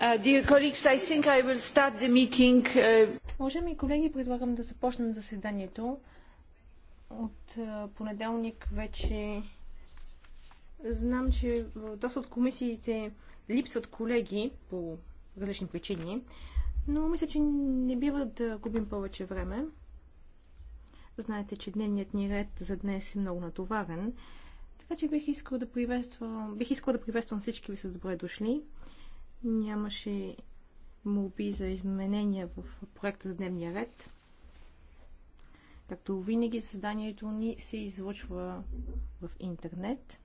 Uh, uh, Уважаеми колеги, предлагам да започнем заседанието. От понеделник вече знам, че в доста от комисиите липсват колеги по различни причини, но мисля, че не бива да губим повече време. Знаете, че дневният ни ред за днес е много натоварен, така че бих да приветствам, бих искала да приветствам всички ви с добре дошли Нямаше молби за изменения в проекта за дневния ред. Както винаги, създанието ни се излъчва в интернет.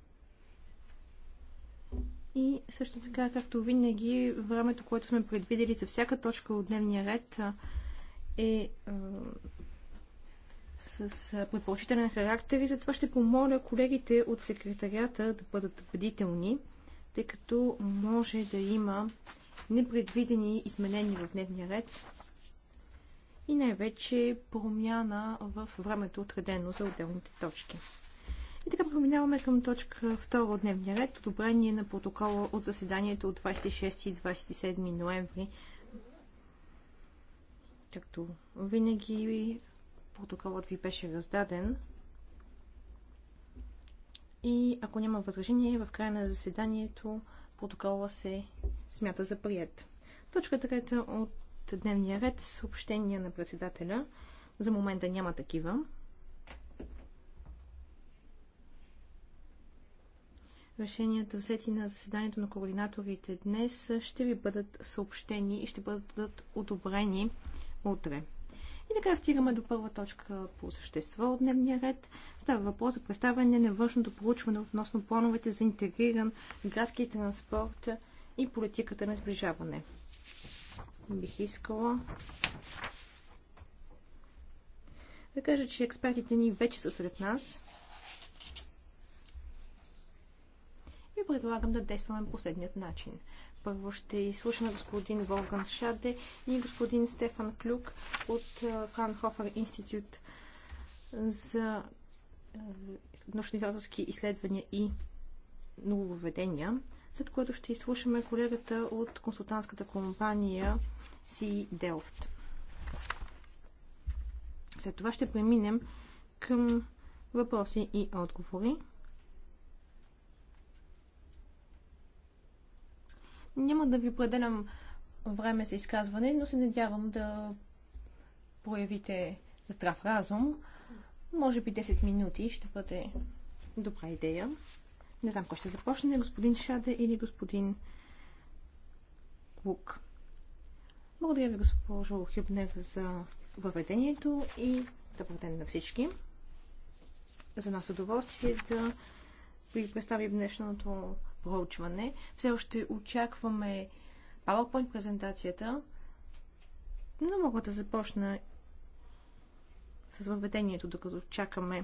И също така, както винаги, времето, което сме предвидели за всяка точка от дневния ред е, с с на характер и затова ще помоля колегите от секретарията да бъдат бдителни тъй като може да има непредвидени изменения в дневния ред и най-вече промяна в времето отредено за отделните точки. И така преминаваме към точка 2 от дневния ред, одобрение на протокола от заседанието от 26 и 27 ноември. Както винаги, протоколът ви беше раздаден. И ако няма възражение, в края на заседанието протокола се смята за прият. Точка трета от дневния ред съобщения на председателя. За момента няма такива. Решенията взети на заседанието на координаторите днес ще ви бъдат съобщени и ще бъдат одобрени утре така стигаме до първа точка по същество от дневния ред. Става въпрос за представяне на външното проучване относно плановете за интегриран градски транспорт и политиката на сближаване. Бих искала да кажа, че експертите ни вече са сред нас. И предлагам да действаме по следният начин. Първо ще изслушаме господин Волган Шаде и господин Стефан Клюк от Франхофер институт за научно-изследователски изследвания и нововведения, след което ще изслушаме колегата от консултантската компания Си Делфт. След това ще преминем към въпроси и отговори. Няма да ви определям време за изказване, но се надявам да проявите здрав разум. Може би 10 минути ще бъде добра идея. Не знам кой ще започне, господин Шаде или господин Лук. Благодаря ви, госпожо Хюбнев, за въведението и добър ден на всички. За нас е удоволствие да ви представим днешното проучване. Все още очакваме PowerPoint презентацията, но мога да започна с въведението, докато чакаме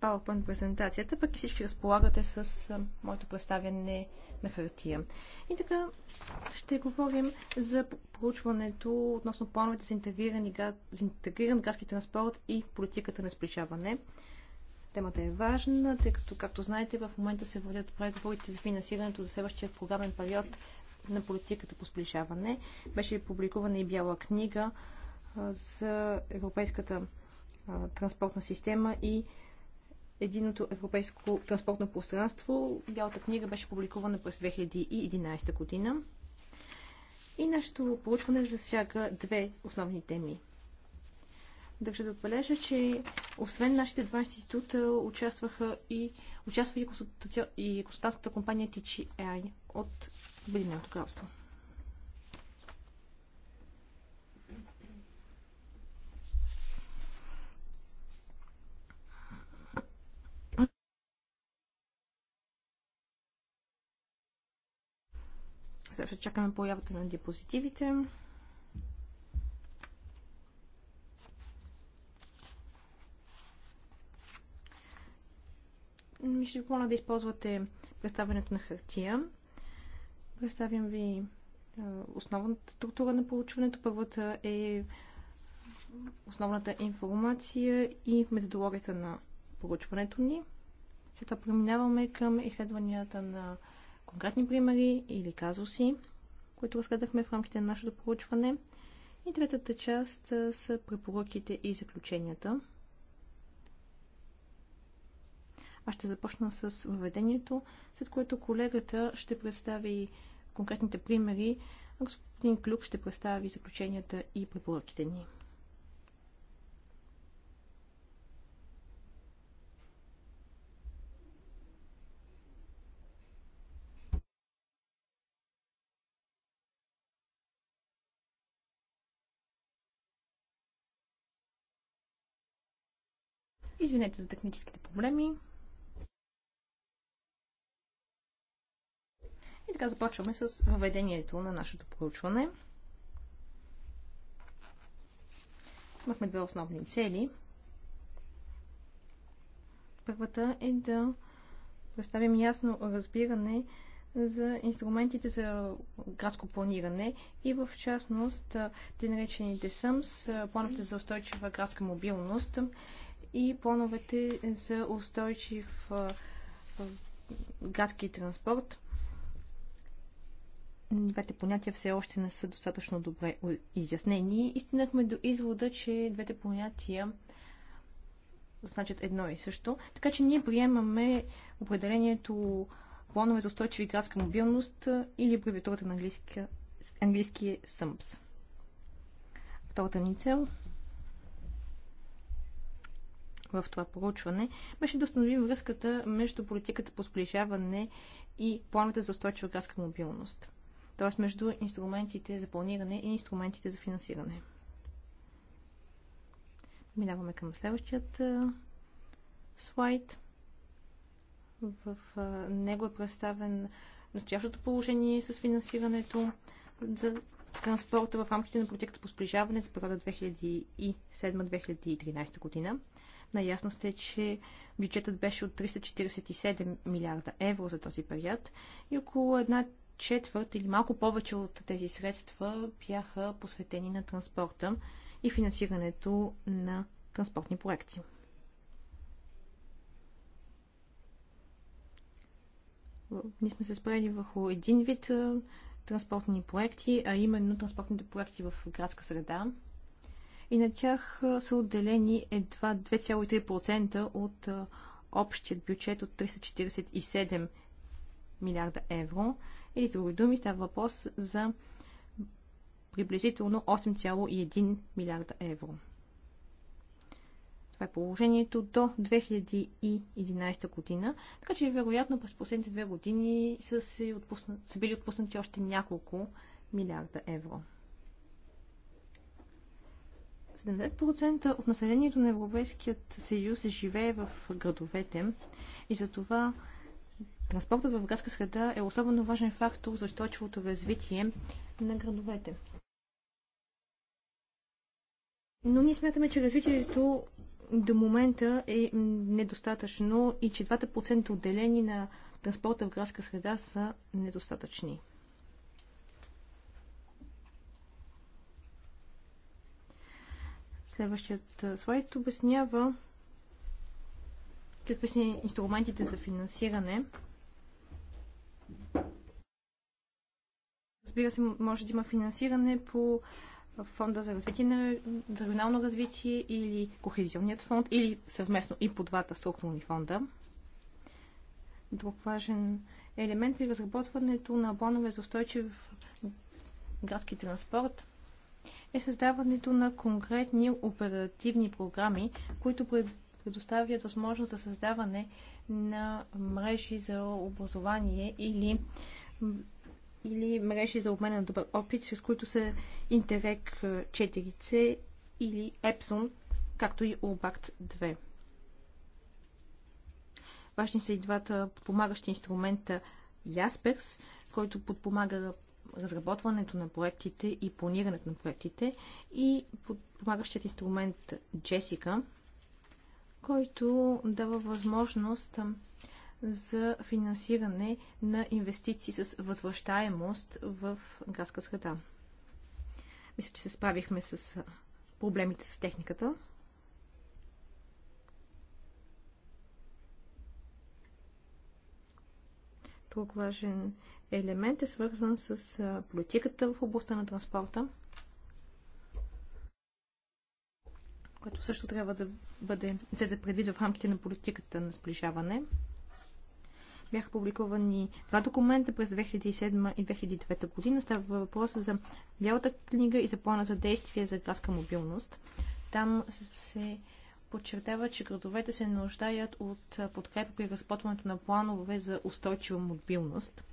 PowerPoint презентацията, пък и всички разполагате с моето представяне на хартия. И така ще говорим за проучването относно плановете за, интегриран, за интегриран градски транспорт и политиката на сплечаване. Темата е важна, тъй като, както знаете, в момента се водят преговорите за финансирането за следващия програмен период на политиката по сближаване. Беше публикувана и бяла книга за европейската транспортна система и единото европейско транспортно пространство. Бялата книга беше публикувана през 2011 година. И нашето проучване засяга две основни теми. Държа да отбележа, че освен нашите два института участваха и, участва и, консултантската компания TGI от Обединеното кралство. Сега ще чакаме появата на диапозитивите. Ще ви помоля да използвате представянето на хартия. Представям ви основната структура на получването. Първата е основната информация и методологията на проучването ни. След това преминаваме към изследванията на конкретни примери или казуси, които разгледахме в рамките на нашето проучване. И третата част са препоръките и заключенията. Аз ще започна с въведението, след което колегата ще представи конкретните примери, а господин Клюк ще представи заключенията и препоръките ни. Извинете за техническите проблеми. така започваме с въведението на нашето проучване. Имахме две основни цели. Първата е да представим ясно разбиране за инструментите за градско планиране и в частност те наречените СъМС, плановете за устойчива градска мобилност и плановете за устойчив градски транспорт двете понятия все още не са достатъчно добре изяснени Истинахме до извода, че двете понятия значат едно и също. Така че ние приемаме определението планове за устойчиви градска мобилност или абревиатурата на английски, английския е SUMPS. Втората ни цел в това проучване беше да установим връзката между политиката по сближаване и плановете за устойчива градска мобилност т.е. между инструментите за планиране и инструментите за финансиране. Минаваме към следващият слайд. В него е представен настоящото положение с финансирането за транспорта в рамките на политиката по сближаване за периода 2007-2013 година. Наясно сте, че бюджетът беше от 347 милиарда евро за този период и около една четвърт или малко повече от тези средства бяха посветени на транспорта и финансирането на транспортни проекти. Ние сме се спрели върху един вид транспортни проекти, а именно транспортните проекти в градска среда. И на тях са отделени едва 2,3% от общият бюджет от 347 милиарда евро. Или други думи става въпрос за приблизително 8,1 милиарда евро. Това е положението до 2011 година, така че вероятно през последните две години са, се отпусна, са били отпуснати още няколко милиарда евро. 70% от населението на Европейският съюз живее в градовете и затова това Транспортът в градска среда е особено важен фактор за устойчивото развитие на градовете. Но ние смятаме, че развитието до момента е недостатъчно и че 2% отделени на транспорта в градска среда са недостатъчни. Следващият слайд обяснява какви са инструментите за финансиране Разбира се, може да има финансиране по фонда за развитие на за регионално развитие или кохезионният фонд или съвместно и по двата структурни фонда. Друг важен елемент при разработването на планове за устойчив градски транспорт е създаването на конкретни оперативни програми, които предоставят възможност за създаване на мрежи за образование или или мрежи за обмен на добър опит, с които са Интерек 4C или Epson, както и Urbact 2. Важни са и двата подпомагащи инструмента Jaspers, който подпомага разработването на проектите и планирането на проектите и подпомагащият инструмент Jessica, който дава възможност за финансиране на инвестиции с възвръщаемост в градска среда. Мисля, че се справихме с проблемите с техниката. Друг важен елемент е свързан с политиката в областта на транспорта, което също трябва да бъде взето предвид в рамките на политиката на сближаване. Бяха публикувани два документа през 2007 и 2009 година. Става въпрос за Бялата книга и за плана за действие за градска мобилност. Там се подчертава, че градовете се нуждаят от подкрепа при разпотването на планове за устойчива мобилност.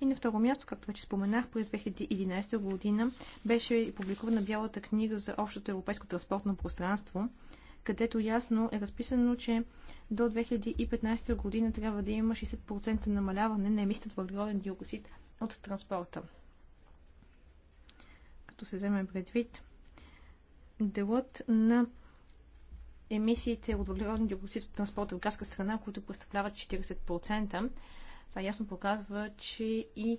И на второ място, както вече споменах, през 2011 година беше публикувана Бялата книга за общото европейско транспортно пространство където ясно е разписано, че до 2015 година трябва да има 60% намаляване на емисията въглероден диоксид от транспорта. Като се вземе предвид, делът на емисиите от въглероден диоксид от транспорта в градска страна, които представляват 40%, това ясно показва, че и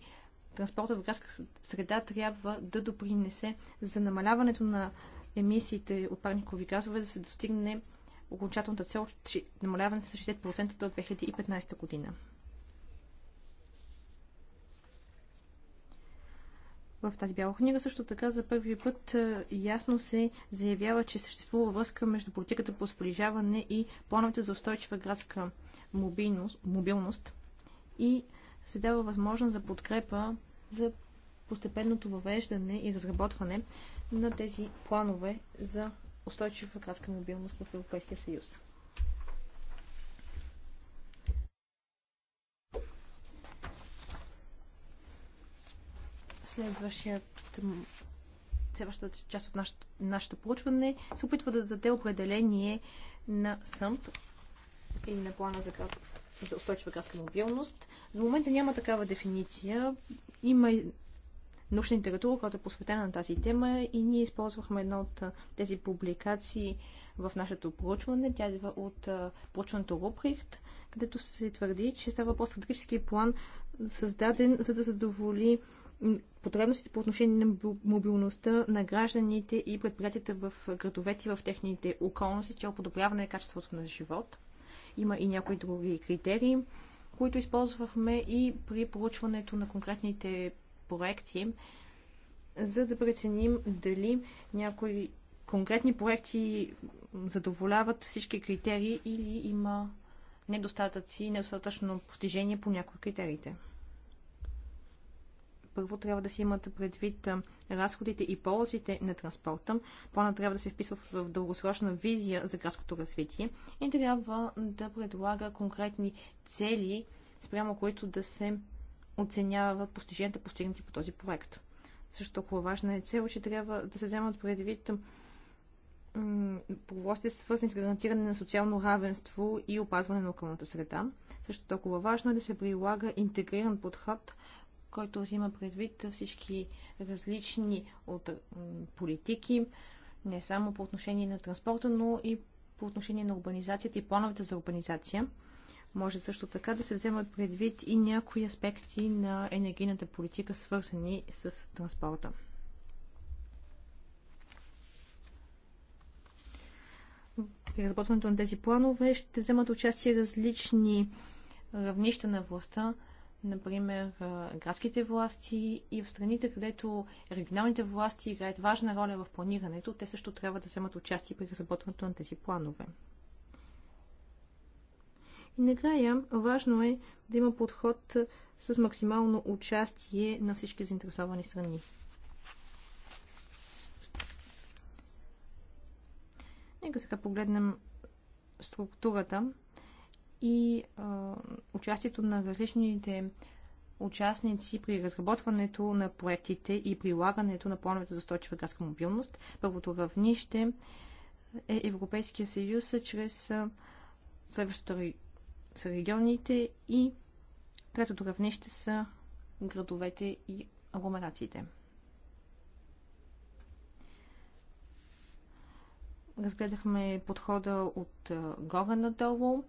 транспорта в градска среда трябва да допринесе за намаляването на емисиите от парникови газове, да се достигне окончателната цел намаляване с 60% до 2015 година. В тази бяла книга също така за първи път ясно се заявява, че съществува връзка между политиката по сполижаване и плановете за устойчива градска мобилност, мобилност и се дава възможност за подкрепа за постепенното въвеждане и разработване на тези планове за устойчива градска мобилност в Европейския съюз. Следващият следващата част от нашето, нашето проучване се опитва да даде определение на СъМП или на плана за, град, за устойчива градска мобилност. За момента няма такава дефиниция. Има научна литература, която е посветена на тази тема и ние използвахме една от тези публикации в нашето проучване. Тя идва от проучването Руприхт, където се твърди, че става по-стратегически план създаден, за да задоволи потребностите по отношение на мобилността на гражданите и предприятията в градовете и в техните околности, че подобряване на качеството на живот. Има и някои други критерии, които използвахме и при проучването на конкретните проекти, за да преценим дали някои конкретни проекти задоволяват всички критерии или има недостатъци, недостатъчно постижение по някои критериите. Първо трябва да се имат предвид разходите и ползите на транспорта. Плана трябва да се вписва в дългосрочна визия за градското развитие и трябва да предлага конкретни цели, спрямо които да се оценяват постиженията, постигнати по този проект. Също толкова важна е цел, че трябва да се вземат предвид проблемите, свързани с гарантиране на социално равенство и опазване на околната среда. Също толкова важно е да се прилага интегриран подход, който взима предвид всички различни от политики, не само по отношение на транспорта, но и по отношение на урбанизацията и плановете за урбанизация. Може също така да се вземат предвид и някои аспекти на енергийната политика, свързани с транспорта. При разработването на тези планове ще вземат участие различни равнища на властта, например, градските власти и в страните, където регионалните власти играят важна роля в планирането, те също трябва да вземат участие при разработването на тези планове. И накрая, важно е да има подход с максимално участие на всички заинтересовани страни. Нека сега погледнем структурата и а, участието на различните участници при разработването на проектите и прилагането на плановете за устойчива градска мобилност. Първото равнище е Европейския съюз чрез следващото са регионите и третото равнище са градовете и агломерациите. Разгледахме подхода от горе надолу.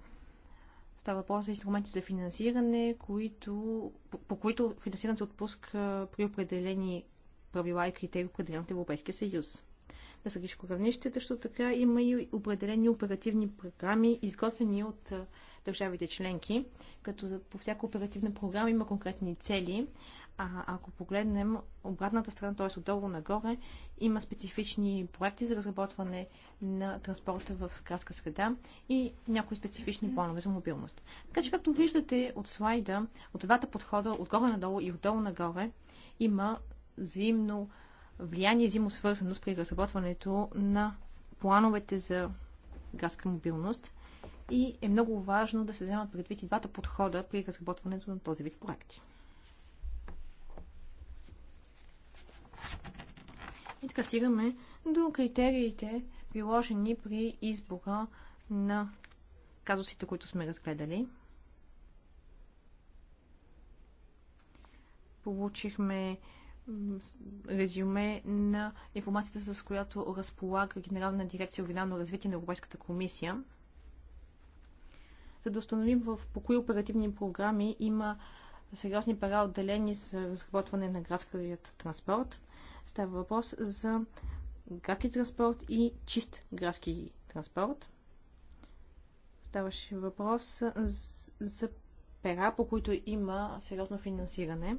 Става въпрос за инструменти за финансиране, които, по, по които финансирането се отпуска при определени правила и критерии, определени от Европейския съюз различно равнище. защото така има и определени оперативни програми, изготвени от държавите членки, като за, по всяка оперативна програма има конкретни цели. А ако погледнем обратната страна, т.е. отдолу нагоре, има специфични проекти за разработване на транспорта в градска среда и някои специфични планове за мобилност. Така че, както виждате от слайда, от двата подхода, отгоре надолу и отдолу нагоре, има взаимно влияние взаимосвързаност при разработването на плановете за градска мобилност и е много важно да се вземат предвид и двата подхода при разработването на този вид проекти. И така стигаме до критериите, приложени при избора на казусите, които сме разгледали. Получихме резюме на информацията, с която разполага Генерална дирекция Регионално развитие на Европейската комисия, за да установим в по кои оперативни програми има сериозни пара отделени за разработване на градският транспорт. Става въпрос за градски транспорт и чист градски транспорт. Ставаше въпрос за пера, по които има сериозно финансиране.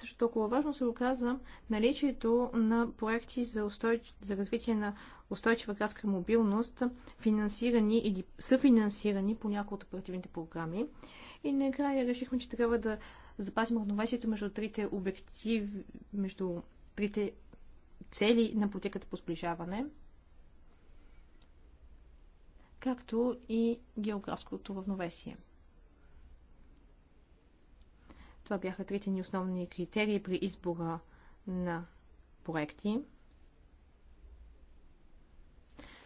Също толкова важно се оказа наличието на проекти за, устой... за развитие на устойчива градска мобилност, финансирани или съфинансирани по някои от оперативните програми. И накрая решихме, че трябва да запазим равновесието между трите обективи, между трите цели на политиката по сближаване, както и географското равновесие. Това бяха трите ни основни критерии при избора на проекти.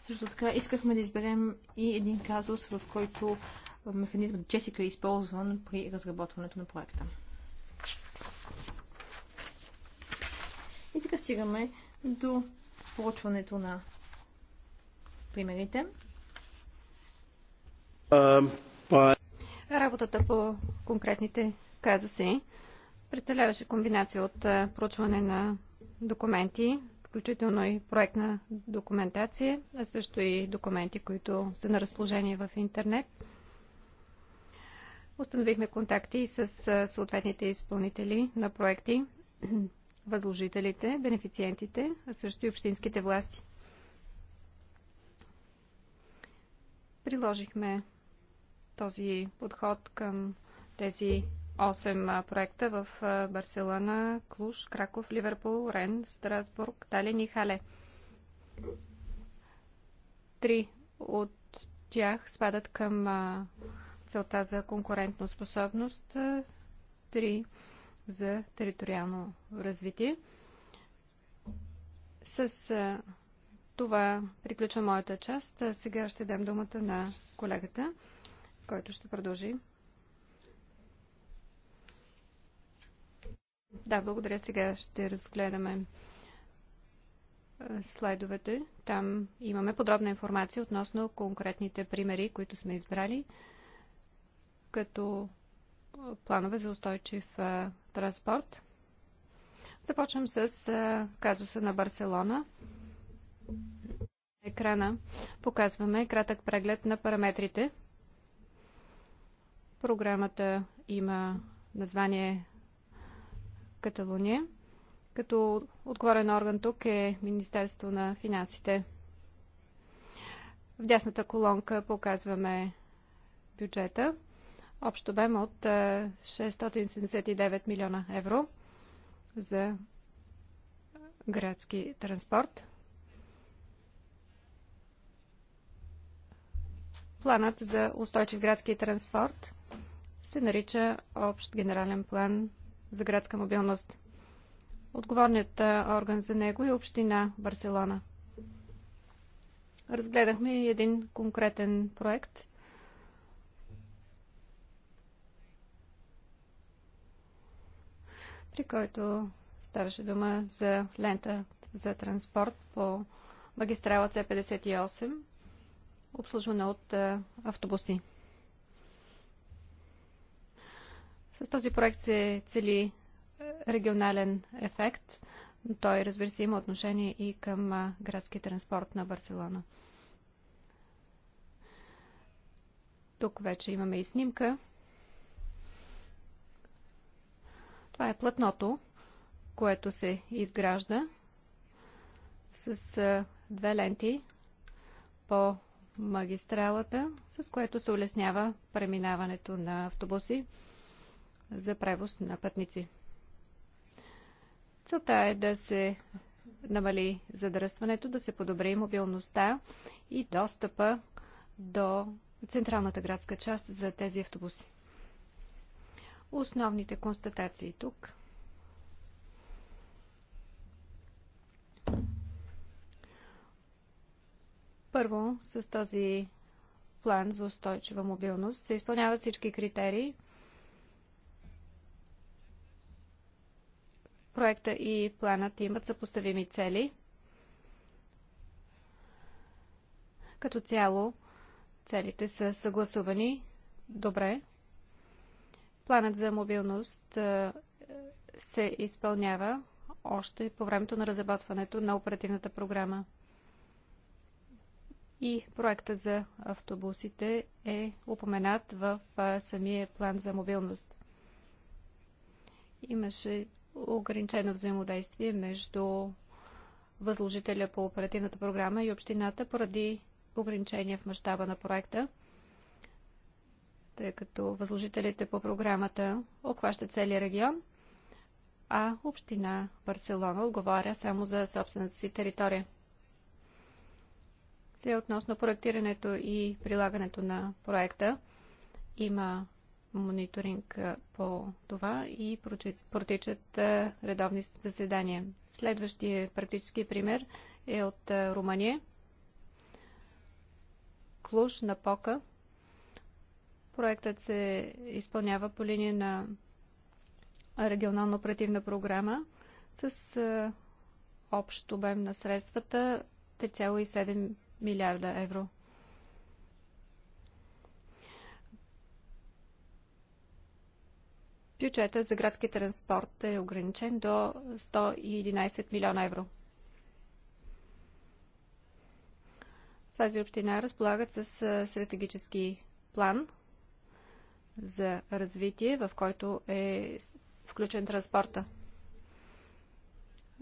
Също така искахме да изберем и един казус, в който механизмът Джесика е използван при разработването на проекта. И така стигаме до проучването на примерите. Работата по конкретните казуси представляваше комбинация от е, проучване на документи, включително и проектна документация, а също и документи, които са на разположение в интернет. Установихме контакти с е, съответните изпълнители на проекти, възложителите, бенефициентите, а също и общинските власти. Приложихме този подход към тези 8 проекта в Барселона, Клуш, Краков, Ливерпул, Рен, Страсбург, Талин и Хале. Три от тях спадат към целта за конкурентно способност, три за териториално развитие. С това приключва моята част. Сега ще дам думата на колегата, който ще продължи Да, благодаря. Сега ще разгледаме слайдовете. Там имаме подробна информация относно конкретните примери, които сме избрали като планове за устойчив транспорт. Започвам с казуса на Барселона. Екрана показваме кратък преглед на параметрите. Програмата има название Каталуния, като отговорен орган тук е Министерство на финансите. В дясната колонка показваме бюджета. Общ обем от 679 е, милиона евро за градски транспорт. Планът за устойчив градски транспорт се нарича Общ генерален план за градска мобилност. Отговорният орган за него е Община Барселона. Разгледахме и един конкретен проект. при който ставаше дума за лента за транспорт по магистрала C58, обслужвана от автобуси. С този проект се цели е, регионален ефект. Той, разбира се, има отношение и към градски транспорт на Барселона. Тук вече имаме и снимка. Това е платното, което се изгражда с две ленти по магистралата, с което се улеснява преминаването на автобуси за превоз на пътници. Целта е да се намали задръстването, да се подобри мобилността и достъпа до централната градска част за тези автобуси. Основните констатации тук. Първо, с този план за устойчива мобилност се изпълняват всички критерии, Проекта и планът имат съпоставими цели. Като цяло, целите са съгласувани добре. Планът за мобилност е, се изпълнява още по времето на разработването на оперативната програма. И проекта за автобусите е упоменат в е, самия план за мобилност. Имаше ограничено взаимодействие между възложителя по оперативната програма и общината поради ограничения в мащаба на проекта, тъй като възложителите по програмата обхващат целият регион, а община Барселона отговаря само за собствената си територия. Все относно проектирането и прилагането на проекта има мониторинг по това и протичат редовни заседания. Следващия практически пример е от Румъния. Клуш на Пока. Проектът се изпълнява по линия на регионална оперативна програма с общ обем на средствата 3,7 милиарда евро. Бюджета за градски транспорт е ограничен до 111 милиона евро. тази община разполагат с стратегически план за развитие, в който е включен транспорта.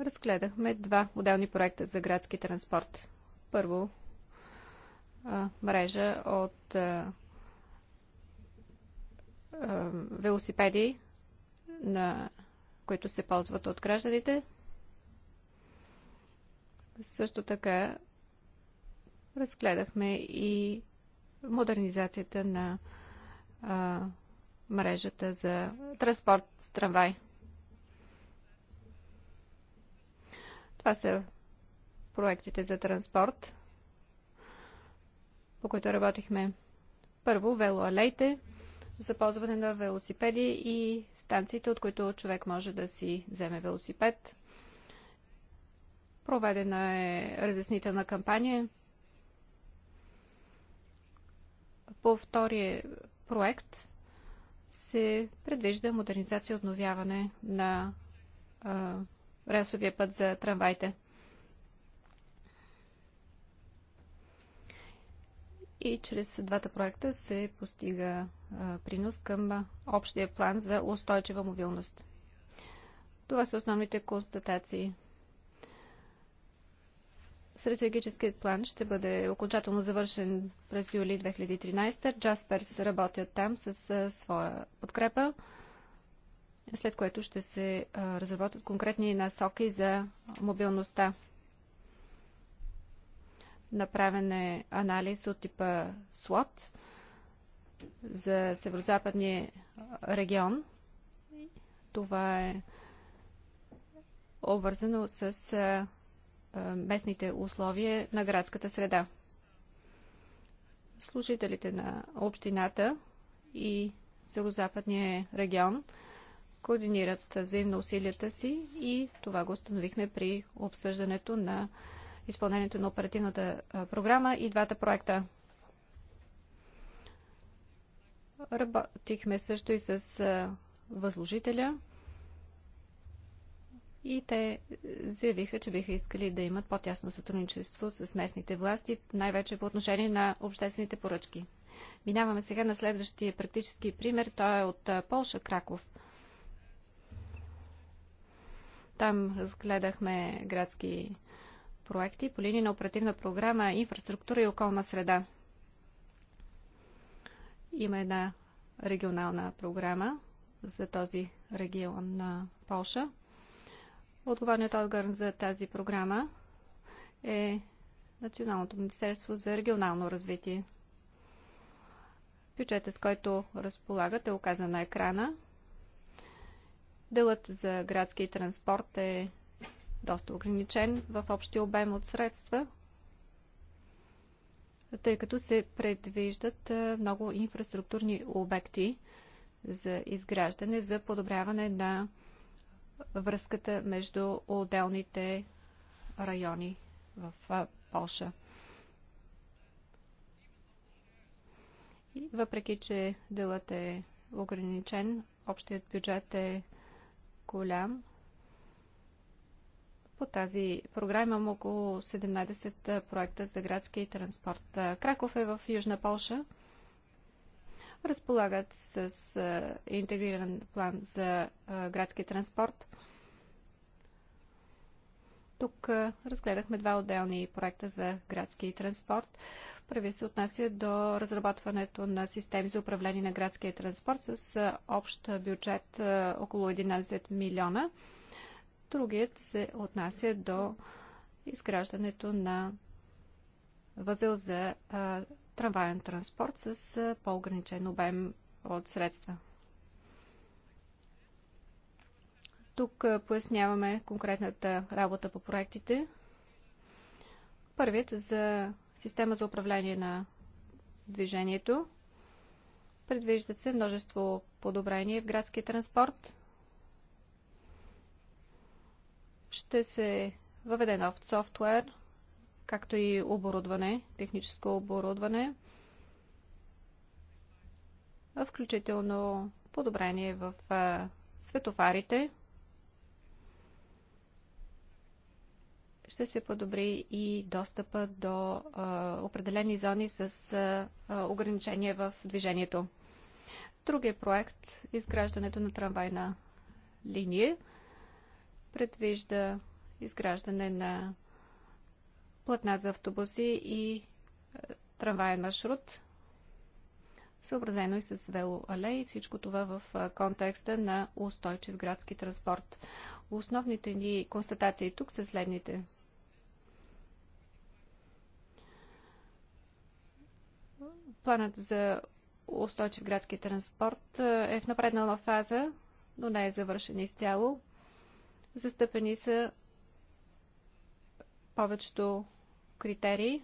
Разгледахме два отделни проекта за градски транспорт. Първо, мрежа от велосипеди, на които се ползват от гражданите. Също така разгледахме и модернизацията на а, мрежата за транспорт с трамвай. Това са проектите за транспорт, по които работихме. Първо, велоалейте – за ползване на велосипеди и станциите, от които човек може да си вземе велосипед. Проведена е разяснителна кампания. По втория проект се предвижда модернизация и обновяване на а, ресовия път за трамвайте. и чрез двата проекта се постига принос към общия план за устойчива мобилност. Това са основните констатации. Стратегическият план ще бъде окончателно завършен през юли 2013. Джасперс работят там с своя подкрепа, след което ще се разработят конкретни насоки за мобилността. Направен е анализ от типа SWOT за северо-западния регион. Това е обвързано с местните условия на градската среда. Служителите на общината и Северо-Западния регион координират взаимно усилията си и това го установихме при обсъждането на изпълнението на оперативната програма и двата проекта. Работихме също и с възложителя и те заявиха, че биха искали да имат по-тясно сътрудничество с местните власти, най-вече по отношение на обществените поръчки. Минаваме сега на следващия практически пример. Той е от Полша, Краков. Там разгледахме градски проекти по линия на оперативна програма Инфраструктура и околна среда. Има една регионална програма за този регион на Польша. Отговорният орган за тази програма е Националното Министерство за регионално развитие. Бюджета, с който разполагат, е оказан на екрана. Делът за градски транспорт е доста ограничен в общия обем от средства, тъй като се предвиждат много инфраструктурни обекти за изграждане, за подобряване на връзката между отделните райони в Польша. И въпреки, че делът е ограничен, общият бюджет е голям. По тази програма има около 17 проекта за градски транспорт. Краков е в Южна Полша. Разполагат с интегриран план за градски транспорт. Тук разгледахме два отделни проекта за градски транспорт. Първи се отнася до разработването на системи за управление на градския транспорт с общ бюджет около 11 милиона. Другият се отнася до изграждането на възел за а, трамваен транспорт с по-ограничен обем от средства. Тук поясняваме конкретната работа по проектите. Първият за система за управление на движението. Предвижда се множество подобрения в градски транспорт. ще се въведе нов софтуер, както и оборудване, техническо оборудване, включително подобрение в светофарите. Ще се подобри и достъпа до а, определени зони с а, ограничения в движението. Другия е проект изграждането на трамвайна линия – предвижда изграждане на платна за автобуси и е, трамваен маршрут, съобразено и с велоалеи и всичко това в е, контекста на устойчив градски транспорт. Основните ни констатации тук са следните. Планът за устойчив градски транспорт е, е в напреднала фаза, но не е завършен изцяло. Застъпени са повечето критерии.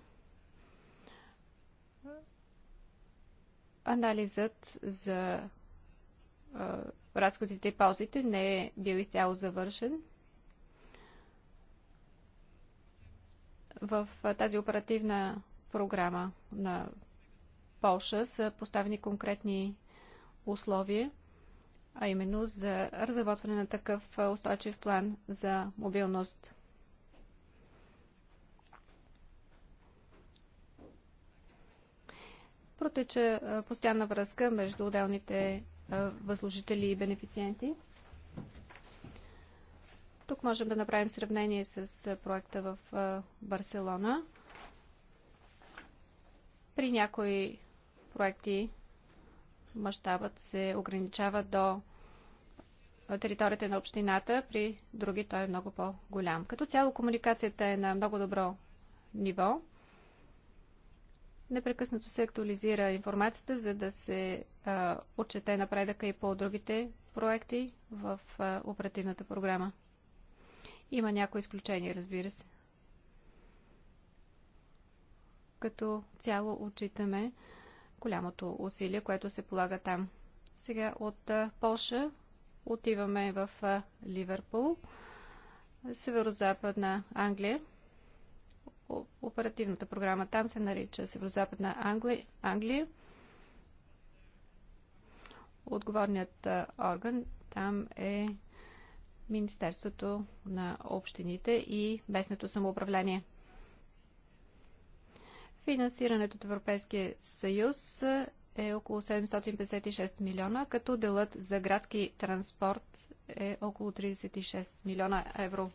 Анализът за разходите и ползите не е бил изцяло завършен. В тази оперативна програма на Полша са поставени конкретни условия а именно за разработване на такъв устойчив план за мобилност. Протеча постоянна връзка между отделните възложители и бенефициенти. Тук можем да направим сравнение с проекта в Барселона. При някои проекти мащабът се ограничава до територията на общината, при други той е много по-голям. Като цяло комуникацията е на много добро ниво. Непрекъснато се актуализира информацията, за да се а, отчете напредъка и по другите проекти в а, оперативната програма. Има някои изключения, разбира се. Като цяло отчитаме голямото усилие, което се полага там. Сега от Польша отиваме в Ливерпул, северо-западна Англия. Оперативната програма там се нарича Северо-западна Англия. Отговорният орган там е Министерството на общините и местното самоуправление. Финансирането от Европейския съюз е около 756 милиона, като делът за градски транспорт е около 36 милиона евро.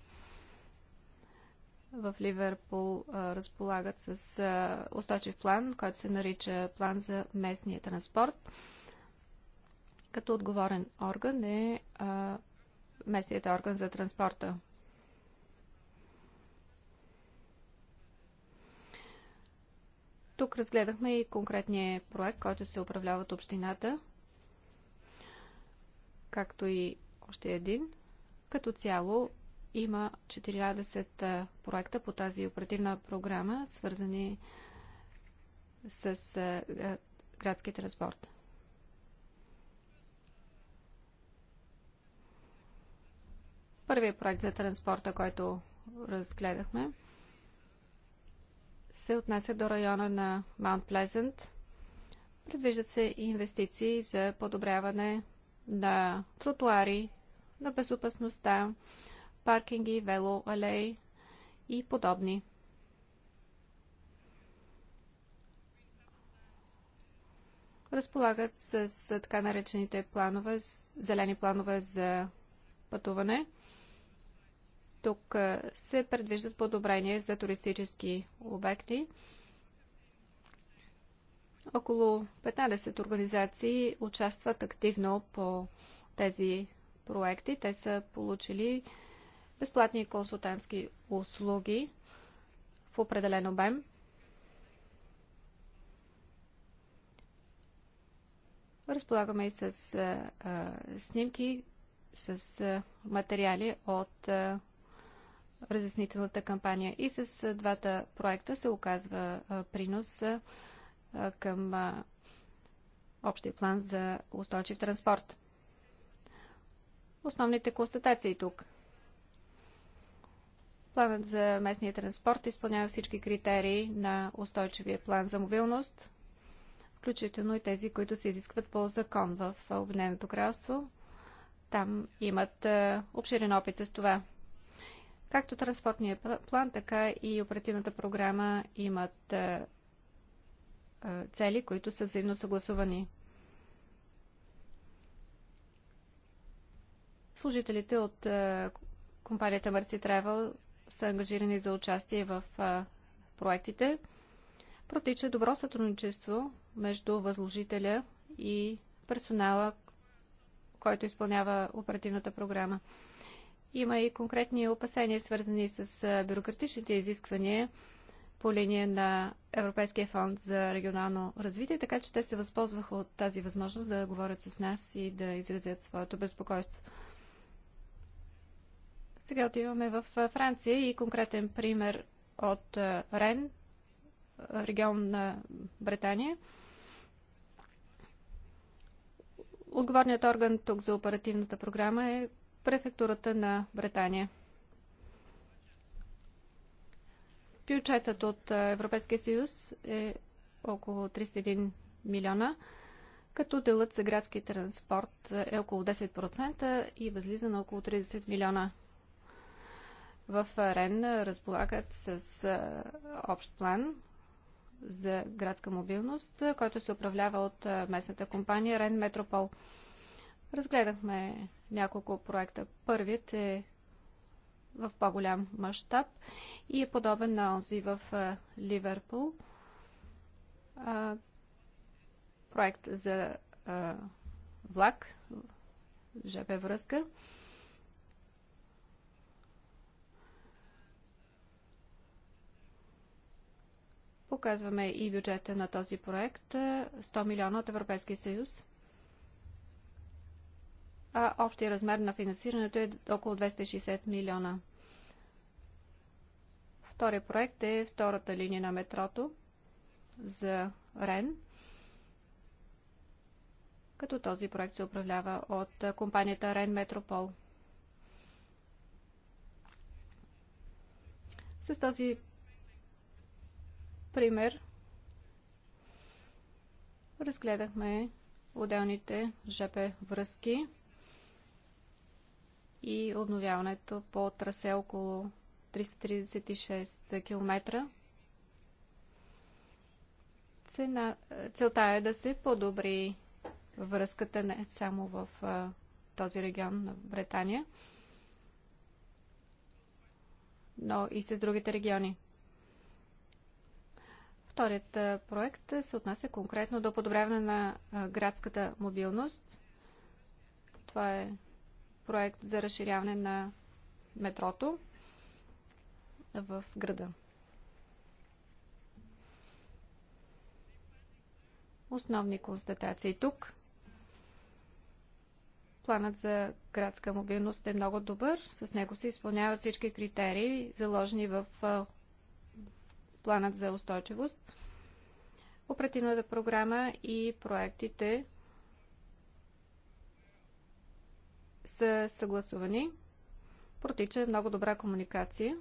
В Ливерпул а, разполагат с а, устойчив план, който се нарича план за местния транспорт. Като отговорен орган е а, местният орган за транспорта. Тук разгледахме и конкретния проект, който се управлява от общината, както и още един. Като цяло има 14 проекта по тази оперативна програма, свързани с градски транспорт. Първият проект за транспорта, който разгледахме, се отнася до района на Маунт Плезент. Предвиждат се инвестиции за подобряване на тротуари, на безопасността, паркинги, велоалеи и подобни. Разполагат с, с така наречените планове, зелени планове за пътуване – тук се предвиждат подобрения за туристически обекти. Около 15 организации участват активно по тези проекти. Те са получили безплатни консултантски услуги в определен обем. Разполагаме и с а, снимки, с а, материали от а, разяснителната кампания. И с двата проекта се оказва принос към общия план за устойчив транспорт. Основните констатации тук. Планът за местния транспорт изпълнява всички критерии на устойчивия план за мобилност, включително и тези, които се изискват по закон в Обединеното кралство. Там имат обширен опит с това. Както транспортния план, така и оперативната програма имат е, е, цели, които са взаимно съгласувани. Служителите от е, компанията Mercy Travel са ангажирани за участие в проектите. Протича добро сътрудничество между възложителя и персонала, който изпълнява оперативната програма. Има и конкретни опасения, свързани с бюрократичните изисквания по линия на Европейския фонд за регионално развитие, така че те се възползваха от тази възможност да говорят с нас и да изразят своето безпокойство. Сега отиваме в Франция и конкретен пример от Рен, регион на Британия. Отговорният орган тук за оперативната програма е префектурата на Британия. Бюджетът от Европейския съюз е около 301 милиона, като делът за градски транспорт е около 10% и възлиза на около 30 милиона. В Рен разполагат с общ план за градска мобилност, който се управлява от местната компания Рен Метропол. Разгледахме няколко проекта. Първият е в по-голям мащаб и е подобен на онзи в е, Ливерпул. Проект за е, влак, ЖП връзка. Показваме и бюджета на този проект 100 е, милиона от Европейския съюз а общия размер на финансирането е около 260 милиона. Втория проект е втората линия на метрото за Рен. Като този проект се управлява от компанията Рен Метропол. С този пример разгледахме отделните ЖП връзки и обновяването по трасе около 336 км. Цена... Целта е да се подобри връзката не само в този регион на Британия, но и с другите региони. Вторият проект се отнася конкретно до подобряване на градската мобилност. Това е проект за разширяване на метрото в града. Основни констатации тук. Планът за градска мобилност е много добър. С него се изпълняват всички критерии, заложени в планът за устойчивост. Оперативната програма и проектите са съгласувани. Протича много добра комуникация.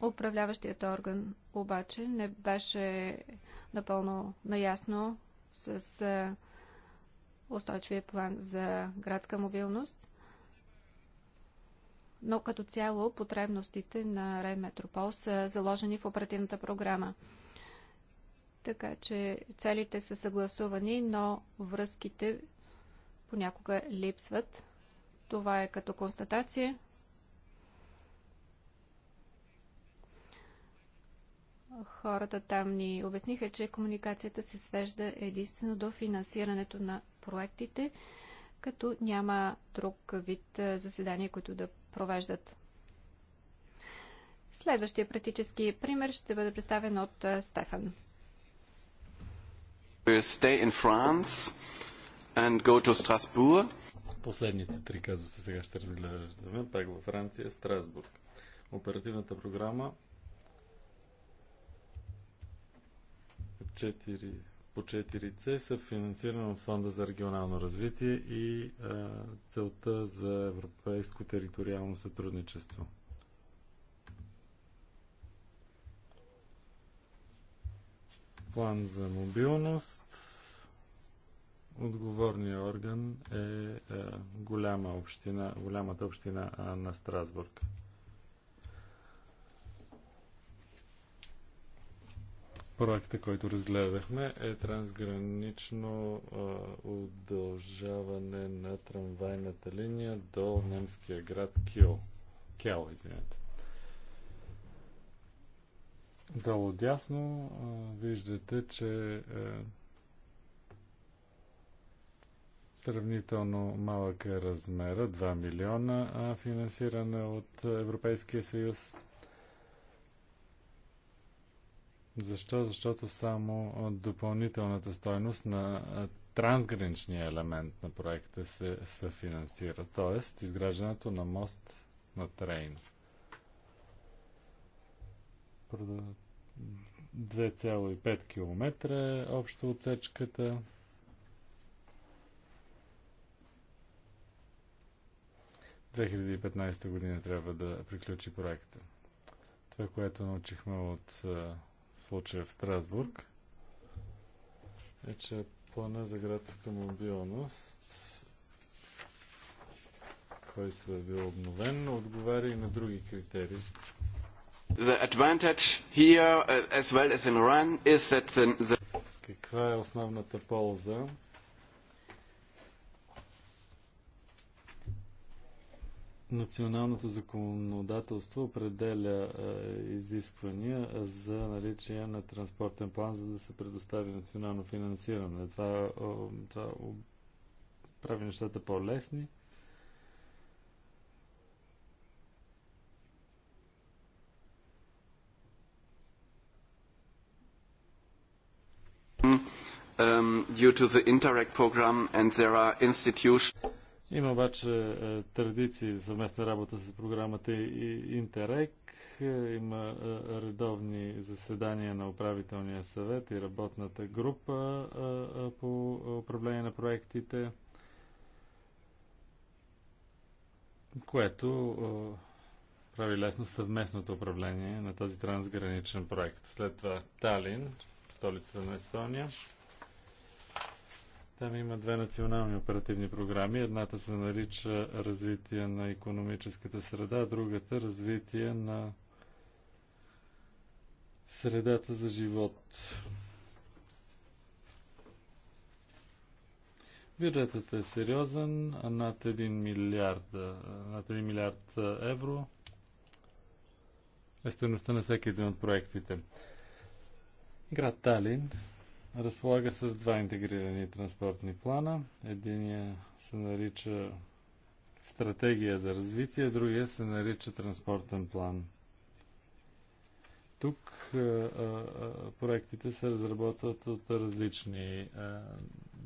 Управляващият орган обаче не беше напълно наясно с устойчивия план за градска мобилност, но като цяло потребностите на Рейн Метропол са заложени в оперативната програма. Така че целите са съгласувани, но връзките понякога липсват. Това е като констатация. Хората там ни обясниха, че комуникацията се свежда единствено до финансирането на проектите, като няма друг вид заседания, които да провеждат. Следващия практически пример ще бъде представен от Стефан. Stay in France and go to Strasbourg. Последните три казуса сега ще разгледаме. Пак във Франция, Страсбург. Оперативната програма по 4C са финансирани от Фонда за регионално развитие и а, целта за европейско териториално сътрудничество. план за мобилност. Отговорният орган е, е голяма община, голямата община а, на Страсбург. проекта, който разгледахме, е трансгранично а, удължаване на трамвайната линия до немския град Кио. Кел, извинете. Долу дясно виждате, че е, сравнително малък е размера 2 милиона финансиране от Европейския съюз. Защо? Защото само допълнителната стойност на трансграничния елемент на проекта се съфинансира, т.е. изграждането на мост на Трейн. 2,5 км е общо отсечката. В 2015 година трябва да приключи проекта. Това, което научихме от случая в Страсбург, е, че плана за градска мобилност, който е бил обновен, отговаря и на други критерии, The advantage here, uh, as well as in Iran, is that the... Каква е основната полза? Националното законодателство определя е, изисквания за наличие на транспортен план, за да се предостави национално финансиране. Това, е, това е, прави нещата по-лесни Um, има обаче е, традиции за съвместна работа с програмата Интерек. Има е, редовни заседания на управителния съвет и работната група е, по управление на проектите, което прави лесно съвместното управление на този трансграничен проект. След това Талин, столица на Естония. Там има две национални оперативни програми. Едната се нарича развитие на економическата среда, другата развитие на средата за живот. Бюджетът е сериозен, над 1 милиард, над 1 милиард евро е стоеността на всеки един от проектите. Град Талин разполага с два интегрирани транспортни плана. Единия се нарича стратегия за развитие, другия се нарича транспортен план. Тук а, а, проектите се разработват от различни а,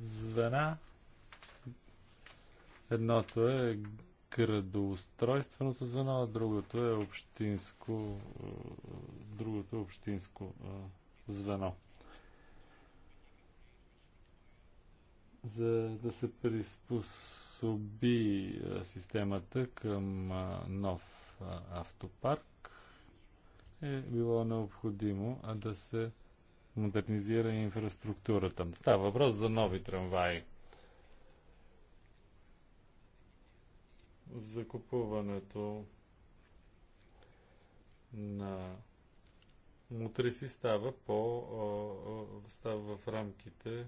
звена. Едното е градоустройственото звено, а другото е общинско, другото е общинско звено. за да се приспособи системата към нов автопарк, е било необходимо да се модернизира инфраструктурата. Става въпрос за нови трамваи. Закупуването на мутри си става по става в рамките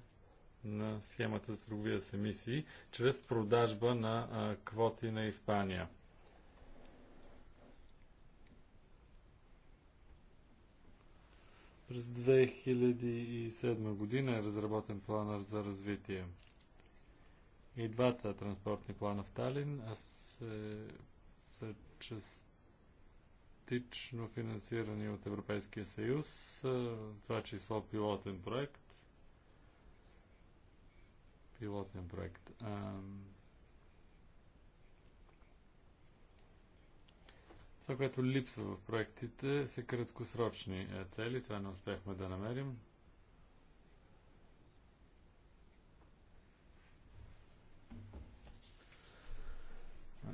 на схемата за търговия с емисии чрез продажба на квоти на Испания. През 2007 година е разработен планър за развитие. И двата транспортни плана в Талин се, са частично финансирани от Европейския съюз, това число пилотен проект пилотен проект. А, това, което липсва в проектите, са краткосрочни е, цели. Това не успяхме да намерим.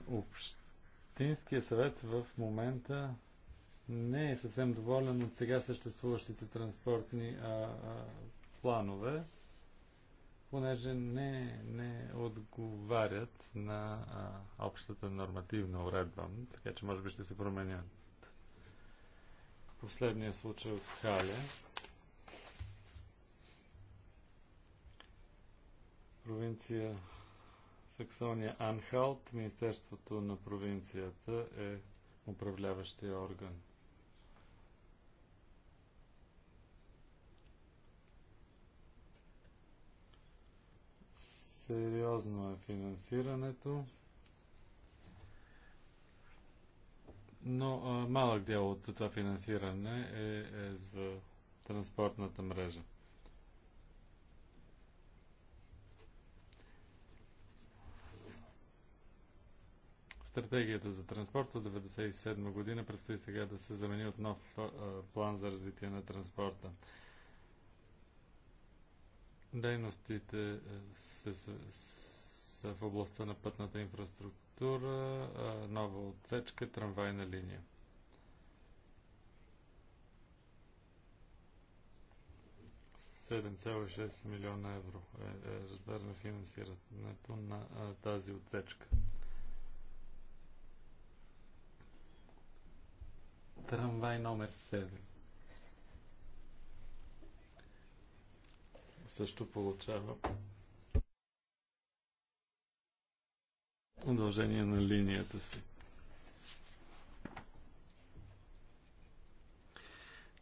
Общинския съвет в момента не е съвсем доволен от сега съществуващите транспортни а, а, планове понеже не, не отговарят на а, общата нормативна уредба. Така че може би ще се променят. Последния случай от Хале. Провинция Саксония Анхалт, Министерството на провинцията е управляващия орган. сериозно е финансирането. Но а, малък дял от това финансиране е, е за транспортната мрежа. Стратегията за транспорт от 1997 година предстои сега да се замени от нов а, план за развитие на транспорта. Дейностите се, са, са в областта на пътната инфраструктура, е, нова отсечка, трамвайна линия. милиона евро е, е размер на финансирането на а, е, тази отсечка. Трамвай номер 7. също получава удължение на линията си.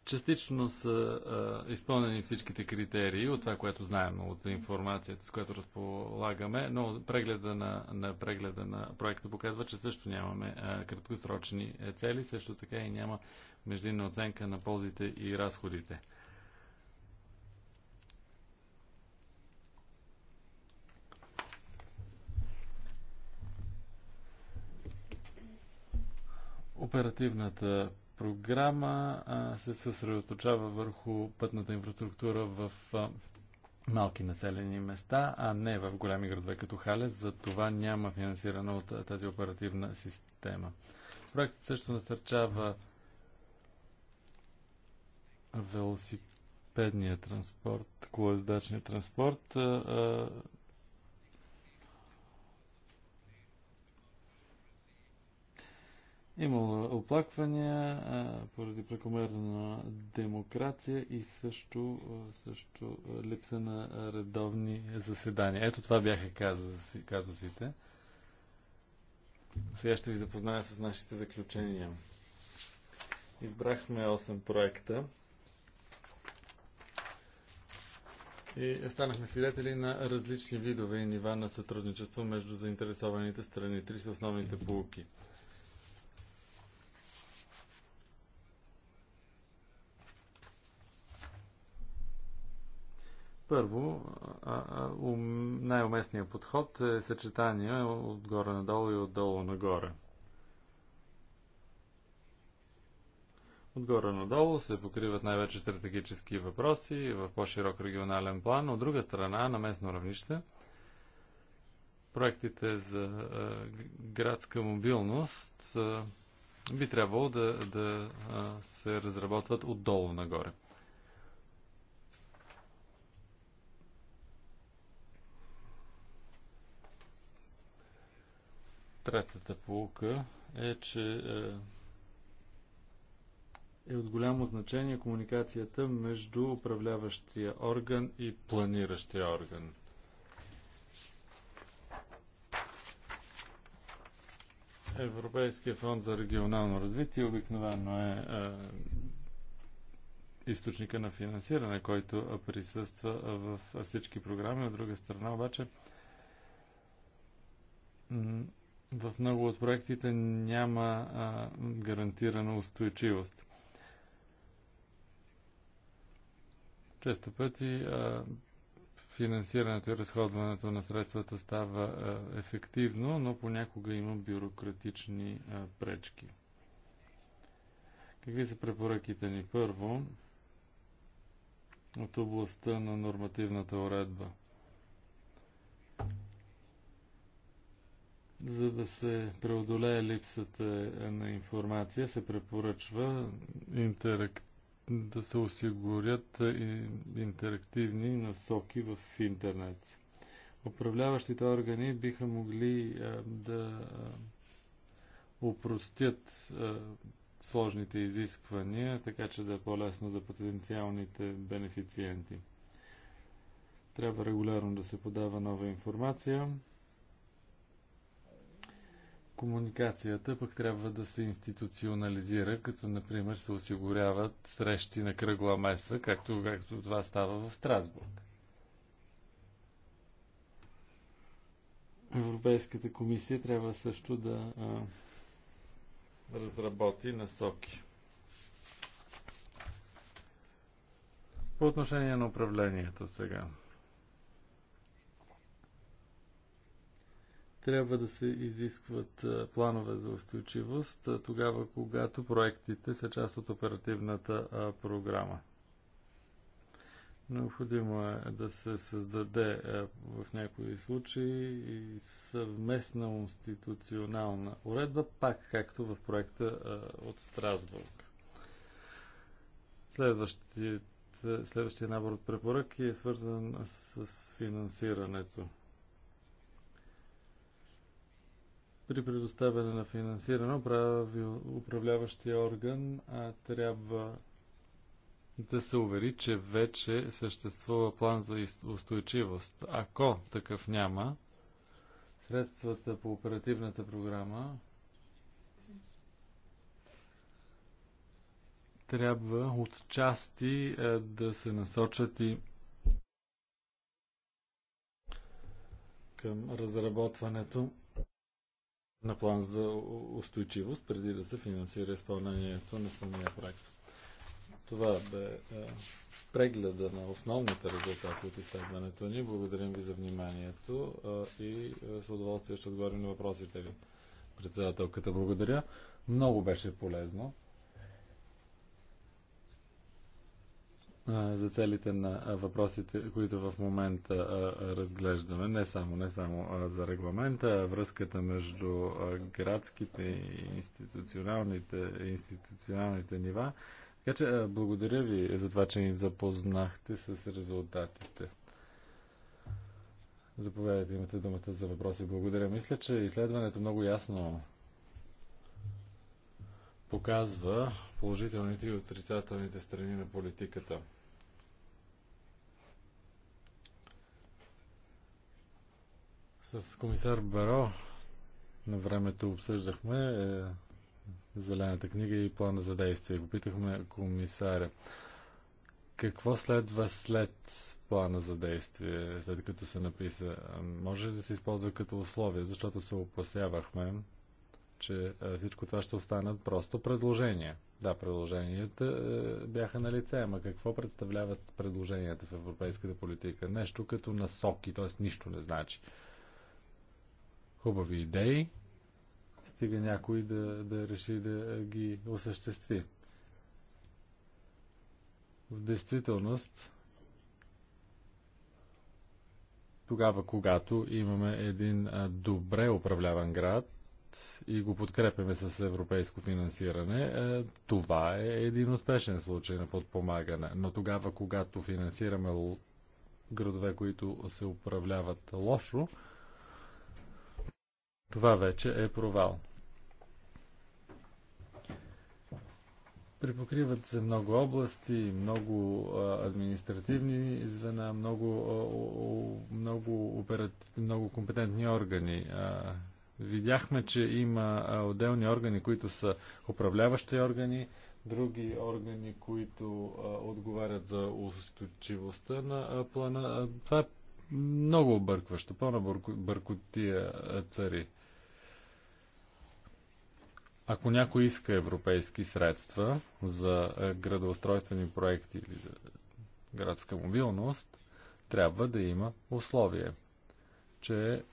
Частично са а, изпълнени всичките критерии от това, което знаем от информацията, с която разполагаме, но прегледа на, на прегледа на проекта показва, че също нямаме а, краткосрочни цели, също така и няма междинна оценка на ползите и разходите. Оперативната програма се съсредоточава върху пътната инфраструктура в малки населени места, а не в големи градове като Халес. За това няма финансиране от тази оперативна система. Проектът също насърчава велосипедния транспорт, колоездачния транспорт. А, Имало оплаквания поради прекомерна демокрация и също, също липса на редовни заседания. Ето това бяха казусите. Сега ще ви запозная с нашите заключения. Избрахме 8 проекта и станахме свидетели на различни видове и нива на сътрудничество между заинтересованите страни. Три са основните полуки – Първо, най-уместният подход е съчетание отгоре надолу и отдолу нагоре. Отгоре надолу се покриват най-вече стратегически въпроси в по-широк регионален план. От друга страна, на местно равнище, проектите за градска мобилност би трябвало да, да се разработват отдолу нагоре. Третата полука е, че е, е от голямо значение комуникацията между управляващия орган и планиращия орган. Европейския фонд за регионално развитие обикновено е, е източника на финансиране, който присъства в всички програми. От друга страна обаче в много от проектите няма а, гарантирана устойчивост. Често пъти а, финансирането и разходването на средствата става а, ефективно, но понякога има бюрократични а, пречки. Какви са препоръките ни? Първо, от областта на нормативната уредба – За да се преодолее липсата на информация, се препоръчва интерак... да се осигурят интерактивни насоки в интернет. Управляващите органи биха могли а, да упростят а, сложните изисквания, така че да е по-лесно за потенциалните бенефициенти. Трябва регулярно да се подава нова информация Комуникацията пък трябва да се институционализира, като например се осигуряват срещи на кръгла меса, както, както това става в Страсбург. Европейската комисия трябва също да а, разработи насоки. По отношение на управлението сега. трябва да се изискват планове за устойчивост тогава, когато проектите са част от оперативната програма. Необходимо е да се създаде в някои случаи и съвместна институционална уредба, пак както в проекта от Страсбург. Следващият, следващия набор от препоръки е свързан с финансирането. При предоставяне на финансиране прави управляващия орган а, трябва да се увери, че вече съществува план за устойчивост. Ако такъв няма, средствата по оперативната програма трябва от части е, да се насочат и към разработването на план за устойчивост, преди да се финансира изпълнението на самия проект. Това бе е, прегледа на основните резултати от изследването ни. Благодарим ви за вниманието е, и е, с удоволствие ще отговорим на въпросите ви. Председателката, благодаря. Много беше полезно. за целите на въпросите, които в момента разглеждаме, не само, не само за регламента, връзката между градските и институционалните, институционалните нива. Така че благодаря ви за това, че ни запознахте с резултатите. Заповядайте, имате думата за въпроси. Благодаря. Мисля, че изследването много ясно показва положителните и отрицателните страни на политиката. С комисар Баро на времето обсъждахме е, Зелената книга и плана за действие. Го питахме комисаря какво следва след плана за действие, след като се написа. Може ли да се използва като условие, защото се опасявахме, че е, всичко това ще останат просто предложения. Да, предложенията е, бяха на лице, ама какво представляват предложенията в европейската политика? Нещо като насоки, т.е. нищо не значи. Хубави идеи, стига някой да, да реши да ги осъществи. В действителност, тогава, когато имаме един добре управляван град, и го подкрепяме с европейско финансиране, е, това е един успешен случай на подпомагане. Но тогава, когато финансираме градове, които се управляват лошо, това вече е провал. Припокриват се много области, много административни звена, много, много, много компетентни органи. Видяхме, че има отделни органи, които са управляващи органи, други органи, които отговарят за устойчивостта на плана. Това е много объркващо. Пълна бъркотия цари. Ако някой иска европейски средства за градоустройствени проекти или за градска мобилност, трябва да има условие, че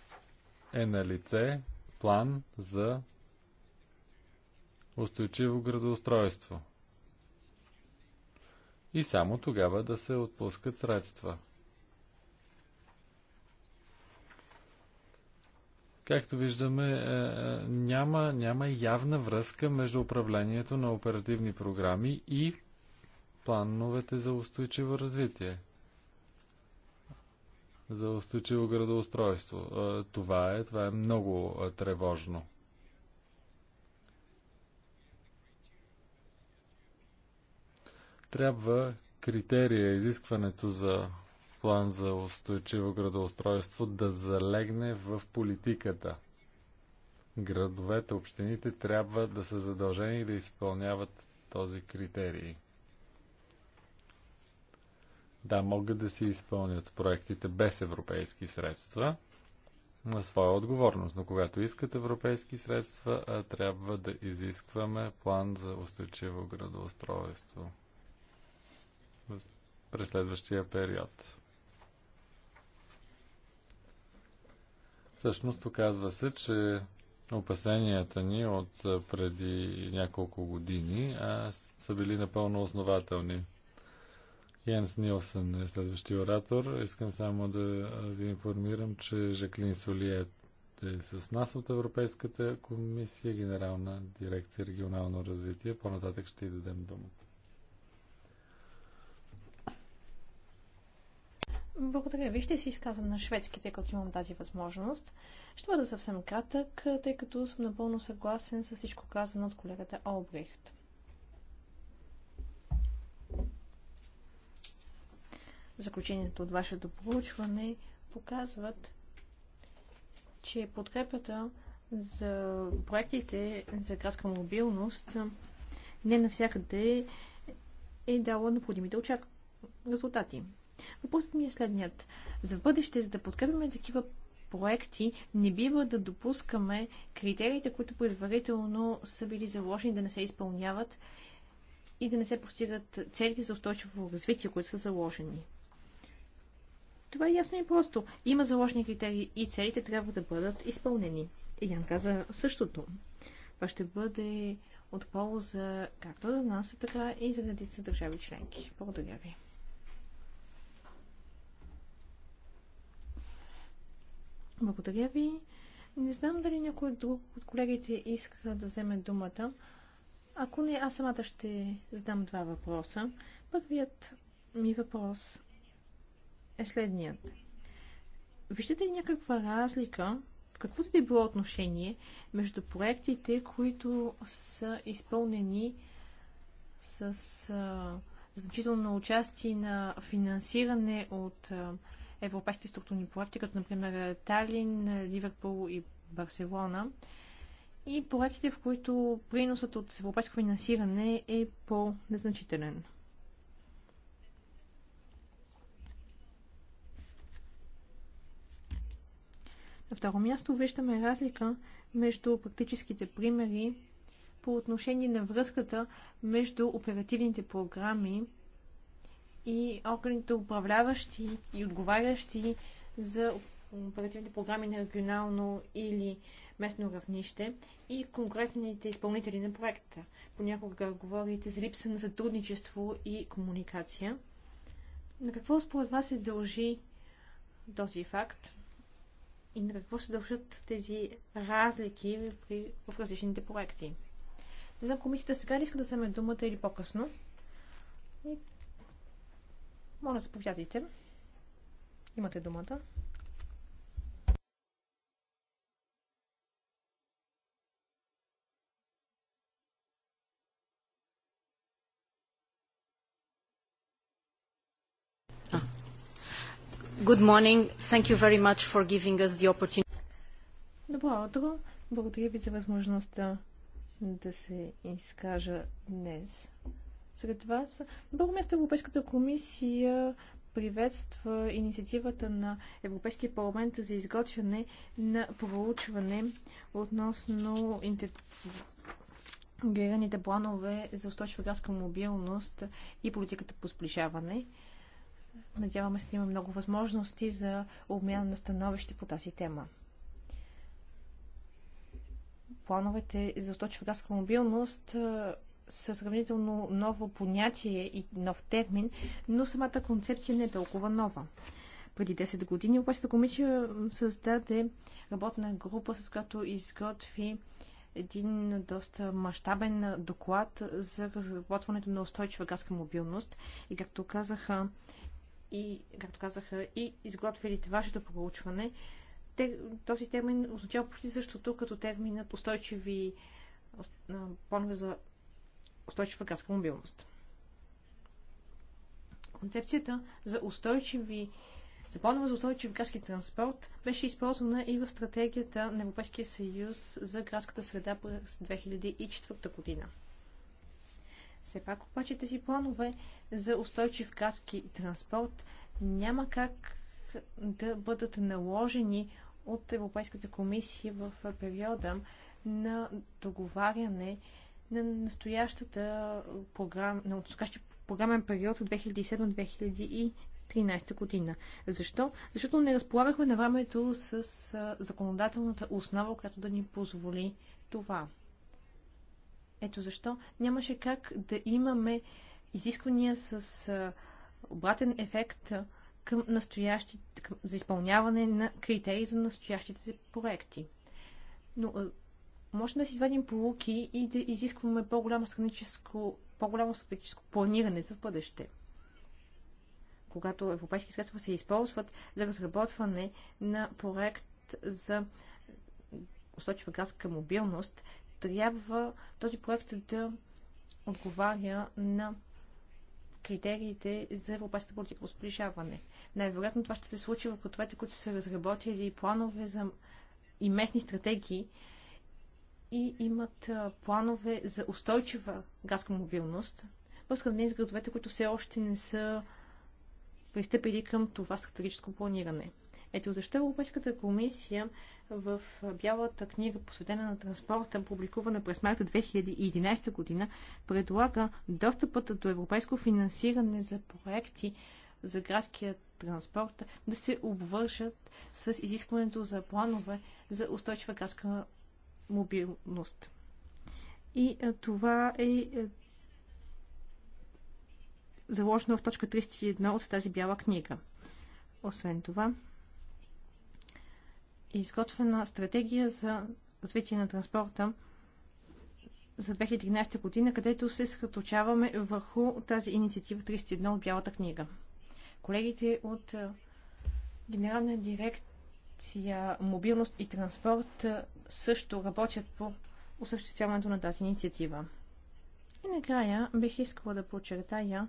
е на лице план за устойчиво градоустройство. И само тогава да се отпускат средства. Както виждаме, е, е, няма, няма явна връзка между управлението на оперативни програми и плановете за устойчиво развитие за устойчиво градоустройство. Това е, това е много тревожно. Трябва критерия, изискването за план за устойчиво градоустройство да залегне в политиката. Градовете, общините трябва да са задължени да изпълняват този критерий. Да, могат да се изпълнят проектите без европейски средства на своя отговорност, но когато искат европейски средства, трябва да изискваме план за устойчиво градоустройство през следващия период. Всъщност оказва се, че опасенията ни от преди няколко години а, са били напълно основателни. Янс Нилсън е следващия оратор. Искам само да ви информирам, че Жаклин Солиет е с нас от Европейската комисия, Генерална дирекция регионално развитие. По-нататък ще й дадем думата. Благодаря ви. Ще се изказвам на шведски, тъй като имам тази възможност. Ще бъда съвсем кратък, тъй като съм напълно съгласен с всичко казано от колегата Олбрихт. заключението от вашето проучване показват, че подкрепата за проектите за градска мобилност не навсякъде е дала необходимите очак... резултати. Въпросът ми е следният. За бъдеще, за да подкрепяме такива проекти, не бива да допускаме критериите, които предварително са били заложени да не се изпълняват и да не се постигат целите за устойчиво развитие, които са заложени. Това е ясно и просто. Има заложни критерии и целите трябва да бъдат изпълнени. И Ян каза същото. Това ще бъде от полза както за нас, така и за редица държави членки. Благодаря ви. Благодаря ви. Не знам дали някой друг от колегите иска да вземе думата. Ако не, аз самата ще задам два въпроса. Първият ми въпрос е следният. Виждате ли някаква разлика в каквото да е било отношение между проектите, които са изпълнени с а, значително участие на финансиране от а, европейските структурни проекти, като например Талин, Ливерпул и Барселона, и проектите, в които приносът от европейско финансиране е по-незначителен. На второ място виждаме разлика между практическите примери по отношение на връзката между оперативните програми и органите управляващи и отговарящи за оперативните програми на регионално или местно равнище и конкретните изпълнители на проекта. Понякога говорите за липса на сътрудничество и комуникация. На какво според вас се дължи този факт? и на какво се дължат тези разлики при, в различните проекти. Не знам, комисията сега ли иска да вземе думата или по-късно. И... Моля, заповядайте. Имате думата. Добро утро. Благодаря ви за възможността да се изкажа днес. Сред вас, първо място Европейската комисия приветства инициативата на Европейския парламент за изготвяне на проучване относно интегрираните планове за устойчива градска мобилност и политиката по сближаване. Надяваме се да има много възможности за обмяна на становище по тази тема. Плановете за устойчива градска мобилност са сравнително ново понятие и нов термин, но самата концепция не е толкова нова. Преди 10 години Областната комисия създаде работна група, с която изготви един доста мащабен доклад за разработването на устойчива градска мобилност. И както казаха и, както казаха, и изготвилите вашето проучване, този термин означава почти същото като терминът устойчиви планове за устойчива градска мобилност. Концепцията за устойчиви за планове за устойчив градски транспорт беше използвана и в стратегията на Европейския съюз за градската среда през 2004 година. Все пак обаче тези планове за устойчив градски транспорт няма как да бъдат наложени от Европейската комисия в периода на договаряне на настоящата програма, на настоящия програмен период от 2007-2013 година. Защо? Защото не разполагахме на времето с законодателната основа, която да ни позволи това. Ето защо нямаше как да имаме изисквания с обратен ефект към настоящите, към, за изпълняване на критерии за настоящите проекти. Но може да си извадим полуки и да изискваме по-голямо стратегическо, по-голямо стратегическо планиране за в бъдеще. Когато европейски средства се използват за разработване на проект за устойчива градска мобилност, трябва този проект да отговаря на критериите за европейската политика по сближаване. Най-вероятно това ще се случи в котовете, които са разработили планове за и местни стратегии и имат планове за устойчива газка мобилност в сравнение с градовете, които все още не са пристъпили към това стратегическо планиране. Ето защо Европейската комисия в Бялата книга, посветена на транспорта, публикувана през марта 2011 година, предлага достъпът до европейско финансиране за проекти за градския транспорт да се обвършат с изискването за планове за устойчива градска мобилност. И е, това е, е заложено в точка 31 от тази бяла книга. Освен това, изготвена стратегия за развитие на транспорта за 2013 година, където се съсредоточаваме върху тази инициатива 31 от Бялата книга. Колегите от Генерална дирекция Мобилност и транспорт също работят по осъществяването на тази инициатива. И накрая бих искала да подчертая,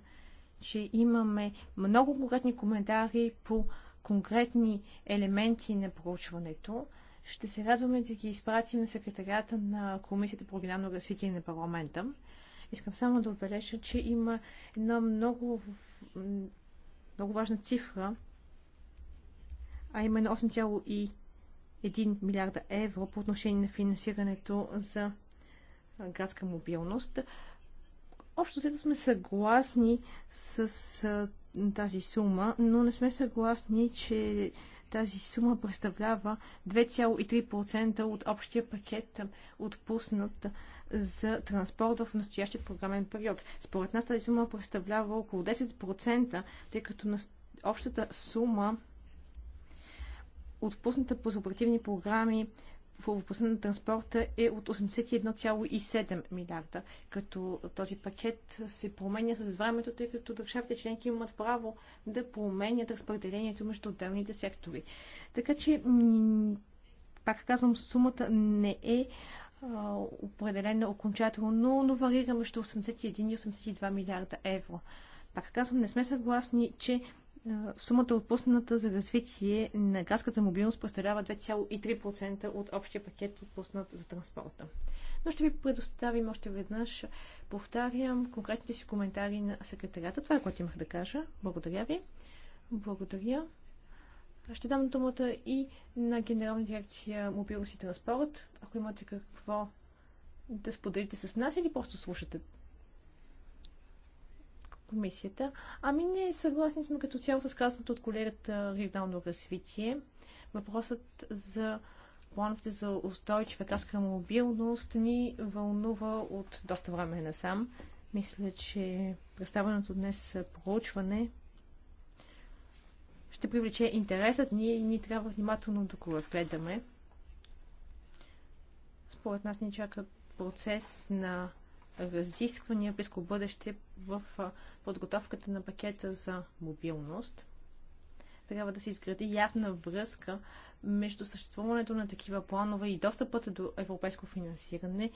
че имаме много богатни коментари по конкретни елементи на проучването. Ще се радваме да ги изпратим на секретарията на Комисията по регионално развитие на парламента. Искам само да отбележа, че има една много, много важна цифра, а именно 8,1 милиарда евро по отношение на финансирането за градска мобилност. Общо взето сме съгласни с тази сума, но не сме съгласни, че тази сума представлява 2,3% от общия пакет отпуснат за транспорт в настоящия програмен период. Според нас тази сума представлява около 10%, тъй като на общата сума отпусната по оперативни програми в областта на транспорта е от 81,7 милиарда, като този пакет се променя с времето, тъй като държавите членки имат право да променят разпределението между отделните сектори. Така че, пак казвам, сумата не е определена окончателно, но варира между 81 и 82 милиарда евро. Пак казвам, не сме съгласни, че сумата отпусната за развитие на градската мобилност представлява 2,3% от общия пакет отпуснат за транспорта. Но ще ви предоставим още веднъж, повтарям, конкретните си коментари на секретарята. Това е което имах да кажа. Благодаря ви. Благодаря. Ще дам думата и на Генерална дирекция мобилност и транспорт, ако имате какво да споделите с нас или просто слушате комисията. Ами не, съгласни сме като цяло с казаното от колегата регионално развитие. Въпросът за плановете за устойчива каска мобилност ни вълнува от доста време насам. Мисля, че представеното днес проучване ще привлече интересът ни и ни трябва внимателно да го разгледаме. Според нас ни чака процес на разисквания близко бъдеще в подготовката на пакета за мобилност. Трябва да се изгради ясна връзка между съществуването на такива планове и достъпът до европейско финансиране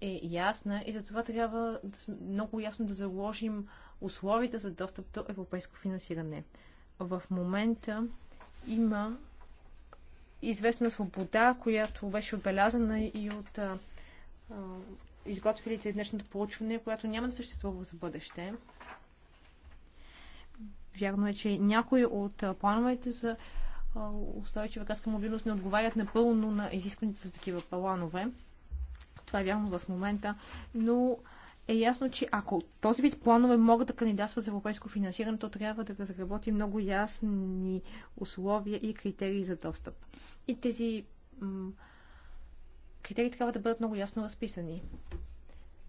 е ясна и затова трябва да много ясно да заложим условията за достъп до европейско финансиране. В момента има известна свобода, която беше отбелязана и от изготвилите днешното получване, която няма да съществува за бъдеще. Вярно е, че някои от плановете за устойчива градска мобилност не отговарят напълно на изискването за такива планове. Това е вярно в момента, но е ясно, че ако този вид планове могат да кандидатстват за европейско финансиране, то трябва да разработи много ясни условия и критерии за достъп. И тези критериите трябва да бъдат много ясно разписани.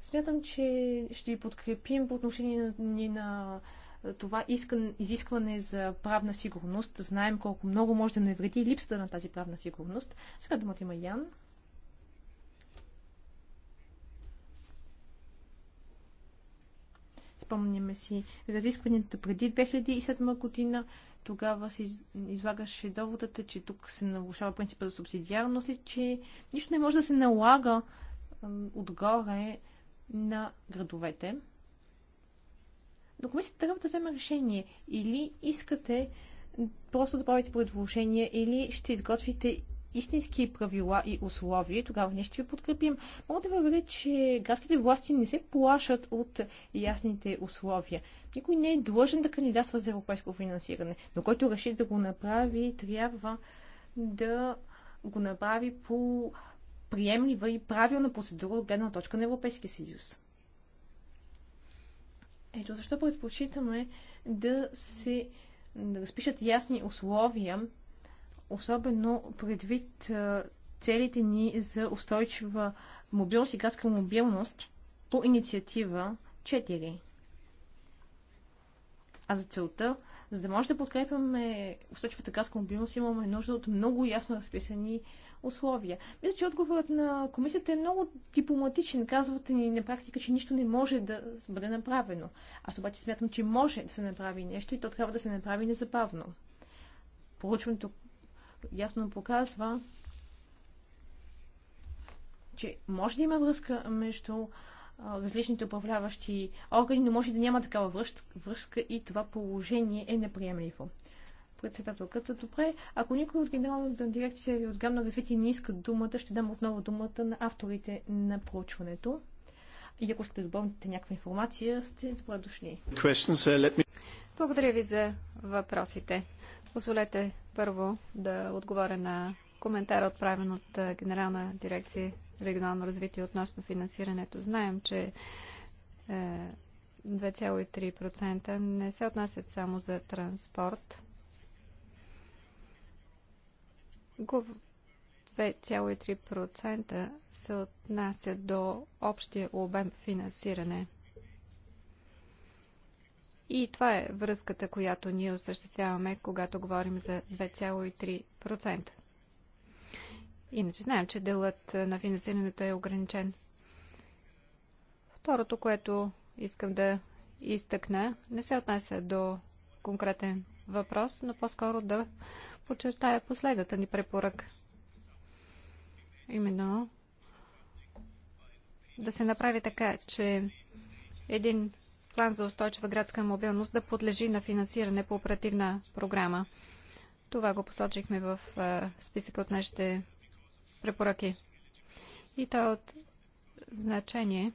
Смятам, че ще ви подкрепим по отношение ни на това изискване за правна сигурност. Знаем колко много може да навреди липсата на тази правна сигурност. Сега думата има Ян. Спомняме си разискванията преди 2007 година. Тогава се излагаше доводата, че тук се нарушава принципа за субсидиарност и че нищо не може да се налага отгоре на градовете. Но комисията трябва да вземе решение. Или искате просто да правите предложение, или ще изготвите истински правила и условия, тогава ние ще ви подкрепим. Мога да ви уверя, че градските власти не се плашат от ясните условия. Никой не е длъжен да кандидатства за европейско финансиране, но който реши да го направи, трябва да го направи по приемлива и правилна процедура от гледна точка на Европейския съюз. Ето защо предпочитаме да се да разпишат ясни условия особено предвид целите ни за устойчива мобилност и градска мобилност по инициатива 4. А за целта, за да може да подкрепяме устойчивата градска мобилност, имаме нужда от много ясно разписани условия. Мисля, че отговорът на комисията е много дипломатичен. Казвате ни на практика, че нищо не може да бъде направено. Аз обаче смятам, че може да се направи нещо и то трябва да се направи незабавно. Поручването, ясно показва, че може да има връзка между различните управляващи органи, но може да няма такава връзка и това положение е неприемливо. Председателката, добре, ако никой от генералната дирекция или от градно развитие не иска думата, ще дам отново думата на авторите на проучването. И ако сте добавите някаква информация, сте добре дошли. Благодаря ви за въпросите. Позволете първо да отговоря на коментара, отправен от Генерална дирекция регионално развитие относно финансирането. Знаем, че 2,3% е, не се отнасят само за транспорт. 2,3% се отнася до общия обем финансиране. И това е връзката, която ние осъществяваме, когато говорим за 2,3%. Иначе знаем, че делът на финансирането е ограничен. Второто, което искам да изтъкна, не се отнася до конкретен въпрос, но по-скоро да подчертая последната ни препоръка. Именно да се направи така, че един план за устойчива градска мобилност да подлежи на финансиране по оперативна програма. Това го посочихме в е, списъка от нашите препоръки. И то е от значение,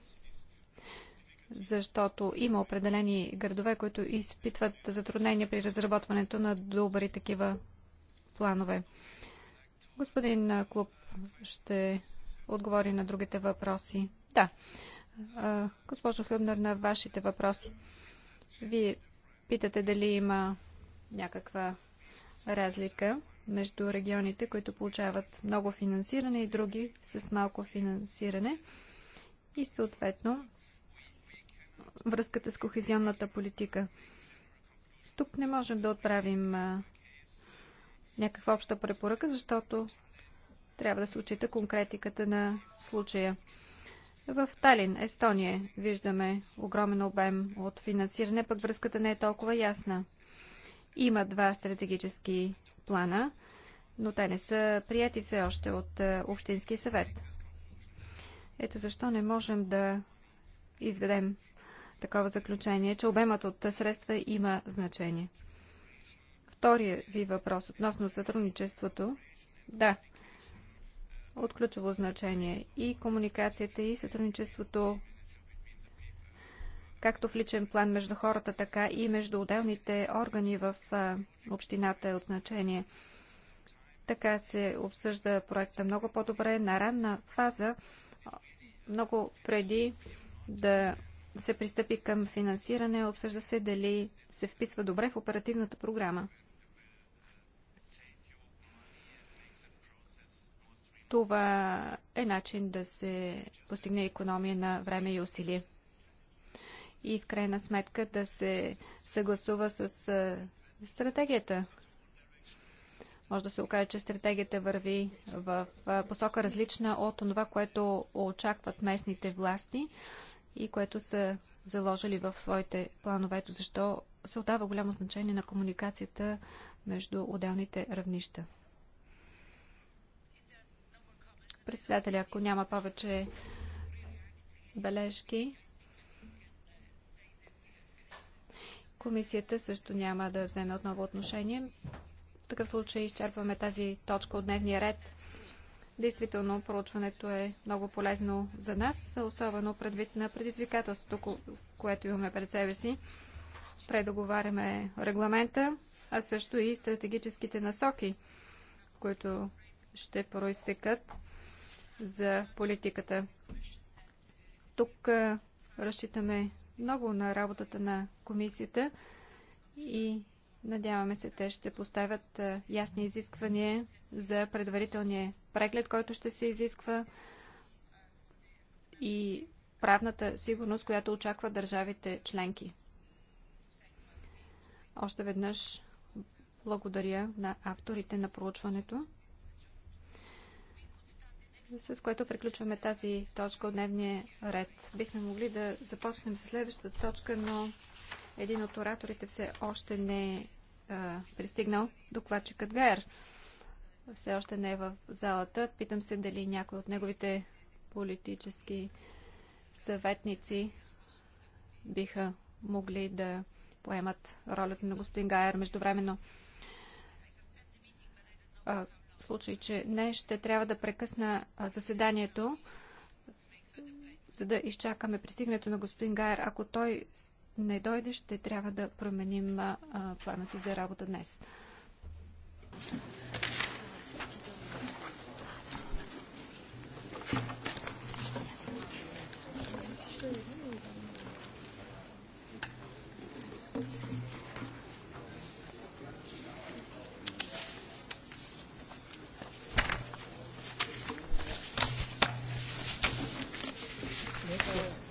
защото има определени градове, които изпитват затруднения при разработването на добри такива планове. Господин Клуб ще отговори на другите въпроси. Да, Госпожо Хюбнер, на вашите въпроси. Вие питате дали има някаква разлика между регионите, които получават много финансиране и други с малко финансиране. И съответно връзката с кохезионната политика. Тук не можем да отправим някаква обща препоръка, защото трябва да се отчита конкретиката на случая. В Талин, Естония, виждаме огромен обем от финансиране, пък връзката не е толкова ясна. Има два стратегически плана, но те не са прияти все още от е, Общински съвет. Ето защо не можем да изведем такова заключение, че обемът от средства има значение. Втория ви въпрос относно сътрудничеството. Да, от ключово значение и комуникацията и сътрудничеството както в личен план между хората, така и между отделните органи в общината е от значение. Така се обсъжда проекта много по-добре на ранна фаза, много преди да се пристъпи към финансиране, обсъжда се дали се вписва добре в оперативната програма. Това е начин да се постигне економия на време и усилие. И в крайна сметка да се съгласува с стратегията. Може да се окаже, че стратегията върви в посока различна от това, което очакват местните власти и което са заложили в своите планове. Защо се отдава голямо значение на комуникацията между отделните равнища. Председателя, ако няма повече бележки, комисията също няма да вземе отново отношение. В такъв случай изчерпваме тази точка от дневния ред. Действително, проучването е много полезно за нас, особено предвид на предизвикателството, което имаме пред себе си. Предоговаряме регламента, а също и стратегическите насоки, които ще проистекат за политиката. Тук разчитаме много на работата на комисията и надяваме се те ще поставят ясни изисквания за предварителния преглед, който ще се изисква и правната сигурност, която очаква държавите членки. Още веднъж благодаря на авторите на проучването с което приключваме тази точка от дневния ред. Бихме могли да започнем с следващата точка, но един от ораторите все още не е пристигнал. Докладчикът Гайер все още не е в залата. Питам се дали някой от неговите политически съветници биха могли да поемат ролята на господин Гайер междувременно. В случай, че не, ще трябва да прекъсна заседанието, за да изчакаме пристигането на господин Гайер. Ако той не дойде, ще трябва да променим плана си за работа днес. Yes.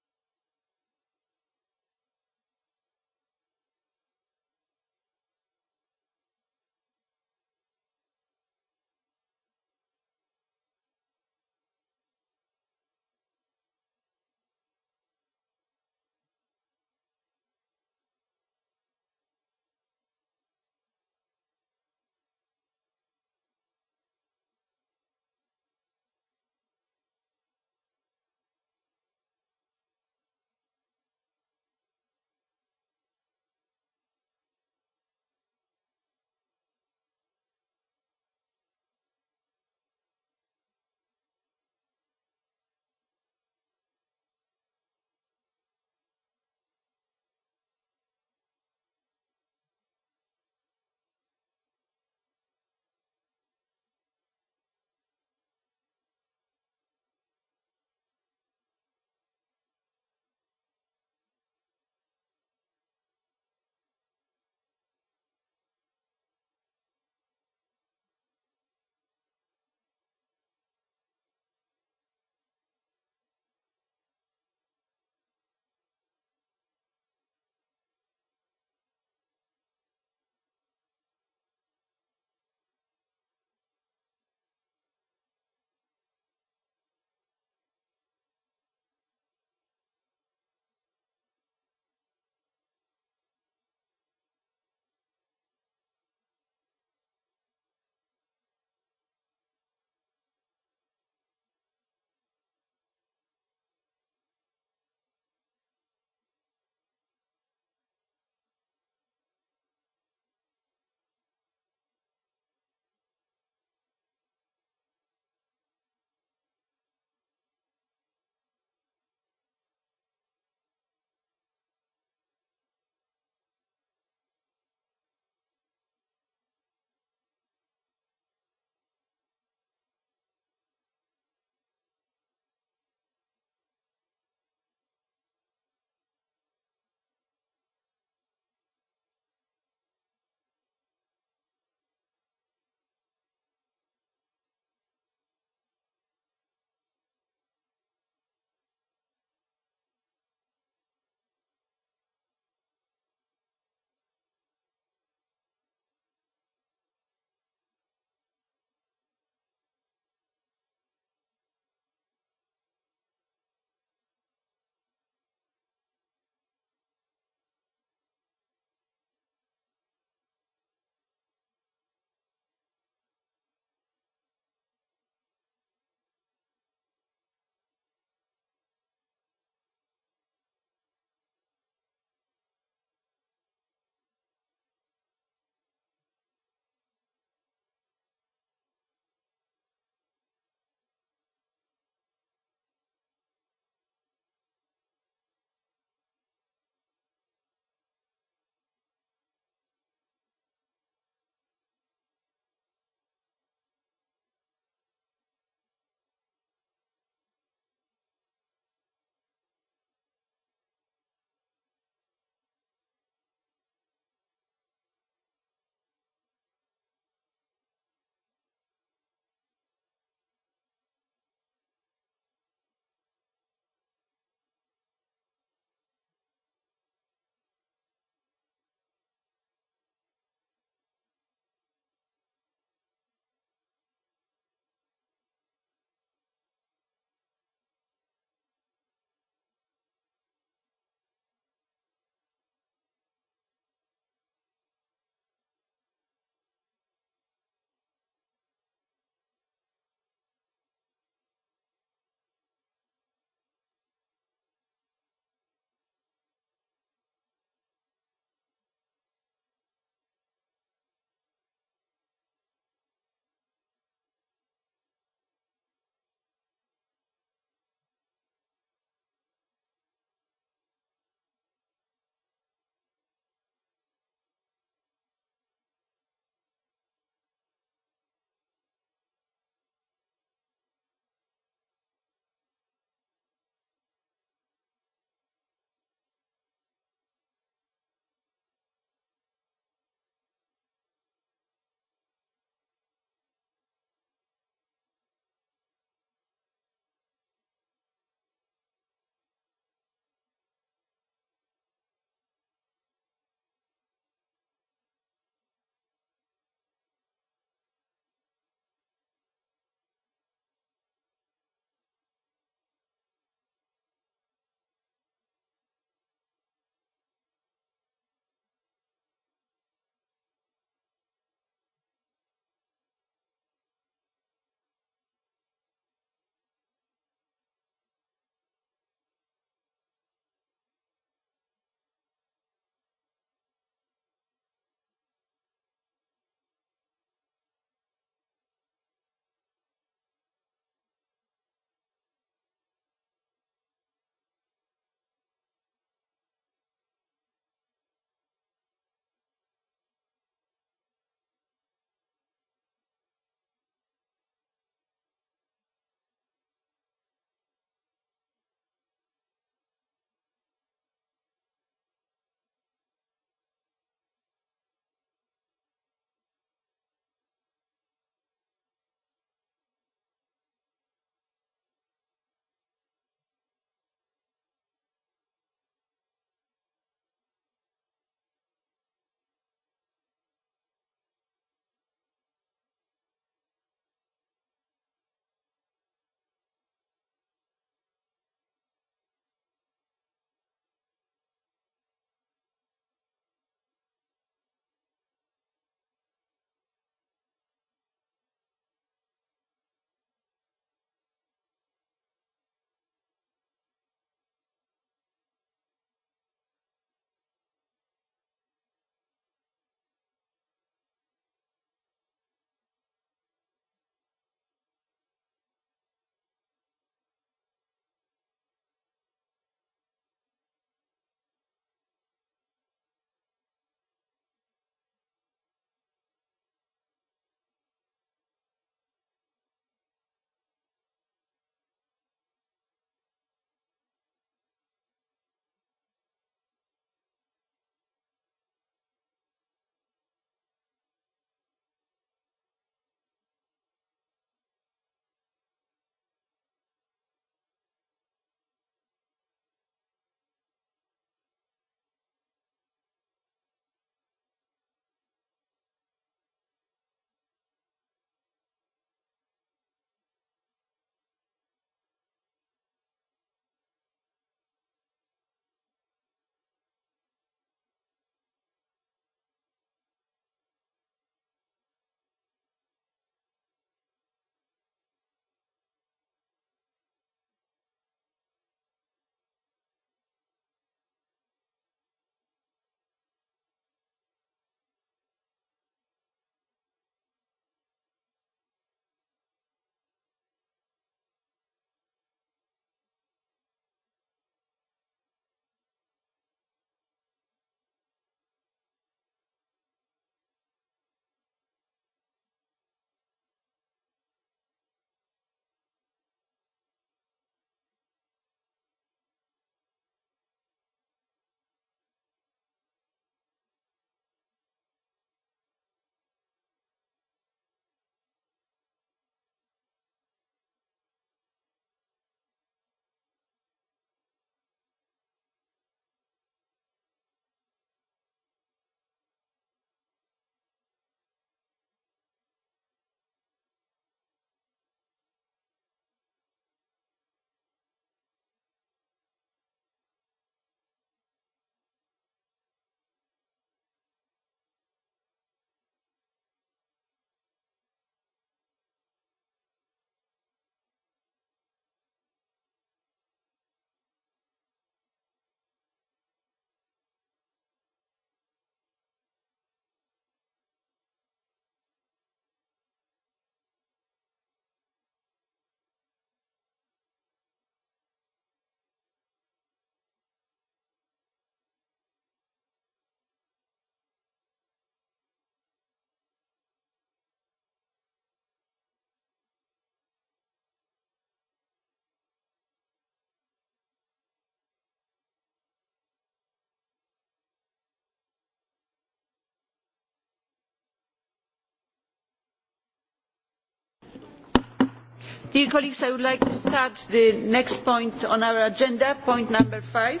Dear colleagues, I would like to start the next point on our agenda, point number five.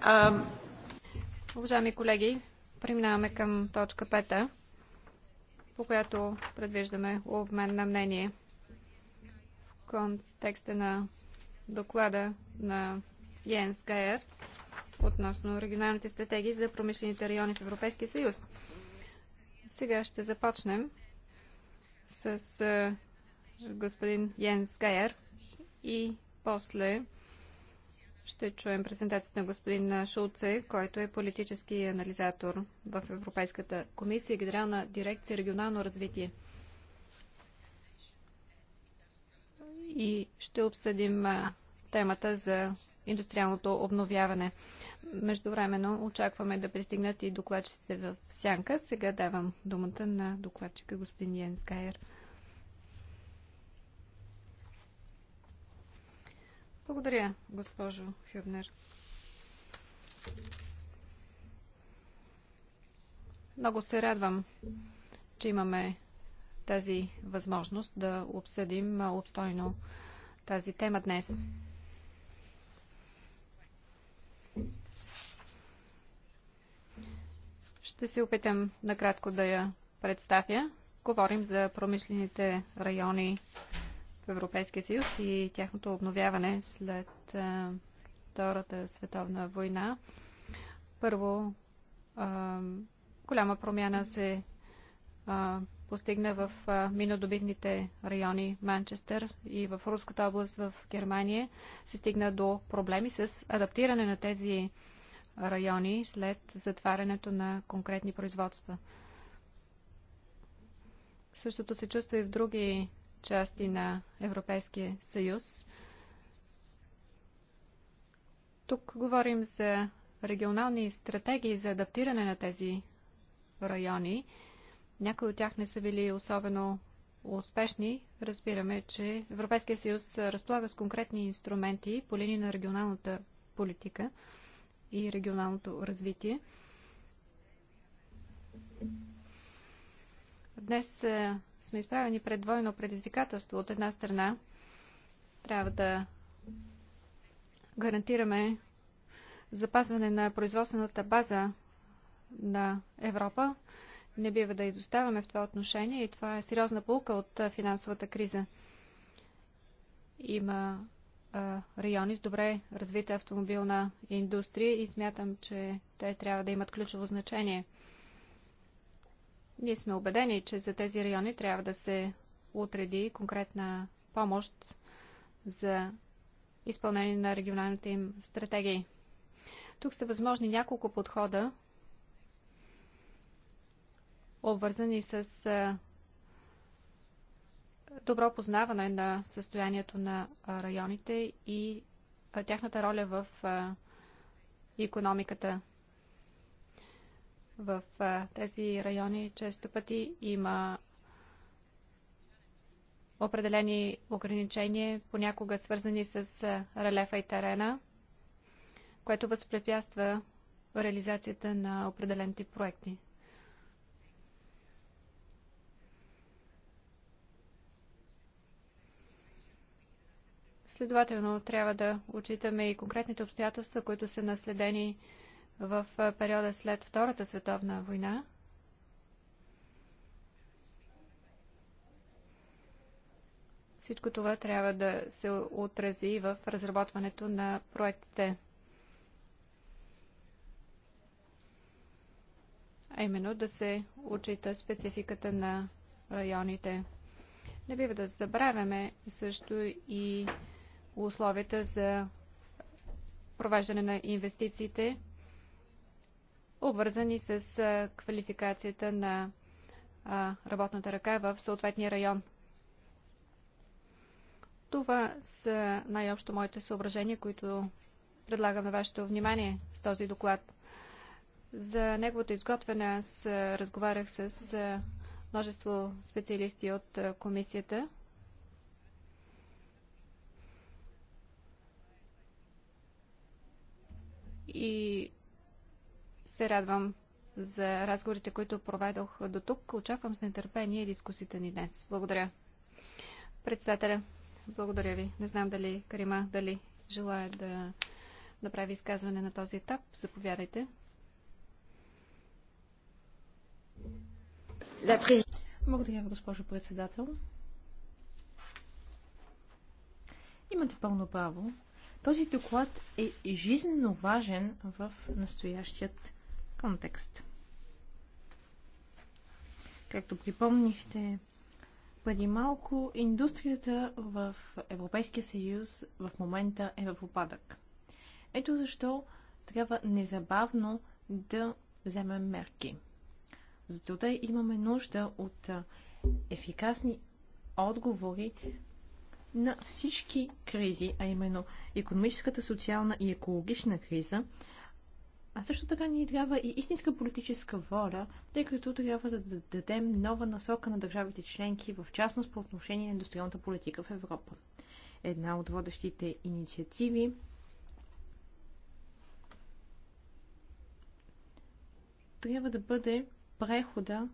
Um, Уважаеми колеги, преминаваме към точка пета по която предвиждаме обмен на мнение в контекста на доклада на Йенс Гайер относно регионалните стратегии за промишлените райони в Европейския съюз. Сега ще започнем с господин Йенс Гайер и после ще чуем презентацията на господин Шулце, който е политически анализатор в Европейската комисия, и Генерална дирекция регионално развитие. И ще обсъдим темата за индустриалното обновяване. Междувременно очакваме да пристигнат и докладчиците в Сянка. Сега давам думата на докладчика господин Йенс Гайер. Благодаря, госпожо Хюбнер. Много се радвам, че имаме тази възможност да обсъдим обстойно тази тема днес. Ще се опитам накратко да я представя. Говорим за промишлените райони Европейския съюз и тяхното обновяване след Втората световна война. Първо, голяма промяна се постигна в минодобивните райони Манчестър и в Руската област в Германия. Се стигна до проблеми с адаптиране на тези райони след затварянето на конкретни производства. Същото се чувства и в други части на Европейския съюз. Тук говорим за регионални стратегии за адаптиране на тези райони. Някои от тях не са били особено успешни. Разбираме, че Европейския съюз разполага с конкретни инструменти по линия на регионалната политика и регионалното развитие. Днес е, сме изправени пред двойно предизвикателство. От една страна трябва да гарантираме запазване на производствената база на Европа. Не бива да изоставаме в това отношение и това е сериозна полука от финансовата криза. Има райони с добре развита автомобилна индустрия и смятам, че те трябва да имат ключово значение – ние сме убедени, че за тези райони трябва да се отреди конкретна помощ за изпълнение на регионалните им стратегии. Тук са възможни няколко подхода, обвързани с добро познаване на състоянието на районите и тяхната роля в економиката. В тези райони често пъти има определени ограничения, понякога свързани с релефа и терена, което възпрепятства реализацията на определен тип проекти. Следователно, трябва да учитаме и конкретните обстоятелства, които са наследени в периода след Втората световна война. Всичко това трябва да се отрази в разработването на проектите. А именно да се учита спецификата на районите. Не бива да забравяме също и условията за провеждане на инвестициите обвързани с квалификацията на работната ръка в съответния район. Това са най-общо моите съображения, които предлагам на вашето внимание с този доклад. За неговото изготвяне аз разговарях с множество специалисти от комисията. И се радвам за разговорите, които проведох до тук. Очаквам с нетърпение дискусията ни днес. Благодаря. Председателя, благодаря ви. Не знам дали Карима, дали желая да направи изказване на този етап. Заповядайте. Благодаря ви, госпожо председател. Имате пълно право. Този доклад е жизненно важен в настоящият контекст. Както припомнихте преди малко, индустрията в Европейския съюз в момента е в опадък. Ето защо трябва незабавно да вземем мерки. За целта имаме нужда от ефикасни отговори на всички кризи, а именно економическата, социална и екологична криза, а също така ни трябва и истинска политическа воля, тъй като трябва да дадем нова насока на държавите членки, в частност по отношение на индустриалната политика в Европа. Една от водещите инициативи трябва да бъде прехода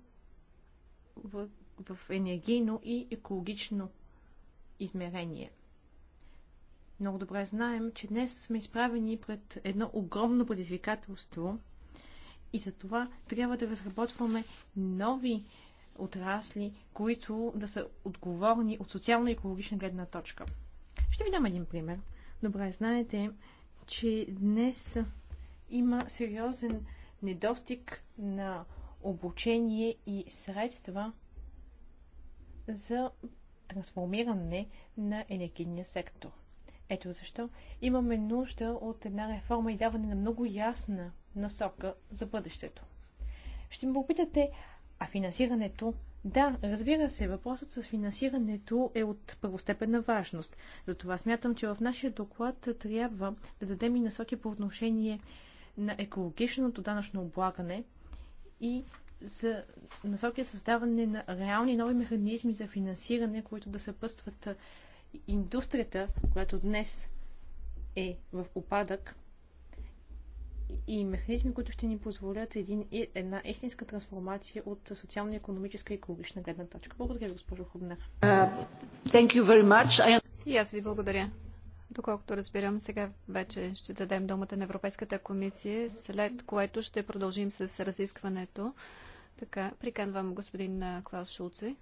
в, в енергийно и екологично измерение – много добре знаем, че днес сме изправени пред едно огромно предизвикателство и за това трябва да разработваме нови отрасли, които да са отговорни от социално-екологична гледна точка. Ще ви дам един пример. Добре знаете, че днес има сериозен недостиг на обучение и средства за трансформиране на енергийния сектор. Ето защо имаме нужда от една реформа и даване на много ясна насока за бъдещето. Ще ме попитате, а финансирането? Да, разбира се, въпросът с финансирането е от първостепенна важност. Затова смятам, че в нашия доклад трябва да дадем и насоки по отношение на екологичното данъчно облагане и за насоки създаване на реални нови механизми за финансиране, които да съпъстват индустрията, която днес е в опадък, и механизми, които ще ни позволят един, една истинска трансформация от социално, економическа и екологична гледна точка. Благодаря ви, госпожо Хубнер. Uh, I... И аз ви благодаря. Доколкото разбирам, сега вече ще дадем думата на Европейската комисия, след което ще продължим с разискването. Така, приканвам господин Клаус Шулце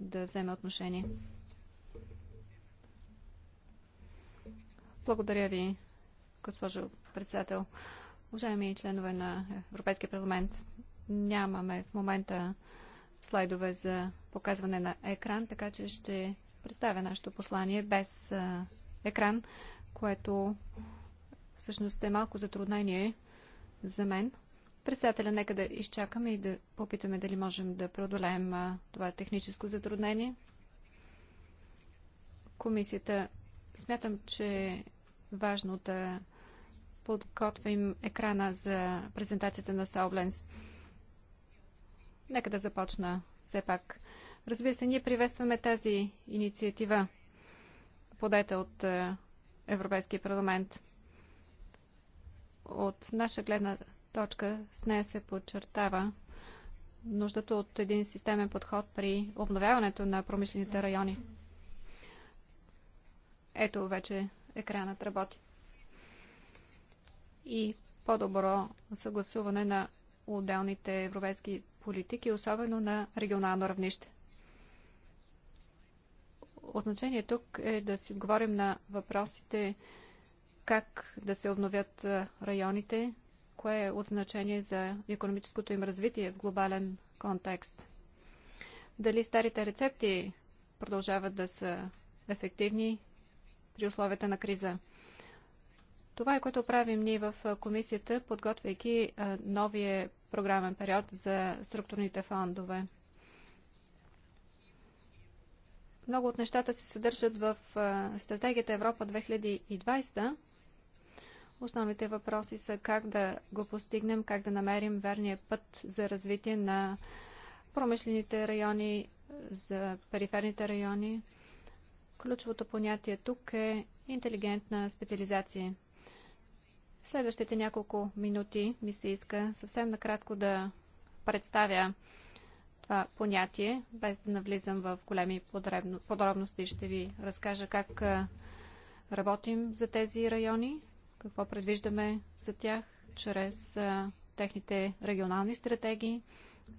да вземе отношение. Благодаря ви, госпожо председател. Уважаеми членове на Европейския парламент, нямаме в момента слайдове за показване на екран, така че ще представя нашето послание без екран, което всъщност е малко затруднение за мен. Председателя, нека да изчакаме и да попитаме дали можем да преодолеем това техническо затруднение. Комисията, смятам, че важно да подготвим екрана за презентацията на Саубленс. Нека да започна все пак. Разбира се, ние приветстваме тази инициатива, подета от е, Европейския парламент. От наша гледна точка с нея се подчертава нуждата от един системен подход при обновяването на промишлените райони. Ето вече екранът работи. И по-добро съгласуване на отделните европейски политики, особено на регионално равнище. Отначение тук е да си отговорим на въпросите как да се обновят районите, кое е от значение за економическото им развитие в глобален контекст. Дали старите рецепти продължават да са ефективни при условията на криза. Това е което правим ние в комисията, подготвяйки новия програмен период за структурните фондове. Много от нещата се съдържат в стратегията Европа 2020. Основните въпроси са как да го постигнем, как да намерим верния път за развитие на промишлените райони, за периферните райони, Ключовото понятие тук е интелигентна специализация. В следващите няколко минути ми се иска съвсем накратко да представя това понятие, без да навлизам в големи подробности. Ще ви разкажа как работим за тези райони, какво предвиждаме за тях чрез техните регионални стратегии,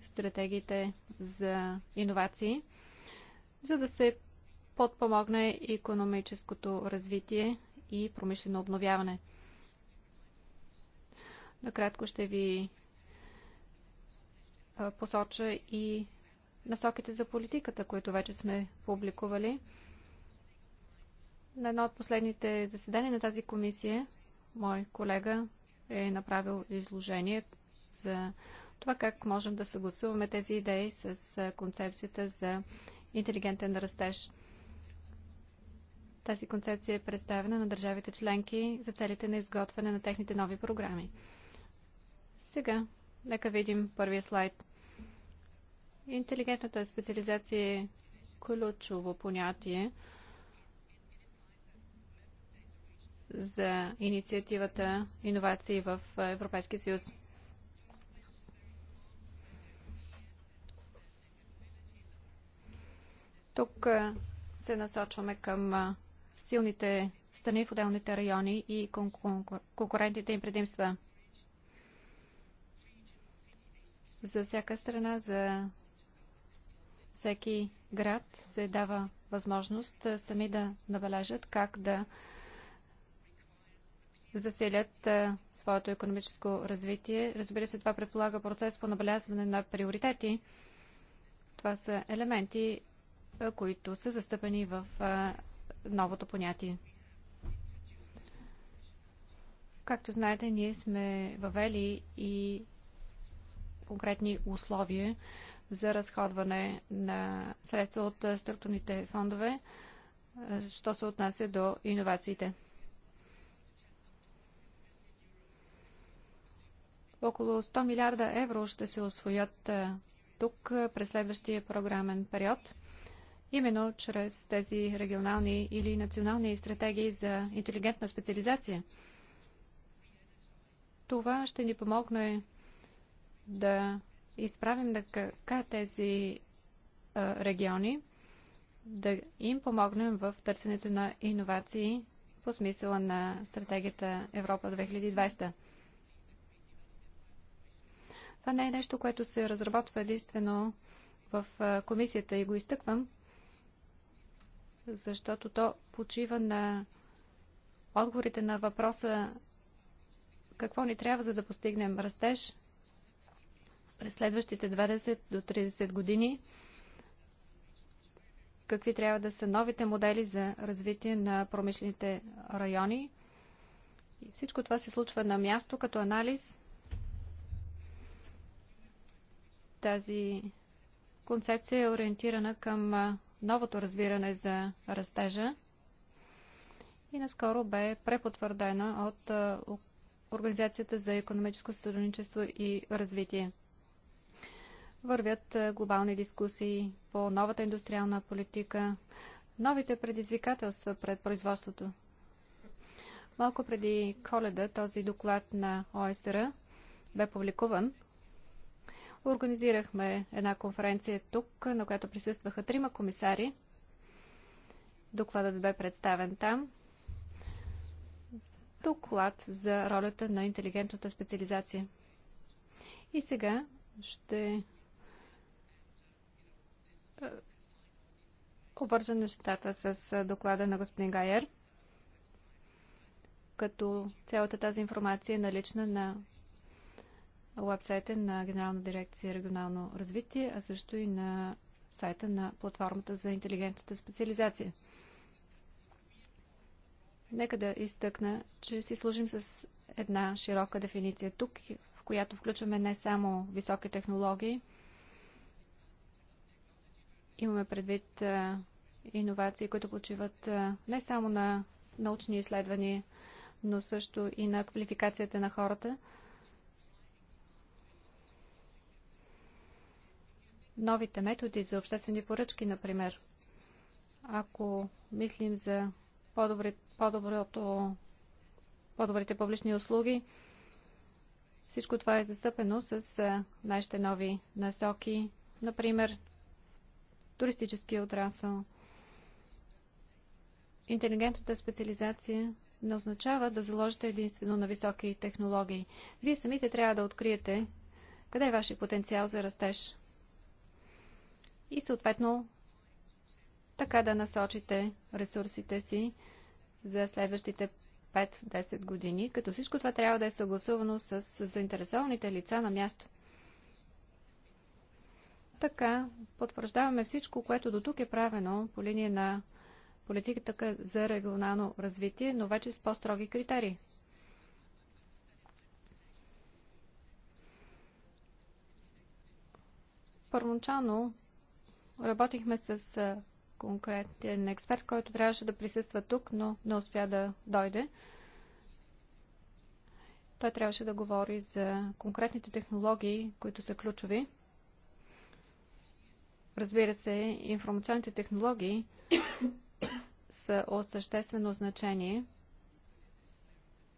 стратегиите за иновации, за да се подпомогне економическото развитие и промишлено обновяване. Накратко ще ви посоча и насоките за политиката, които вече сме публикували. На едно от последните заседания на тази комисия мой колега е направил изложение за това как можем да съгласуваме тези идеи с концепцията за интелигентен растеж. Тази концепция е представена на държавите членки за целите на изготвяне на техните нови програми. Сега, нека видим първия слайд. Интелигентната специализация е ключово понятие за инициативата иновации в Европейския съюз. Тук се насочваме към силните страни в отделните райони и конкурентите им предимства. За всяка страна, за всеки град се дава възможност сами да набележат как да заселят своето економическо развитие. Разбира се, това предполага процес по набелязване на приоритети. Това са елементи, които са застъпени в новото понятие. Както знаете, ние сме въвели и конкретни условия за разходване на средства от структурните фондове, що се отнася до иновациите. Около 100 милиарда евро ще се освоят тук през следващия програмен период – именно чрез тези регионални или национални стратегии за интелигентна специализация. Това ще ни помогне да изправим така тези региони, да им помогнем в търсенето на иновации по смисъла на стратегията Европа 2020. Това не е нещо, което се разработва единствено в комисията и го изтъквам, защото то почива на отговорите на въпроса какво ни трябва за да постигнем растеж през следващите 20 до 30 години, какви трябва да са новите модели за развитие на промишлените райони. И всичко това се случва на място като анализ. Тази концепция е ориентирана към новото разбиране за растежа и наскоро бе препотвърдена от Организацията за економическо сътрудничество и развитие. Вървят глобални дискусии по новата индустриална политика, новите предизвикателства пред производството. Малко преди коледа този доклад на ОСР бе публикуван – организирахме една конференция тук, на която присъстваха трима комисари. Докладът бе представен там. Доклад за ролята на интелигентната специализация. И сега ще е, обвържа нещата с е, доклада на господин Гайер, като цялата тази информация е налична на уебсайта на Генерална дирекция регионално развитие, а също и на сайта на платформата за интелигентната специализация. Нека да изтъкна, че си служим с една широка дефиниция тук, в която включваме не само високи технологии, имаме предвид иновации, които почиват не само на научни изследвания, но също и на квалификацията на хората – новите методи за обществени поръчки, например. Ако мислим за по-добрите по по публични услуги, всичко това е застъпено с нашите нови насоки, например туристическия отрасъл. Интелигентната специализация не означава да заложите единствено на високи технологии. Вие самите трябва да откриете къде е вашия потенциал за растеж и съответно така да насочите ресурсите си за следващите 5-10 години, като всичко това трябва да е съгласувано с заинтересованите лица на място. Така потвърждаваме всичко, което до тук е правено по линия на политиката за регионално развитие, но вече с по-строги критерии. Първоначално Работихме с конкретен експерт, който трябваше да присъства тук, но не успя да дойде. Той трябваше да говори за конкретните технологии, които са ключови. Разбира се, информационните технологии са от съществено значение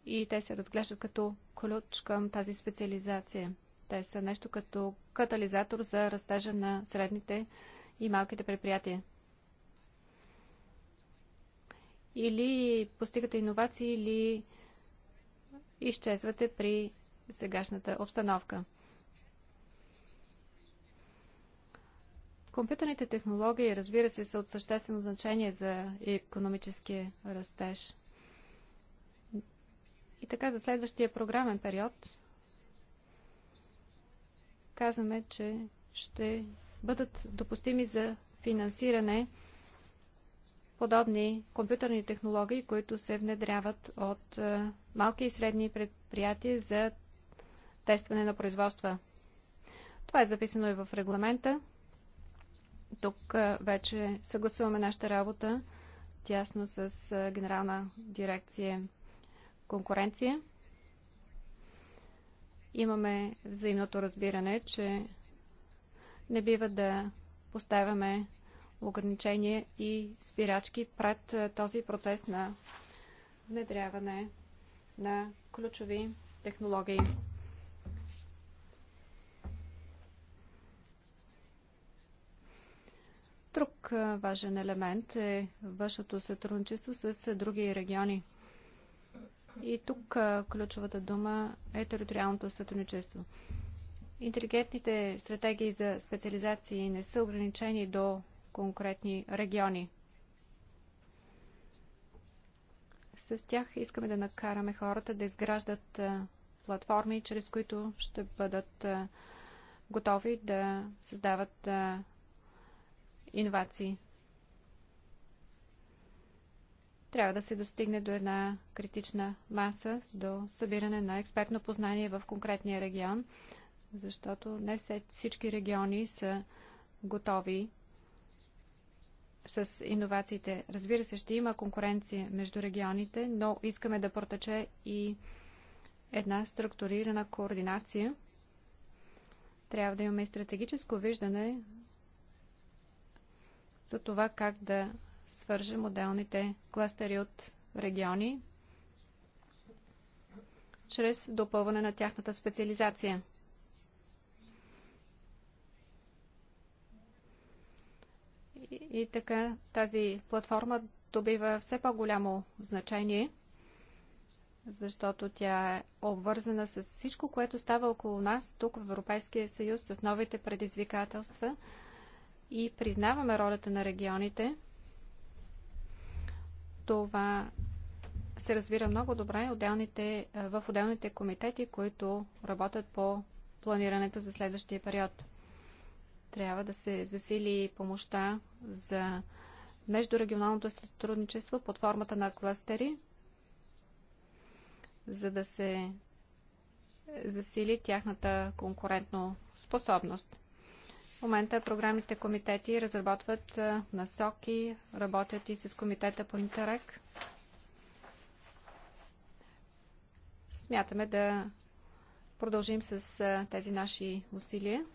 и те се разглеждат като ключ към тази специализация. Те са нещо като катализатор за растежа на средните технологии и малките предприятия? Или постигате иновации, или изчезвате при сегашната обстановка. Компютърните технологии, разбира се, са от съществено значение за економическия растеж. И така, за следващия програмен период казваме, че ще бъдат допустими за финансиране подобни компютърни технологии, които се внедряват от е, малки и средни предприятия за тестване на производства. Това е записано и в регламента. Тук е, вече съгласуваме нашата работа тясно с е, Генерална дирекция конкуренция. Имаме взаимното разбиране, че не бива да поставяме ограничения и спирачки пред този процес на внедряване на ключови технологии. Друг важен елемент е вашето сътрудничество с други региони. И тук ключовата дума е териториалното сътрудничество интелигентните стратегии за специализации не са ограничени до конкретни региони. С тях искаме да накараме хората да изграждат платформи, чрез които ще бъдат готови да създават иновации. Трябва да се достигне до една критична маса, до събиране на експертно познание в конкретния регион – защото не всички региони са готови с иновациите. Разбира се, ще има конкуренция между регионите, но искаме да протече и една структурирана координация. Трябва да имаме и стратегическо виждане за това как да свържем отделните кластери от региони чрез допълване на тяхната специализация. И така тази платформа добива все по-голямо значение, защото тя е обвързана с всичко, което става около нас, тук в Европейския съюз, с новите предизвикателства и признаваме ролята на регионите. Това се разбира много добре отделните, в отделните комитети, които работят по планирането за следващия период. Трябва да се засили помощта за междурегионалното сътрудничество под формата на кластери, за да се засили тяхната конкурентно способност. В момента програмните комитети разработват насоки, работят и с комитета по Интерек. Смятаме да продължим с тези наши усилия.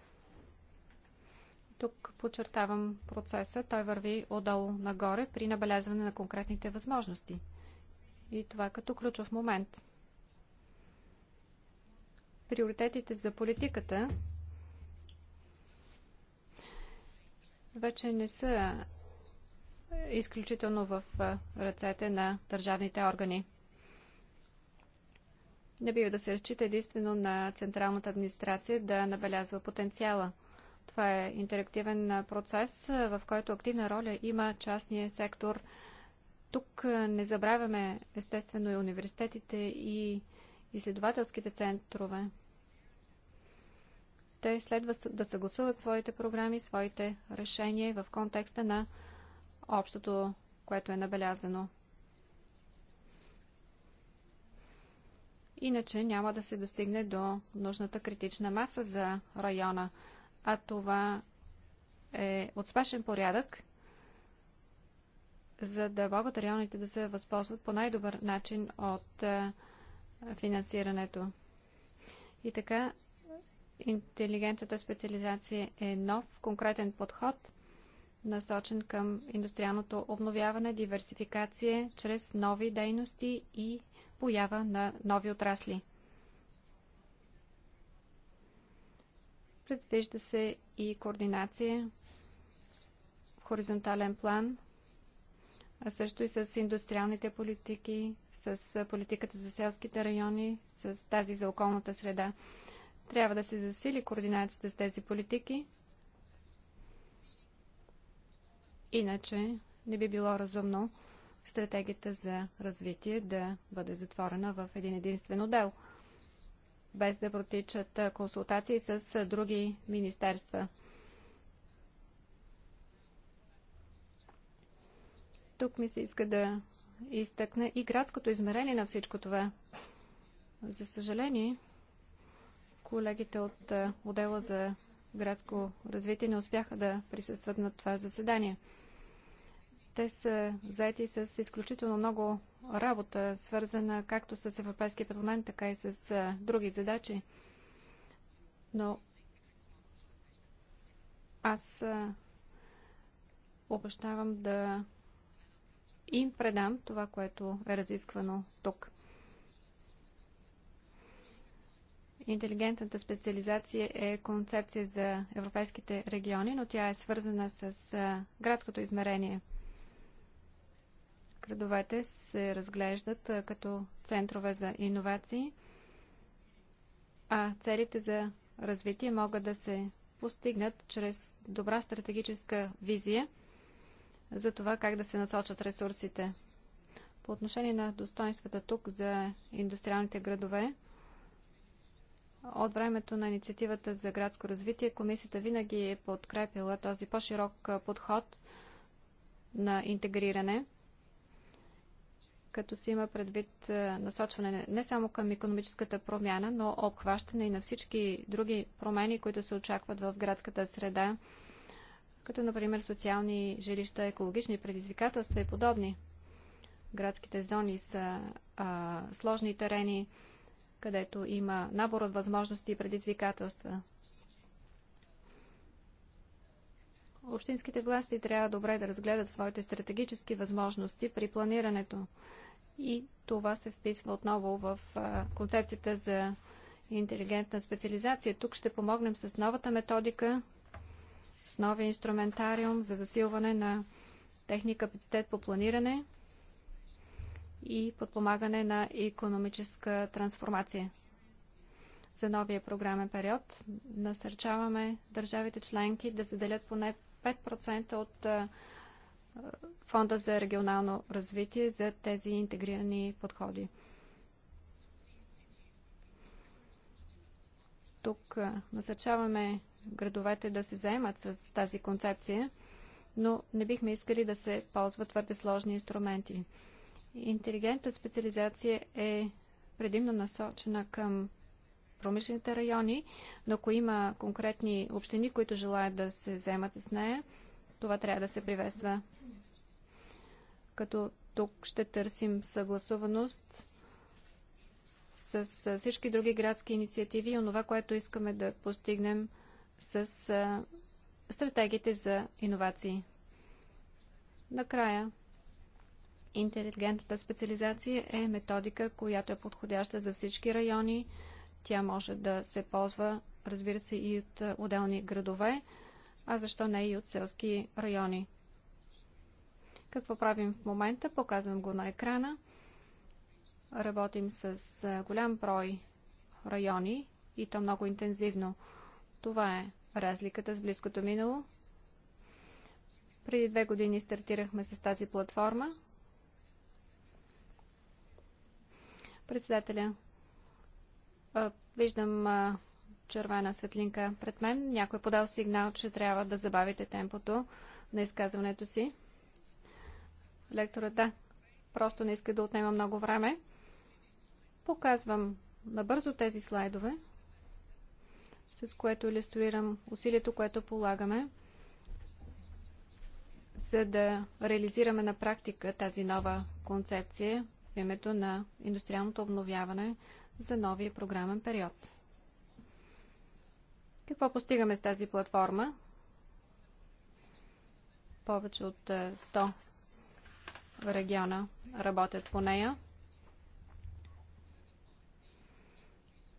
Тук подчертавам процеса. Той върви отдолу нагоре при набелязване на конкретните възможности. И това е като ключов момент. Приоритетите за политиката вече не са изключително в ръцете на държавните органи. Не бива да се разчита единствено на централната администрация да набелязва потенциала – това е интерактивен процес, в който активна роля има частния сектор. Тук не забравяме естествено и университетите и изследователските центрове. Те следва да съгласуват своите програми, своите решения в контекста на общото, което е набелязано. Иначе няма да се достигне до нужната критична маса за района а това е от спешен порядък, за да могат районите да се възползват по най-добър начин от финансирането. И така, интелигентната специализация е нов, конкретен подход, насочен към индустриалното обновяване, диверсификация чрез нови дейности и поява на нови отрасли. Предвижда се и координация в хоризонтален план, а също и с индустриалните политики, с политиката за селските райони, с тази за околната среда. Трябва да се засили координацията с тези политики, иначе не би било разумно стратегията за развитие да бъде затворена в един единствен отдел – без да протичат консултации с други министерства. Тук ми се иска да изтъкна и градското измерение на всичко това. За съжаление, колегите от отдела за градско развитие не успяха да присъстват на това заседание – те са заети с изключително много работа, свързана както с Европейския парламент, така и с други задачи. Но аз обещавам да им предам това, което е разисквано тук. Интелигентната специализация е концепция за европейските региони, но тя е свързана с градското измерение – Градовете се разглеждат като центрове за иновации, а целите за развитие могат да се постигнат чрез добра стратегическа визия за това как да се насочат ресурсите. По отношение на достоинствата тук за индустриалните градове, от времето на инициативата за градско развитие, комисията винаги е подкрепила този по-широк подход на интегриране като се има предвид е, насочване не само към економическата промяна, но обхващане и на всички други промени, които се очакват в градската среда, като например социални жилища, екологични предизвикателства и подобни. Градските зони са а, сложни терени, където има набор от възможности и предизвикателства. Общинските власти трябва добре да разгледат своите стратегически възможности при планирането. И това се вписва отново в концепцията за интелигентна специализация. Тук ще помогнем с новата методика, с нови инструментариум за засилване на техния капацитет по планиране и подпомагане на економическа трансформация. За новия програмен период насърчаваме държавите членки да заделят поне 5% от Фонда за регионално развитие за тези интегрирани подходи. Тук насърчаваме градовете да се заемат с тази концепция, но не бихме искали да се ползват твърде сложни инструменти. Интелигентна специализация е предимно насочена към промишлените райони, но ако има конкретни общини, които желаят да се вземат с нея, това трябва да се приветства. Като тук ще търсим съгласуваност с всички други градски инициативи и онова, което искаме да постигнем с стратегиите за иновации. Накрая, интелигентната специализация е методика, която е подходяща за всички райони, тя може да се ползва, разбира се, и от отделни градове, а защо не и от селски райони. Какво правим в момента? Показвам го на екрана. Работим с голям брой райони и то много интензивно. Това е разликата с близкото минало. Преди две години стартирахме с тази платформа. Председателя, Виждам червена светлинка пред мен. Някой подал сигнал, че трябва да забавите темпото на изказването си. Лектора, да, просто не иска да отнема много време. Показвам набързо тези слайдове, с което иллюстрирам усилието, което полагаме, за да реализираме на практика тази нова концепция в името на индустриалното обновяване за новия програмен период. Какво постигаме с тази платформа? Повече от 100 е, региона работят по нея.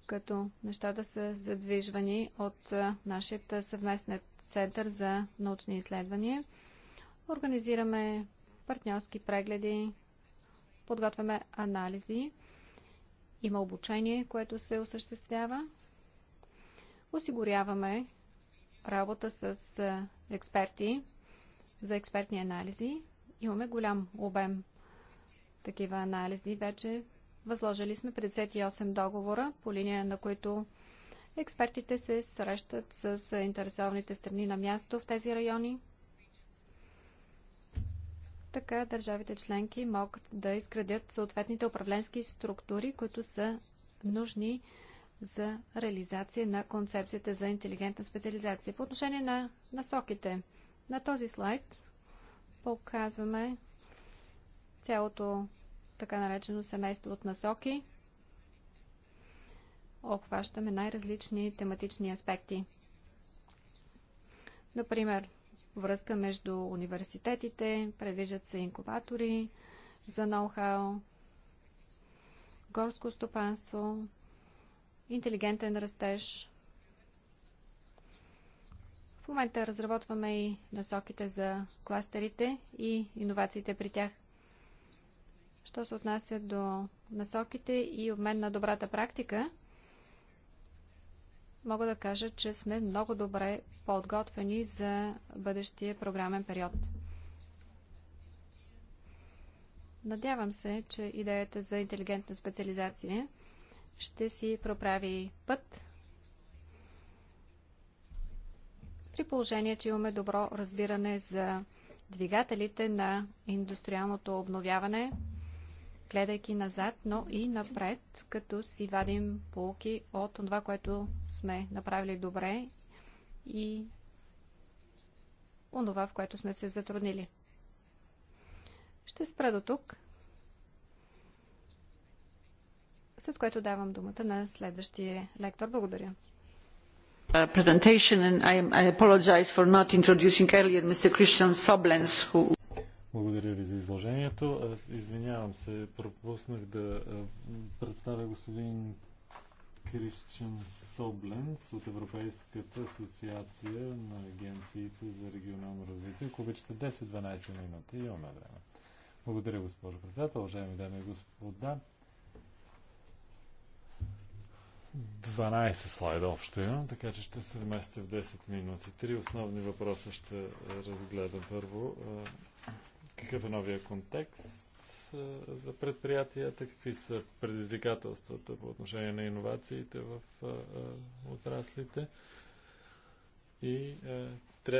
като нещата са задвижвани от е, нашия съвместен център за научни изследвания. Организираме партньорски прегледи, подготвяме анализи има обучение, което се осъществява. Осигуряваме работа с експерти за експертни анализи. Имаме голям обем такива анализи. Вече възложили сме 58 договора, по линия на които експертите се срещат с интересованите страни на място в тези райони. Така държавите членки могат да изградят съответните управленски структури, които са нужни за реализация на концепцията за интелигентна специализация. По отношение на насоките, на този слайд показваме цялото така наречено семейство от насоки. Обхващаме най-различни тематични аспекти. Например, връзка между университетите, предвиждат се инкубатори за ноу-хау, горско стопанство, интелигентен растеж. В момента разработваме и насоките за кластерите и иновациите при тях. Що се отнася до насоките и обмен на добрата практика – мога да кажа, че сме много добре подготвени за бъдещия програмен период. Надявам се, че идеята за интелигентна специализация ще си проправи път при положение, че имаме добро разбиране за двигателите на индустриалното обновяване – гледайки назад, но и напред, като си вадим полки от това, което сме направили добре и онова, в което сме се затруднили. Ще спра до тук, с което давам думата на следващия лектор. Благодаря. Uh, presentation and I, I apologize for not introducing earlier Mr. Christian Soblens who благодаря ви за изложението. Аз извинявам се, пропуснах да представя господин Кристиан Собленс от Европейската асоциация на агенциите за регионално развитие. Ако обичате 10-12 минути, имаме време. Благодаря, госпожо председател, уважаеми дами и господа. 12 слайда общо имам, така че ще се вместя в 10 минути. Три основни въпроса ще разгледам. Първо, какъв е новия контекст за предприятията, какви са предизвикателствата по отношение на иновациите в отраслите и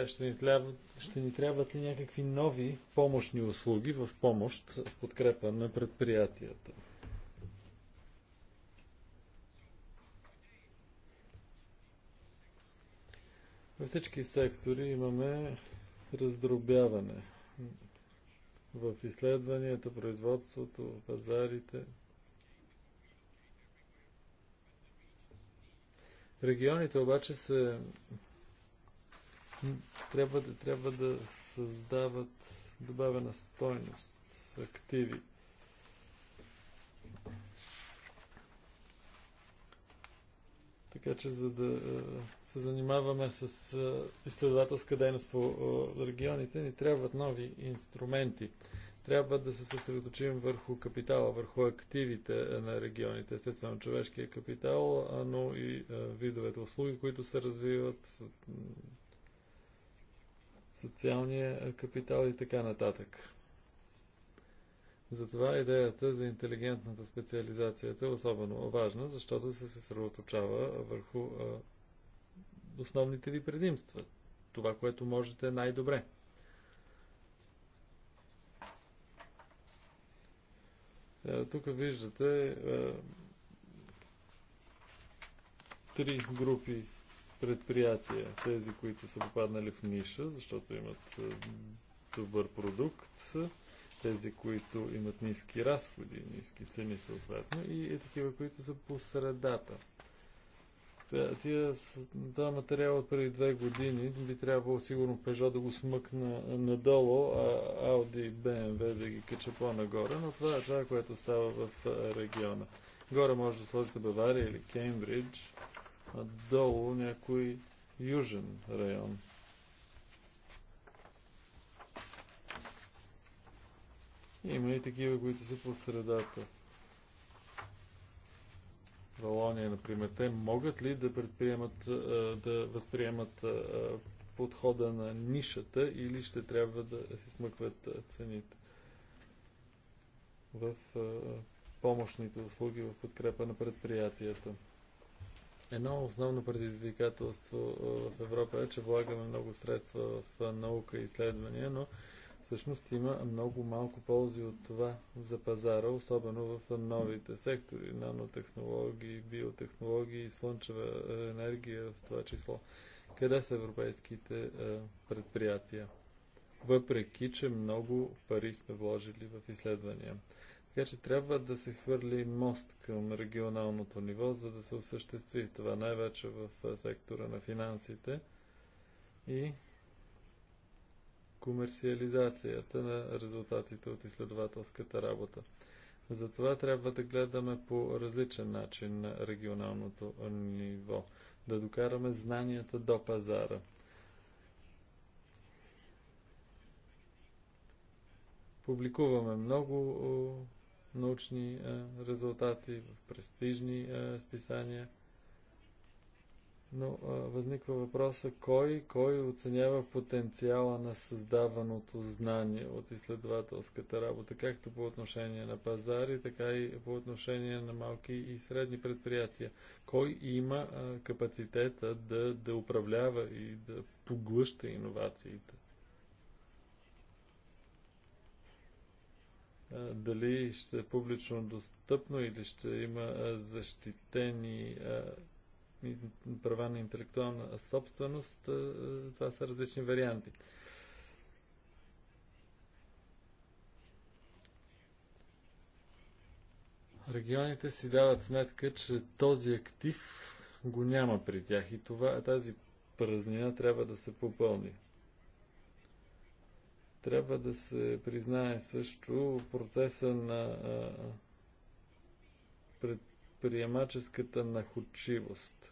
ще, ни трябва, ще ни трябват ли някакви нови помощни услуги в помощ, в подкрепа на предприятията. Във всички сектори имаме раздробяване в изследванията, производството, пазарите. Регионите обаче се трябва да, трябва да създават добавена стойност, активи. Така че за да е, се занимаваме с е, изследователска дейност по е, регионите, ни трябват нови инструменти. Трябва да се съсредоточим върху капитала, върху активите на регионите, естествено човешкия капитал, но и видовете услуги, които се развиват, социалния капитал и така нататък. Затова идеята за интелигентната специализацията е особено важна, защото се съсредоточава върху а, основните ви предимства. Това, което можете най-добре. Е, тук виждате а, е, три групи предприятия. Тези, които са попаднали в ниша, защото имат а, е, добър продукт тези, които имат ниски разходи, ниски цени съответно, и, и е такива, които са по средата. това материал от преди две години би трябвало сигурно Peugeot да го смъкна надолу, а Audi и BMW да ги кача по-нагоре, но това е това, което става в региона. Горе може да сложите Бавария или Кембридж, а долу някой южен район. Има и такива, които са по средата. Валония, например, те могат ли да предприемат, да възприемат подхода на нишата или ще трябва да си смъкват цените в помощните услуги в подкрепа на предприятията? Едно основно предизвикателство в Европа е, че влагаме много средства в наука и изследвания, но всъщност има много малко ползи от това за пазара, особено в новите сектори, нанотехнологии, биотехнологии, слънчева е, енергия в това число. Къде са европейските е, предприятия? Въпреки, че много пари сме вложили в изследвания. Така че трябва да се хвърли мост към регионалното ниво, за да се осъществи това, най-вече в е, сектора на финансите и комерциализацията на резултатите от изследователската работа. Затова трябва да гледаме по различен начин на регионалното ниво, да докараме знанията до пазара. Публикуваме много научни резултати в престижни списания – но а, възниква въпроса кой, кой оценява потенциала на създаваното знание от изследователската работа, както по отношение на пазари, така и по отношение на малки и средни предприятия. Кой има а, капацитета да, да управлява и да поглъща иновациите? Дали ще е публично достъпно или ще има защитени а, права на интелектуална собственост, е, това са различни варианти. Регионите си дават сметка, че този актив го няма при тях и това, тази празнина трябва да се попълни. Трябва да се признае също процеса на предприемаческата нахочивост.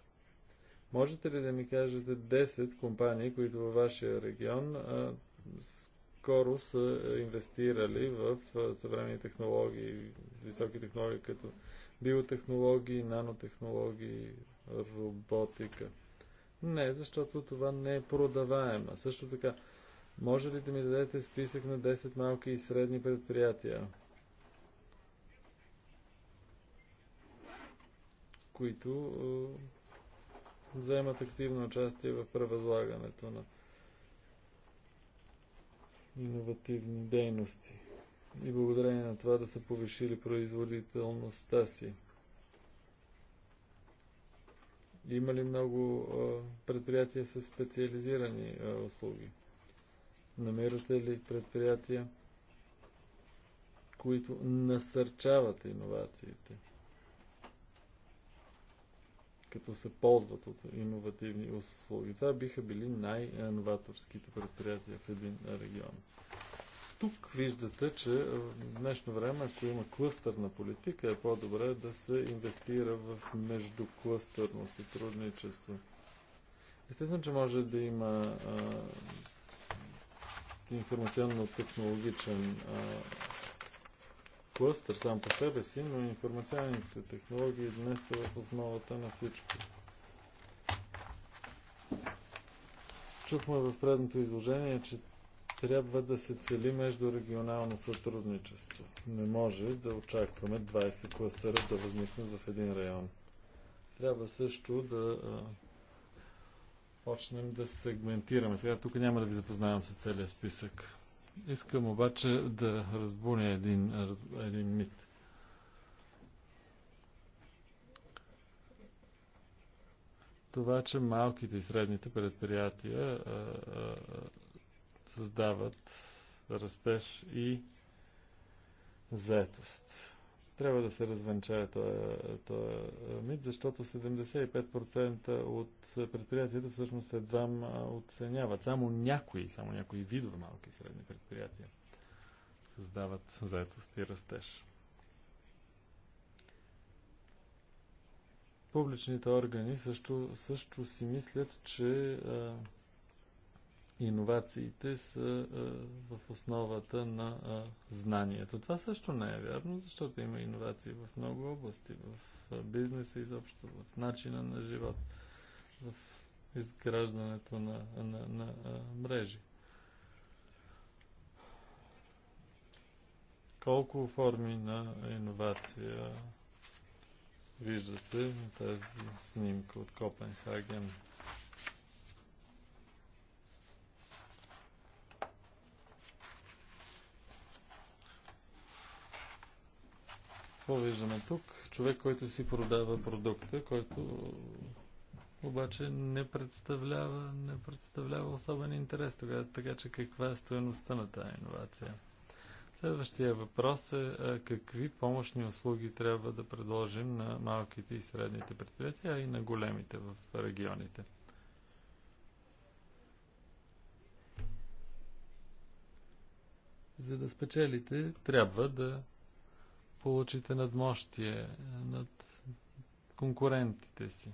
Можете ли да ми кажете 10 компании, които във вашия регион а, скоро са инвестирали в а, съвременни технологии, високи технологии, като биотехнологии, нанотехнологии, роботика? Не, защото това не е продаваема. Също така, може ли да ми дадете списък на 10 малки и средни предприятия, които вземат активно участие в превъзлагането на иновативни дейности и благодарение на това да са повишили производителността си. Има ли много предприятия с специализирани услуги? Намирате ли предприятия, които насърчават иновациите? като се ползват от иновативни услуги. Това биха били най-новаторските предприятия в един регион. Тук виждате, че в днешно време, ако има клъстърна политика, е по-добре да се инвестира в междуклъстърно сътрудничество. Естествено, че може да има информационно-технологичен клъстър сам по себе си, но информационните технологии днес са в основата на всичко. Чухме в предното изложение, че трябва да се цели между регионално сътрудничество. Не може да очакваме 20 кластера да възникнат в един район. Трябва също да а, почнем да сегментираме. Сега тук няма да ви запознавам с целият списък. Искам обаче да разбуня един, един мит. Това, че малките и средните предприятия а, а, създават растеж и заетост. Трябва да се развенчае този мит, защото 75% от предприятията всъщност едва оценяват. Само някои, само някои видове малки и средни предприятия създават заетост и растеж. Публичните органи също, също си мислят, че а, иновациите са в основата на знанието. Това също не е вярно, защото има иновации в много области, в бизнеса изобщо, в начина на живот, в изграждането на, на, на, на мрежи. Колко форми на иновация виждате на тази снимка от Копенхаген? Какво виждаме тук? Човек, който си продава продукта, който обаче не представлява, не представлява особен интерес тогава, така че каква е стоеността на тази иновация? Следващия въпрос е а, какви помощни услуги трябва да предложим на малките и средните предприятия, а и на големите в регионите. За да спечелите, трябва да получите надмощие е, над конкурентите си?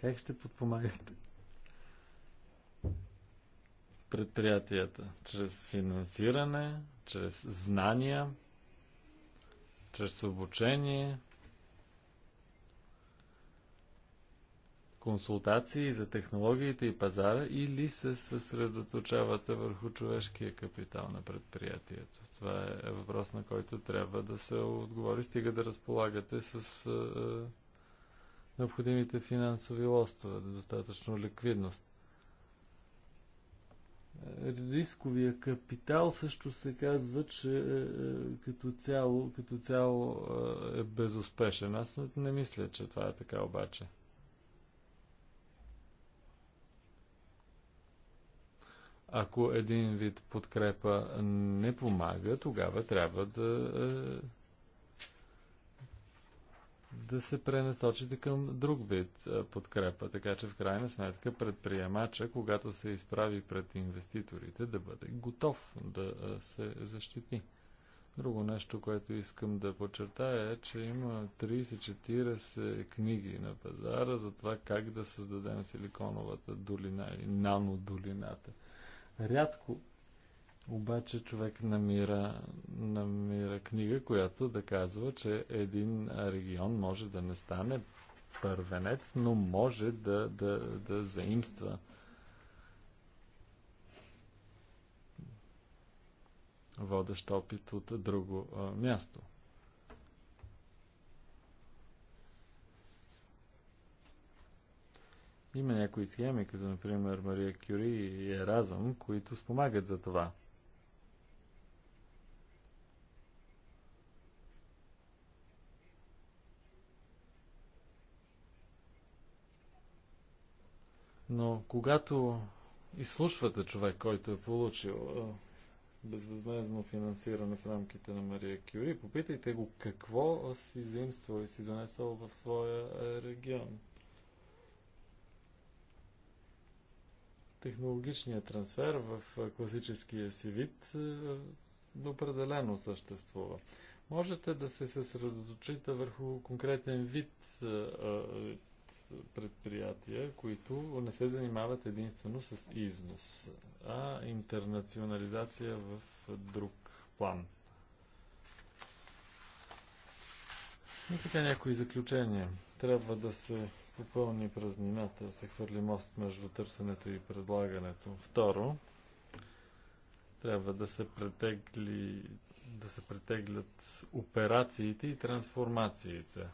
Как ще подпомагате предприятията? Чрез финансиране, чрез знания, чрез обучение, консултации за технологиите и пазара или се съсредоточавате върху човешкия капитал на предприятието? Това е въпрос, на който трябва да се отговори, стига да разполагате с необходимите финансови лостове, достатъчно ликвидност. Рисковия капитал също се казва, че е, е, като цяло, като цяло е, е безуспешен. Аз не мисля, че това е така обаче. Ако един вид подкрепа не помага, тогава трябва да е, да се пренасочите към друг вид е, подкрепа, така че в крайна сметка предприемача, когато се изправи пред инвеститорите, да бъде готов да е, се защити. Друго нещо, което искам да подчертая е, че има 30-40 книги на пазара за това как да създадем силиконовата долина или нанодолината – Рядко обаче човек намира, намира книга, която да казва, че един регион може да не стане първенец, но може да, да, да заимства. водещ опит от друго а, място. Има някои схеми, като например Мария Кюри и Еразъм, които спомагат за това. Но когато изслушвате човек, който е получил безвъзмезно финансиране в рамките на Мария Кюри, попитайте го какво си заимствал и си донесъл в своя регион. технологичния трансфер в класическия си вид определено съществува. Можете да се съсредоточите върху конкретен вид предприятия, които не се занимават единствено с износ, а интернационализация в друг план. И така някои заключения. Трябва да се попълни празнината, се хвърли мост между търсенето и предлагането. Второ, трябва да се претегли да се претеглят операциите и трансформациите.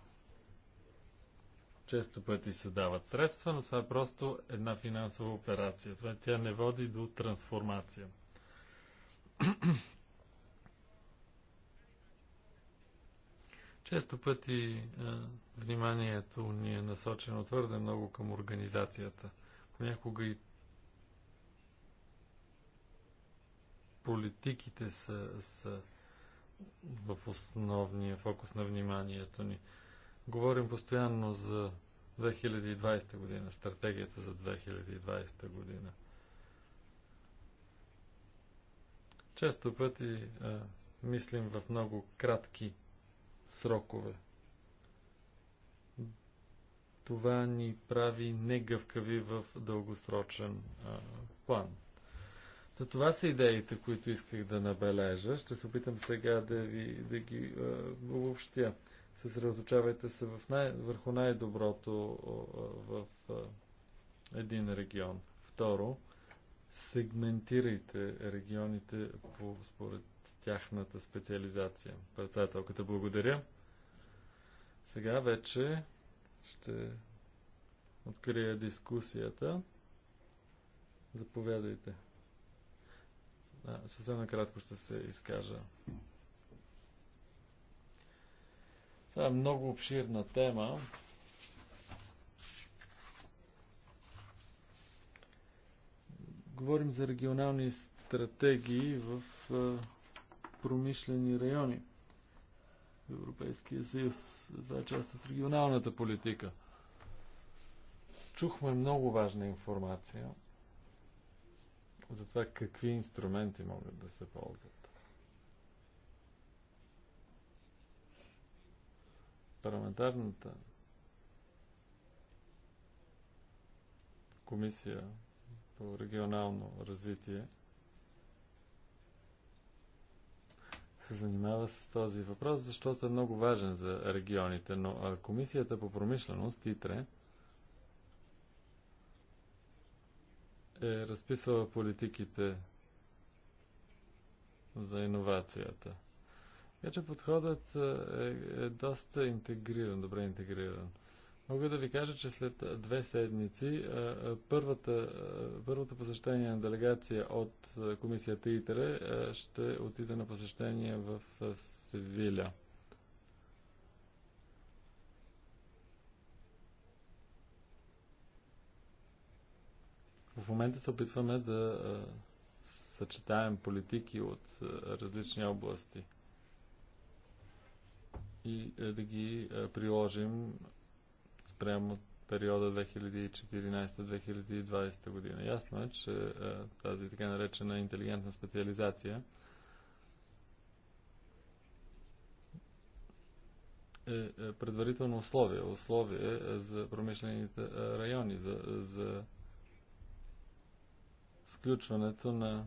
Често пъти се дават средства, но това е просто една финансова операция. Това тя не води до трансформация. Често пъти е, вниманието ни е насочено твърде много към организацията. Понякога и политиките са, са в основния фокус на вниманието ни. Говорим постоянно за 2020 година, стратегията за 2020 година. Често пъти а, е, мислим в много кратки срокове. Това ни прави негъвкави в дългосрочен а, план. Та това са идеите, които исках да набележа. Ще се опитам сега да, ви, да ги а, обобщя. Съсредоточавайте се в най, върху най-доброто в а, един регион. Второ, сегментирайте регионите по, според тяхната специализация. Председателката, благодаря. Сега вече ще открия дискусията. Заповядайте. А, съвсем накратко ще се изкажа. Това е много обширна тема. Говорим за регионални стратегии в промишлени райони в Европейския съюз. Това е част от регионалната политика. Чухме много важна информация за това какви инструменти могат да се ползват. Парламентарната комисия по регионално развитие – занимава с този въпрос, защото е много важен за регионите, но Комисията по промишленост, ИТРЕ, е разписала политиките за иновацията. Така че подходът е, е доста интегриран, добре интегриран. Мога да ви кажа, че след две седмици първата, първото посещение на делегация от комисията ИТРЕ ще отиде на посещение в Севиля. В момента се опитваме да съчетаем политики от различни области и да ги приложим спрямо периода 2014-2020 година. Ясно е, че е, тази така наречена интелигентна специализация е, е предварително условие, условие за промишлените е, райони, за, за сключването на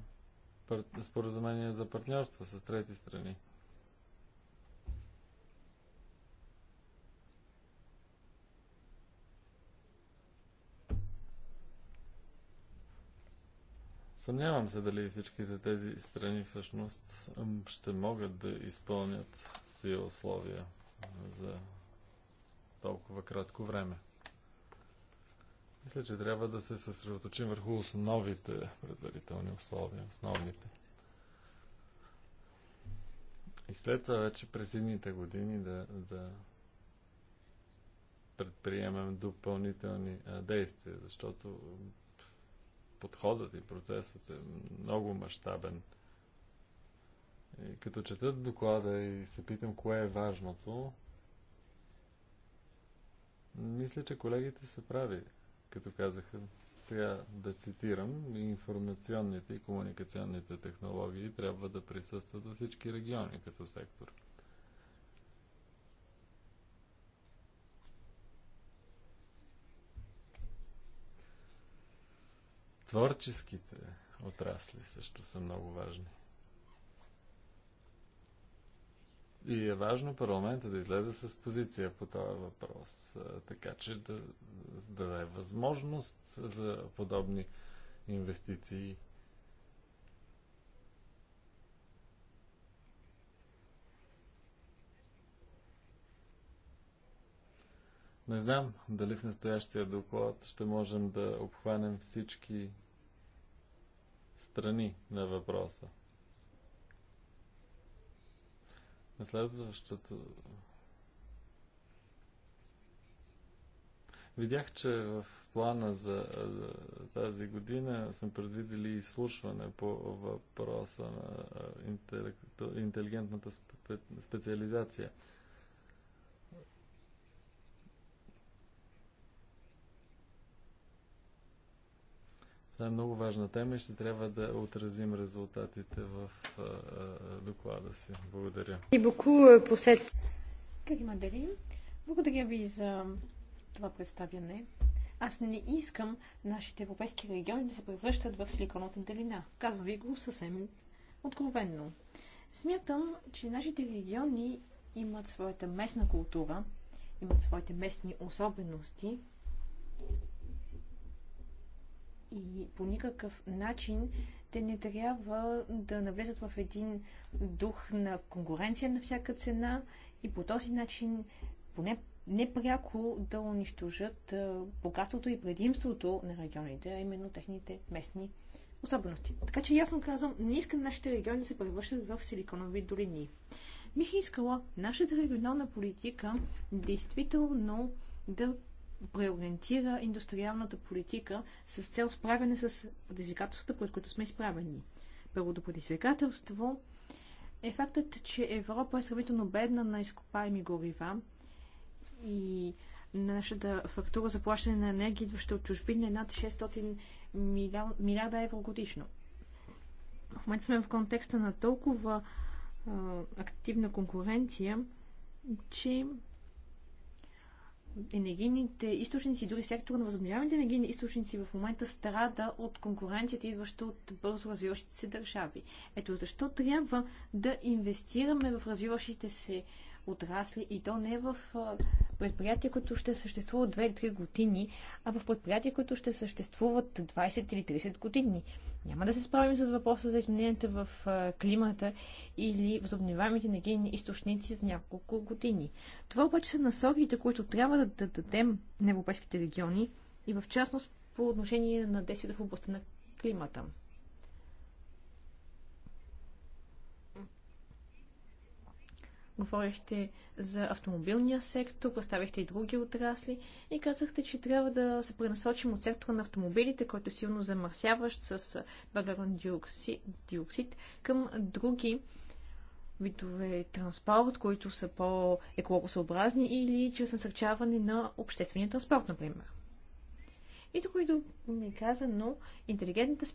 пар... споразумение за партньорство с трети страни. Съмнявам се дали всичките тези страни всъщност ще могат да изпълнят тия условия за толкова кратко време. Мисля, че трябва да се съсредоточим върху основите предварителни условия, основните. И след това вече през едните години да, да предприемем допълнителни а, действия, защото подходът и процесът е много мащабен. И като чета доклада и се питам кое е важното, мисля, че колегите са прави, като казаха. Сега да цитирам, информационните и комуникационните технологии трябва да присъстват във всички региони като сектор – Творческите отрасли също са много важни. И е важно парламента да излезе с позиция по този въпрос, така че да, да даде възможност за подобни инвестиции. Не знам дали в настоящия доклад ще можем да обхванем всички страни на въпроса. На следващото... Видях, че в плана за тази година сме предвидели изслушване по въпроса на интелигентната специализация. Това е много важна тема и ще трябва да отразим резултатите в а, а, доклада си. Благодаря. И Боку посет. Карима Дели, благодаря ви за това представяне. Аз не искам нашите европейски региони да се превръщат в силиконовата долина. Казвам ви го съвсем откровенно. Смятам, че нашите региони имат своята местна култура, имат своите местни особености, и по никакъв начин те не трябва да навлезат в един дух на конкуренция на всяка цена и по този начин поне непряко да унищожат богатството и предимството на регионите, а именно техните местни особености. Така че ясно казвам, не искам нашите региони да се превръщат в силиконови долини. Бих искала нашата регионална политика действително да преориентира индустриалната политика с цел справяне с предизвикателствата, пред които сме изправени. Първото предизвикателство е фактът, че Европа е сравнително бедна на изкопаеми горива и нашата фактура за плащане на енергия, идваща от чужбина, е над 600 милиарда евро годишно. В момента сме в контекста на толкова а, активна конкуренция, че енергийните източници, дори сектора на възобновяемите енергийни източници в момента страда от конкуренцията, идваща от бързо развиващите се държави. Ето защо трябва да инвестираме в развиващите се отрасли и то не в предприятия, които ще съществуват 2-3 години, а в предприятия, които ще съществуват 20 или 30 години. Няма да се справим с въпроса за измененията в климата или възобновяемите енергийни източници за няколко години. Това обаче са насоките, които трябва да, дадем на европейските региони и в частност по отношение на действията в областта на климата. Говорихте за автомобилния сектор, поставихте и други отрасли и казахте, че трябва да се пренасочим от сектора на автомобилите, който е силно замърсяващ с въглероден диоксид, диоксид, към други видове транспорт, които са по-екологосъобразни или чрез насърчаване на обществения транспорт, например. И тук ми е казано, интелигентната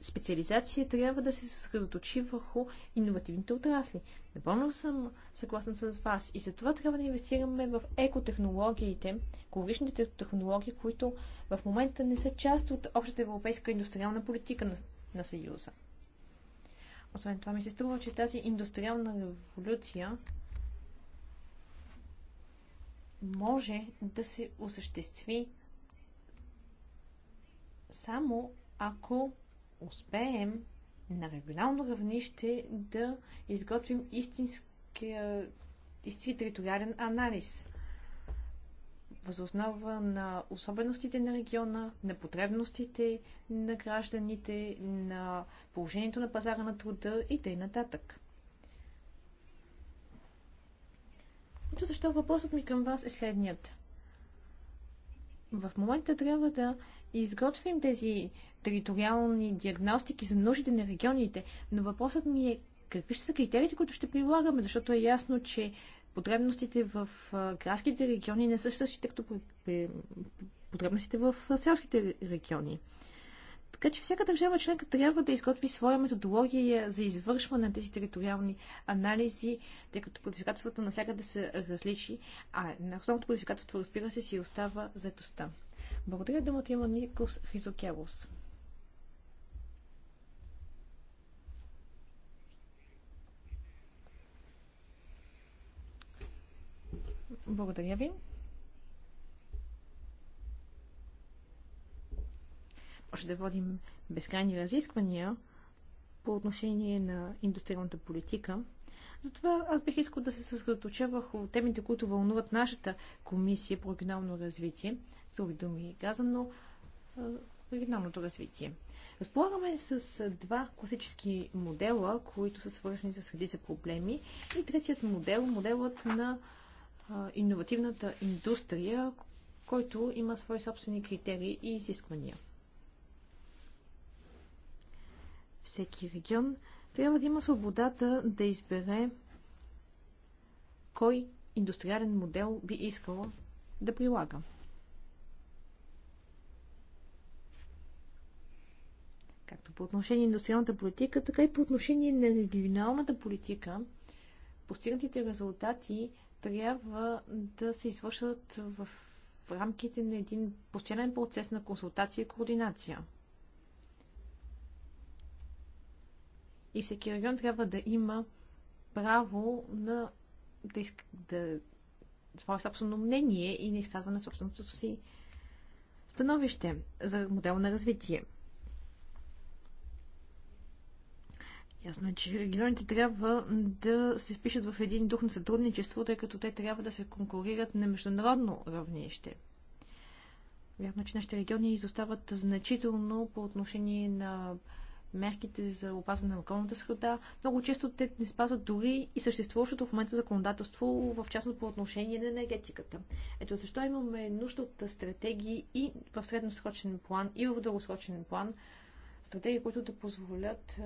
специализация трябва да се съсредоточи върху иновативните отрасли. Напълно съм съгласна с вас и за това трябва да инвестираме в екотехнологиите, екологичните технологии, които в момента не са част от общата европейска индустриална политика на, на Съюза. Освен това ми се струва, че тази индустриална революция може да се осъществи само ако успеем на регионално равнище да изготвим истински истински териториален анализ възоснова на особеностите на региона, на потребностите на гражданите, на положението на пазара на труда и т.н. Ето защо въпросът ми към вас е следният. В момента трябва да изготвим тези териториални диагностики за нуждите на регионите, но въпросът ми е какви ще са критериите, които ще прилагаме, защото е ясно, че потребностите в градските региони не са същите, като потребностите в селските региони. Така че всяка държава членка трябва да изготви своя методология за извършване на тези териториални анализи, тъй като предизвикателствата навсякъде са различни, а на основното предизвикателство, разбира се, си остава заедостта. Благодаря думата има Никос Хизокелос. Благодаря ви. Може да водим безкрайни разисквания по отношение на индустриалната политика. Затова аз бих искал да се съсредоточа върху темите, които вълнуват нашата комисия по регионално развитие, за думи но регионалното развитие. Разполагаме с два класически модела, които са свързани с редица проблеми. И третият модел, моделът на иновативната индустрия, който има свои собствени критерии и изисквания. Всеки регион трябва да има свободата да избере кой индустриален модел би искал да прилага. както по отношение на индустриалната политика, така и по отношение на регионалната политика, постигнатите резултати трябва да се извършват в рамките на един постоянен процес на консултация и координация. И всеки регион трябва да има право на да, иск, да свое собствено мнение и на изказване на собственото си становище за модел на развитие. Ясно е, че регионите трябва да се впишат в един дух на сътрудничество, тъй като те трябва да се конкурират на международно равнище. Вярно, че нашите региони изостават значително по отношение на мерките за опазване на околната среда. Много често те не спазват дори и съществуващото в момента законодателство, в частност по отношение на енергетиката. Ето защо имаме нужда от стратегии и в средносрочен план, и в дългосрочен план, стратегии, които да позволят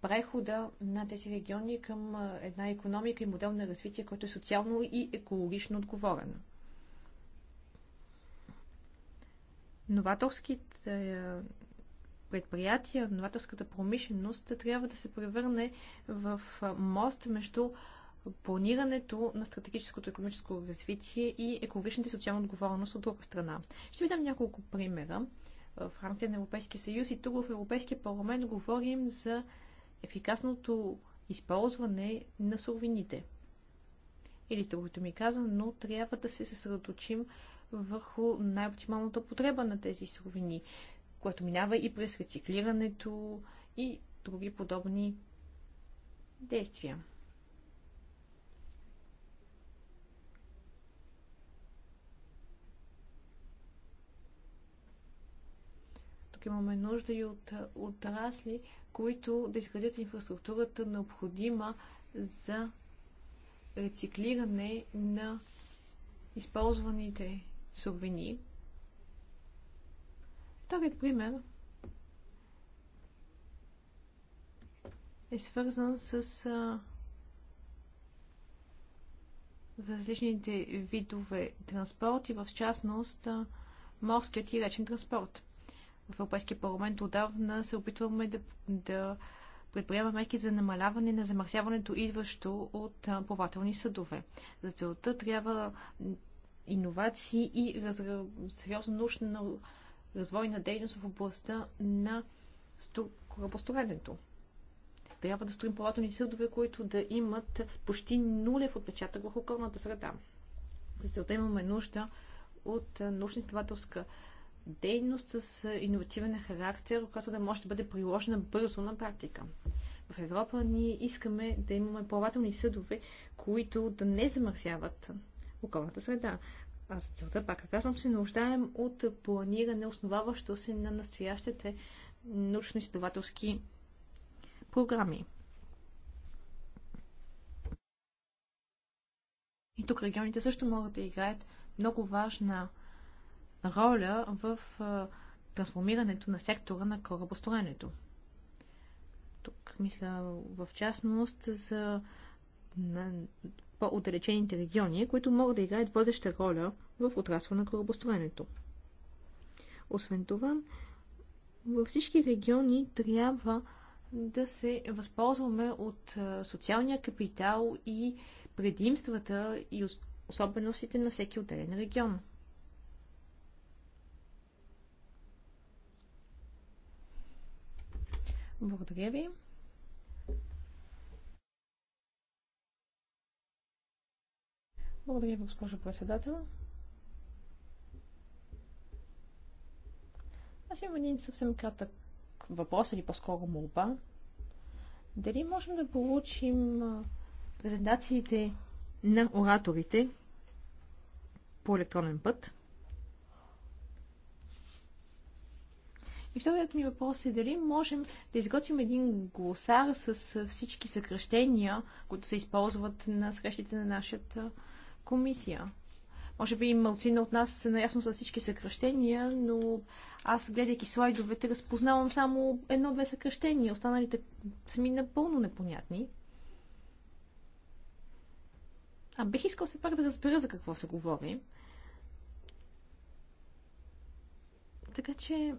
прехода на тези региони към една економика и модел на развитие, който е социално и екологично отговорен. Новаторските предприятия, новаторската промишленост трябва да се превърне в мост между планирането на стратегическото економическо развитие и екологичната и социална отговорност от друга страна. Ще ви дам няколко примера в рамките на Европейския съюз и тук в Европейския парламент говорим за ефикасното използване на суровините. Или с другото ми каза, но трябва да се съсредоточим върху най-оптималната потреба на тези суровини, което минава и през рециклирането и други подобни действия. Тук имаме нужда и от отрасли, които да изградят инфраструктурата необходима за рециклиране на използваните суровини. Вторият пример е свързан с а, различните видове транспорт и в частност морският и речен транспорт в Европейския парламент отдавна се опитваме да, да предприемаме мерки за намаляване на замърсяването, идващо от плавателни съдове. За целта трябва иновации и раз... сериозна научна развойна дейност в областта на сту... корабостроенето. Трябва да строим плавателни съдове, които да имат почти нулев отпечатък в околната среда. За целта имаме нужда от научно-изследователска дейност с иновативен характер, която да може да бъде приложена бързо на практика. В Европа ние искаме да имаме плавателни съдове, които да не замърсяват околната среда. А за целта, пак казвам, се нуждаем от планиране, основаващо се на настоящите научно-изследователски програми. И тук регионите също могат да играят много важна роля в трансформирането на сектора на корабостроенето. Тук мисля в частност за на по-отдалечените региони, които могат да играят водеща роля в отрасла на корабостроенето. Освен това, във всички региони трябва да се възползваме от социалния капитал и предимствата и особеностите на всеки отделен регион. Благодаря ви. Благодаря ви, госпожо председател. Аз имам един съвсем кратък въпрос или по-скоро молба. Дали можем да получим презентациите на ораторите по електронен път? И вторият ми въпрос е дали можем да изготвим един глосар с всички съкръщения, които се използват на срещите на нашата комисия. Може би мълцина от нас са наясно с всички съкръщения, но аз, гледайки слайдовете, разпознавам само едно-две съкръщения. Останалите са ми напълно непонятни. А бих искал се пак да разбера за какво се говори. Така че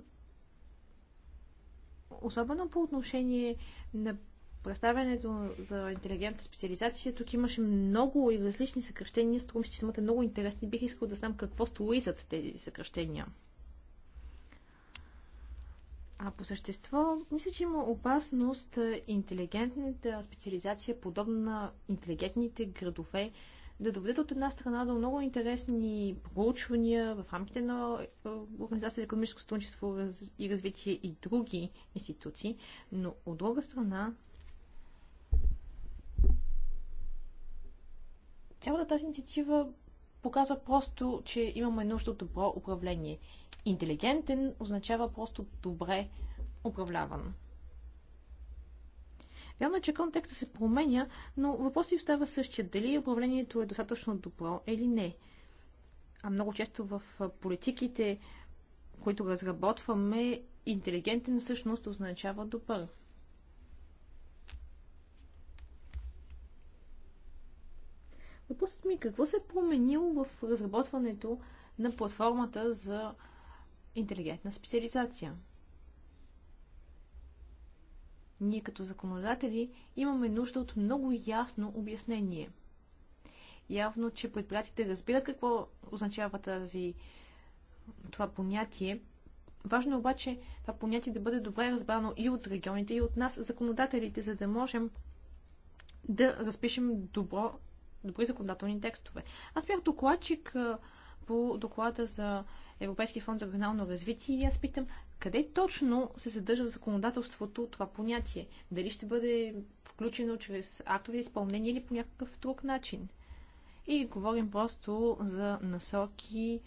особено по отношение на представянето за интелигентна специализация, тук имаше много и различни съкръщения. Струм че е много интересни. Бих искал да знам какво стои зад тези съкръщения. А по същество, мисля, че има опасност интелигентната специализация, подобна на интелигентните градове, да доведат от една страна до много интересни проучвания в рамките на е, Организация за економическо сътрудничество и развитие и други институции, но от друга страна цялата тази инициатива показва просто, че имаме нужда от добро управление. Интелигентен означава просто добре управляван. Вярно е, че контекста се променя, но въпросът остава същия. Дали управлението е достатъчно добро или не. А много често в политиките, които разработваме, интелигентен всъщност означава добър. Въпросът ми е, какво се е променило в разработването на платформата за интелигентна специализация? Ние като законодатели имаме нужда от много ясно обяснение. Явно, че предприятите разбират какво означава тази, това понятие. Важно е обаче това понятие да бъде добре разбрано и от регионите, и от нас, законодателите, за да можем да разпишем добро, добри законодателни текстове. Аз бях докладчик по доклада за Европейски фонд за регионално развитие и аз питам къде точно се съдържа законодателството това понятие? Дали ще бъде включено чрез актове за изпълнение или по някакъв друг начин? Или говорим просто за насоки,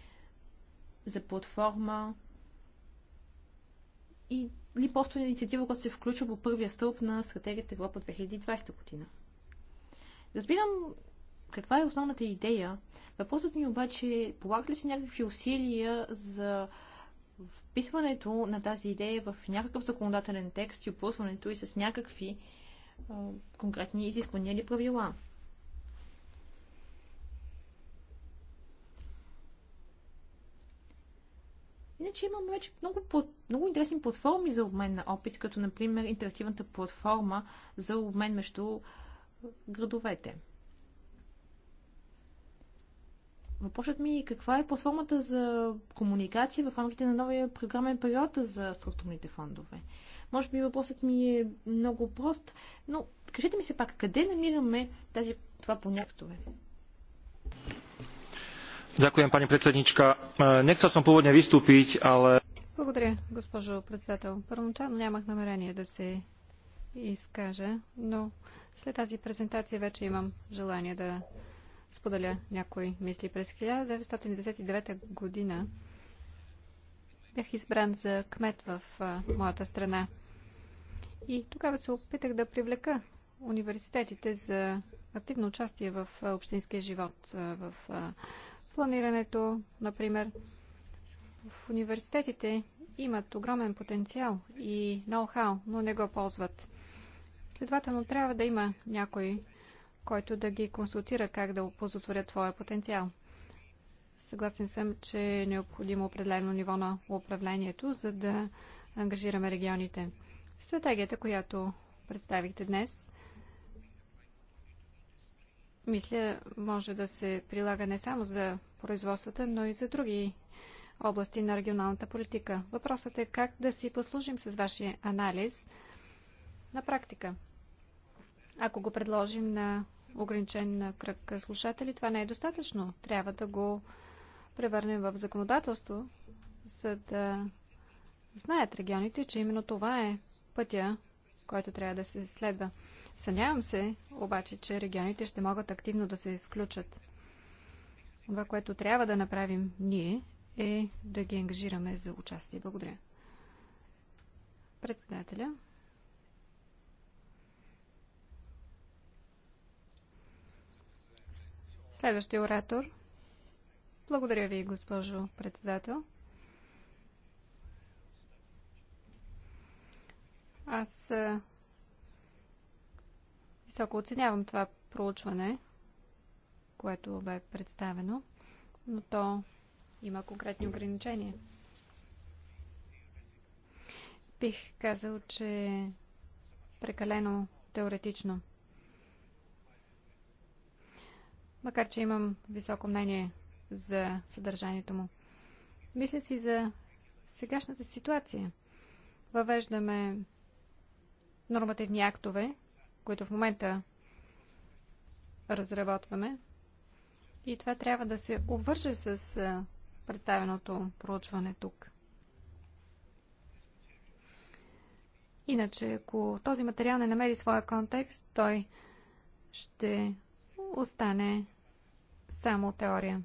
за платформа и, ли просто инициатива, която се включва по първия стълб на стратегията Европа 2020 година. Разбирам каква е основната идея. Въпросът ми обаче е, полагат ли се някакви усилия за вписването на тази идея в някакъв законодателен текст и обвързването и с някакви а, конкретни изисквания или правила? Иначе имаме вече много, много интересни платформи за обмен на опит, като например интерактивната платформа за обмен между градовете. Въпросът ми е каква е платформата за комуникация в рамките на новия програмен период за структурните фондове. Може би въпросът ми е много прост, но кажете ми се пак, къде намираме тази, това понятствове? Ďakujem, pani predsednička. Nechcel е, съм поводня vystúpiť, але... Благодаря, госпожо председател. Първоначално нямах намерение да се изкажа, но след тази презентация вече имам желание да споделя някои мисли. През 1999 година бях избран за кмет в моята страна. И тогава се опитах да привлека университетите за активно участие в общинския живот, в планирането, например. В университетите имат огромен потенциал и ноу-хау, но не го ползват. Следователно трябва да има някой който да ги консултира как да опозотворят твоя потенциал. Съгласен съм, че е необходимо определено ниво на управлението, за да ангажираме регионите. Стратегията, която представихте днес, мисля, може да се прилага не само за производствата, но и за други области на регионалната политика. Въпросът е как да си послужим с вашия анализ на практика. Ако го предложим на ограничен кръг слушатели, това не е достатъчно. Трябва да го превърнем в законодателство, за да знаят регионите, че именно това е пътя, който трябва да се следва. Съмнявам се, обаче, че регионите ще могат активно да се включат. Това, което трябва да направим ние, е да ги ангажираме за участие. Благодаря. Председателя. Следващия оратор. Благодаря ви, госпожо председател. Аз високо оценявам това проучване, което бе представено, но то има конкретни ограничения. Бих казал, че прекалено теоретично. макар че имам високо мнение за съдържанието му. Мисля си за сегашната ситуация. Въвеждаме нормативни актове, които в момента разработваме. И това трябва да се обвърже с представеното проучване тук. Иначе, ако този материал не намери своя контекст, той ще остане само теория.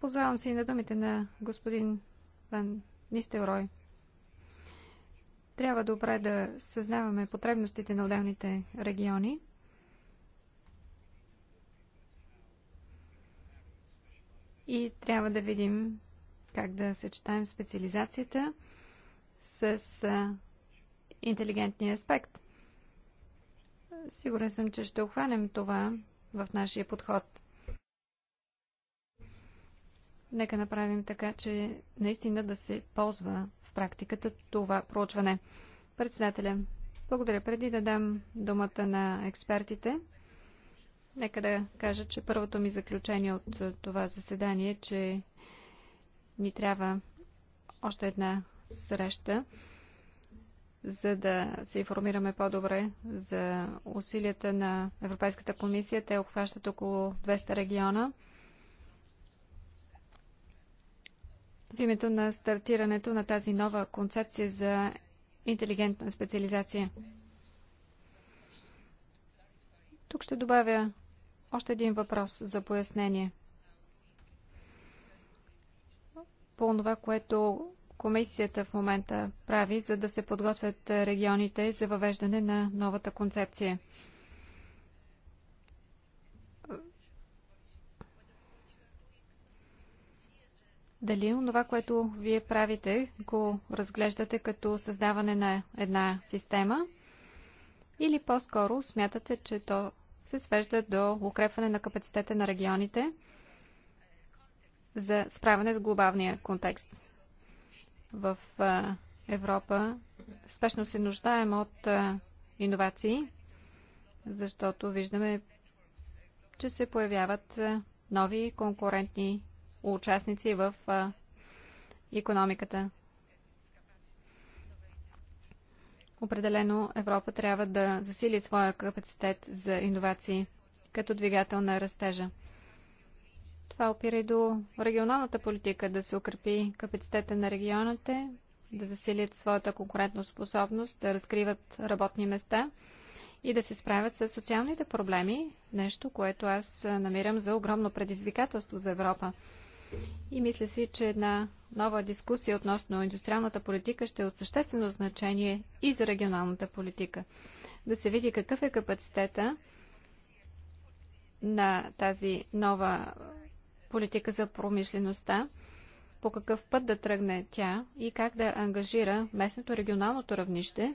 Позвавам се и на думите на господин Ван Нистелрой. Трябва добре да съзнаваме потребностите на отделните региони. И трябва да видим как да съчетаем специализацията с интелигентния аспект. Сигурен съм, че ще охванем това в нашия подход. Нека направим така, че наистина да се ползва в практиката това проучване. Председателя, благодаря. Преди да дам думата на експертите, нека да кажа, че първото ми заключение от е, това заседание е, че ни трябва още една среща за да се информираме по-добре за усилията на Европейската комисия. Те обхващат около 200 региона. В името на стартирането на тази нова концепция за интелигентна специализация. Тук ще добавя още един въпрос за пояснение. По това, което комисията в момента прави, за да се подготвят регионите за въвеждане на новата концепция? Дали онова, което вие правите, го разглеждате като създаване на една система или по-скоро смятате, че то се свежда до укрепване на капацитета на регионите за справяне с глобалния контекст? в Европа спешно се нуждаем от иновации, защото виждаме, че се появяват нови конкурентни участници в економиката. Определено Европа трябва да засили своя капацитет за иновации като двигател на растежа. Това опира и до регионалната политика да се укрепи капацитета на регионите, да засилят своята способност, да разкриват работни места и да се справят с социалните проблеми, нещо, което аз намирам за огромно предизвикателство за Европа. И мисля си, че една нова дискусия относно индустриалната политика ще е от съществено значение и за регионалната политика. Да се види какъв е капацитета на тази нова политика за промишлеността, по какъв път да тръгне тя и как да ангажира местното регионалното равнище,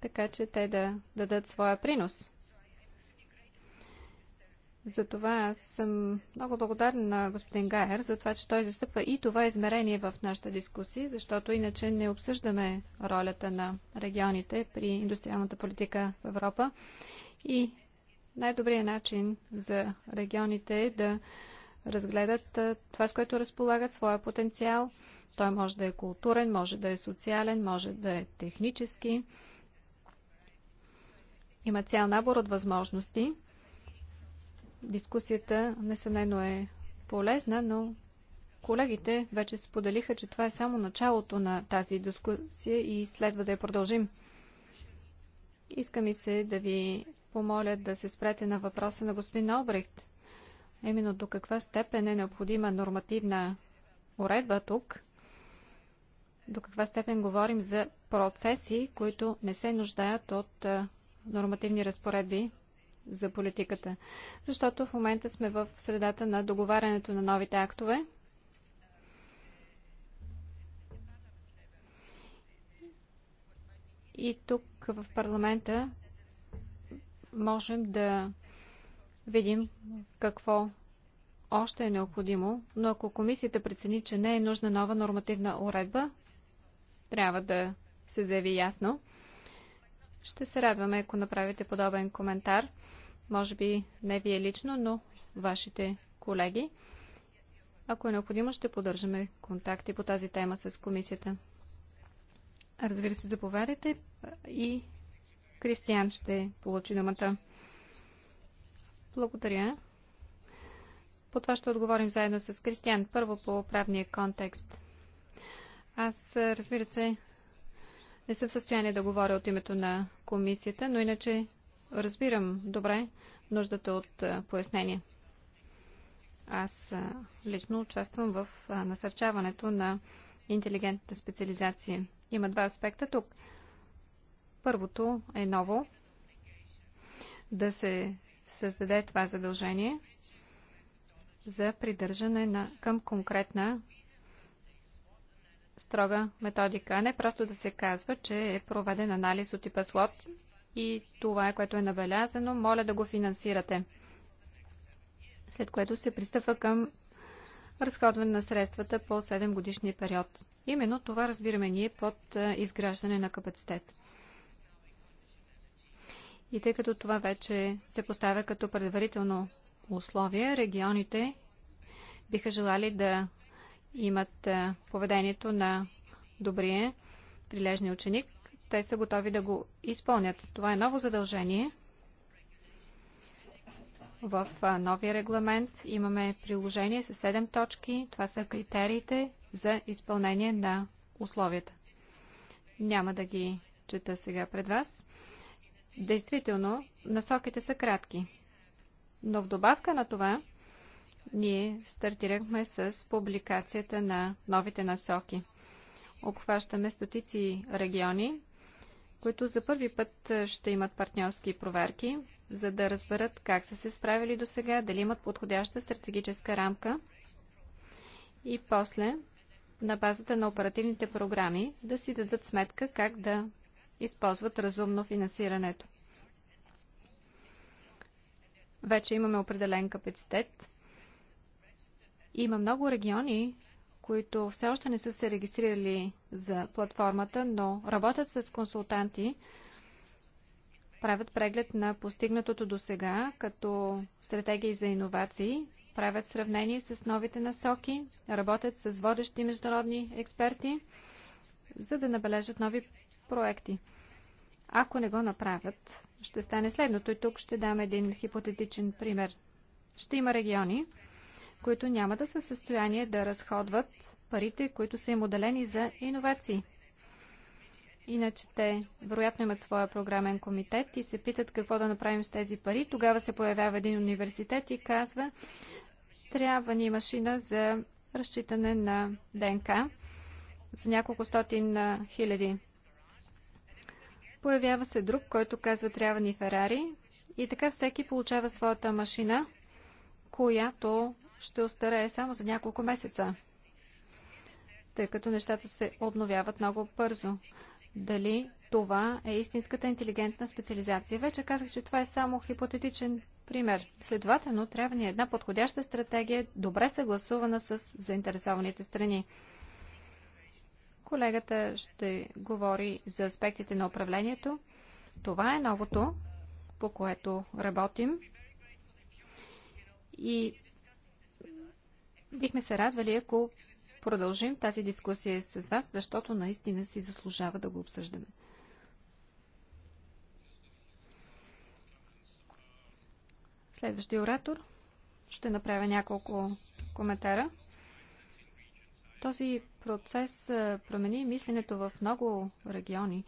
така че те да дадат своя принос. Затова аз съм много благодарна на господин Гайер за това, че той застъпва и това измерение в нашата дискусия, защото иначе не обсъждаме ролята на регионите при индустриалната политика в Европа. И най-добрият начин за регионите е да разгледат това, с което разполагат, своя потенциал. Той може да е културен, може да е социален, може да е технически. Има цял набор от възможности. Дискусията несъмнено е полезна, но колегите вече споделиха, че това е само началото на тази дискусия и следва да я продължим. Искам и се да ви помоля да се спрете на въпроса на господин Обрехт именно до каква степен е необходима нормативна уредба тук, до каква степен говорим за процеси, които не се нуждаят от нормативни разпоредби за политиката. Защото в момента сме в средата на договарянето на новите актове. И тук в парламента можем да видим какво още е необходимо, но ако комисията прецени, че не е нужна нова нормативна уредба, трябва да се заяви ясно. Ще се радваме, ако направите подобен коментар. Може би не вие лично, но вашите колеги. Ако е необходимо, ще поддържаме контакти по тази тема с комисията. Разбира се, заповядайте и Кристиян ще получи думата. Благодаря. По това ще отговорим заедно с Кристиан. Първо по правния контекст. Аз, разбира се, не съм в състояние да говоря от името на комисията, но иначе разбирам добре нуждата от пояснение. Аз лично участвам в насърчаването на интелигентната специализация. Има два аспекта тук. Първото е ново да се създаде това задължение за придържане на, към конкретна строга методика. Не просто да се казва, че е проведен анализ от типа слот и това е което е набелязано, моля да го финансирате. След което се пристъпва към разходване на средствата по 7 годишния период. Именно това разбираме ние под изграждане на капацитет. И тъй като това вече се поставя като предварително условие, регионите биха желали да имат е, поведението на добрия прилежни ученик. Те са готови да го изпълнят. Това е ново задължение. В е, новия регламент имаме приложение с 7 точки. Това са критериите за изпълнение на условията. Няма да ги чета сега пред вас. Действително, насоките са кратки. Но в добавка на това, ние стартирахме с публикацията на новите насоки. Обхващаме стотици региони, които за първи път е, ще имат партньорски проверки, за да разберат как са се справили до сега, дали имат подходяща стратегическа рамка и после на базата на оперативните програми да си дадат сметка как да използват разумно финансирането. Вече имаме определен капацитет. Има много региони, които все още не са се регистрирали за платформата, но работят с консултанти, правят преглед на постигнатото до сега, като стратегии за иновации, правят сравнение с новите насоки, работят с водещи международни експерти, за да набележат нови проекти. Ако не го направят, ще стане следното. И тук ще дам един хипотетичен пример. Ще има региони, които няма да са в състояние да разходват парите, които са им отделени за иновации. Иначе те, вероятно, имат своя програмен комитет и се питат какво да направим с тези пари. Тогава се появява един университет и казва, трябва ни машина за разчитане на ДНК за няколко стотин хиляди Появява се друг, който казва трябва ни Ферари. И така всеки получава своята машина, която ще остарее само за няколко месеца. Тъй като нещата се обновяват много бързо. Дали това е истинската интелигентна специализация? Вече казах, че това е само хипотетичен пример. Следователно, трябва ни една подходяща стратегия, добре съгласувана с заинтересованите страни. Колегата ще говори за аспектите на управлението. Това е новото, по което работим. И бихме се радвали, ако продължим тази дискусия с вас, защото наистина си заслужава да го обсъждаме. Следващия оратор ще направя няколко коментара. Този процес промени мисленето в много региони.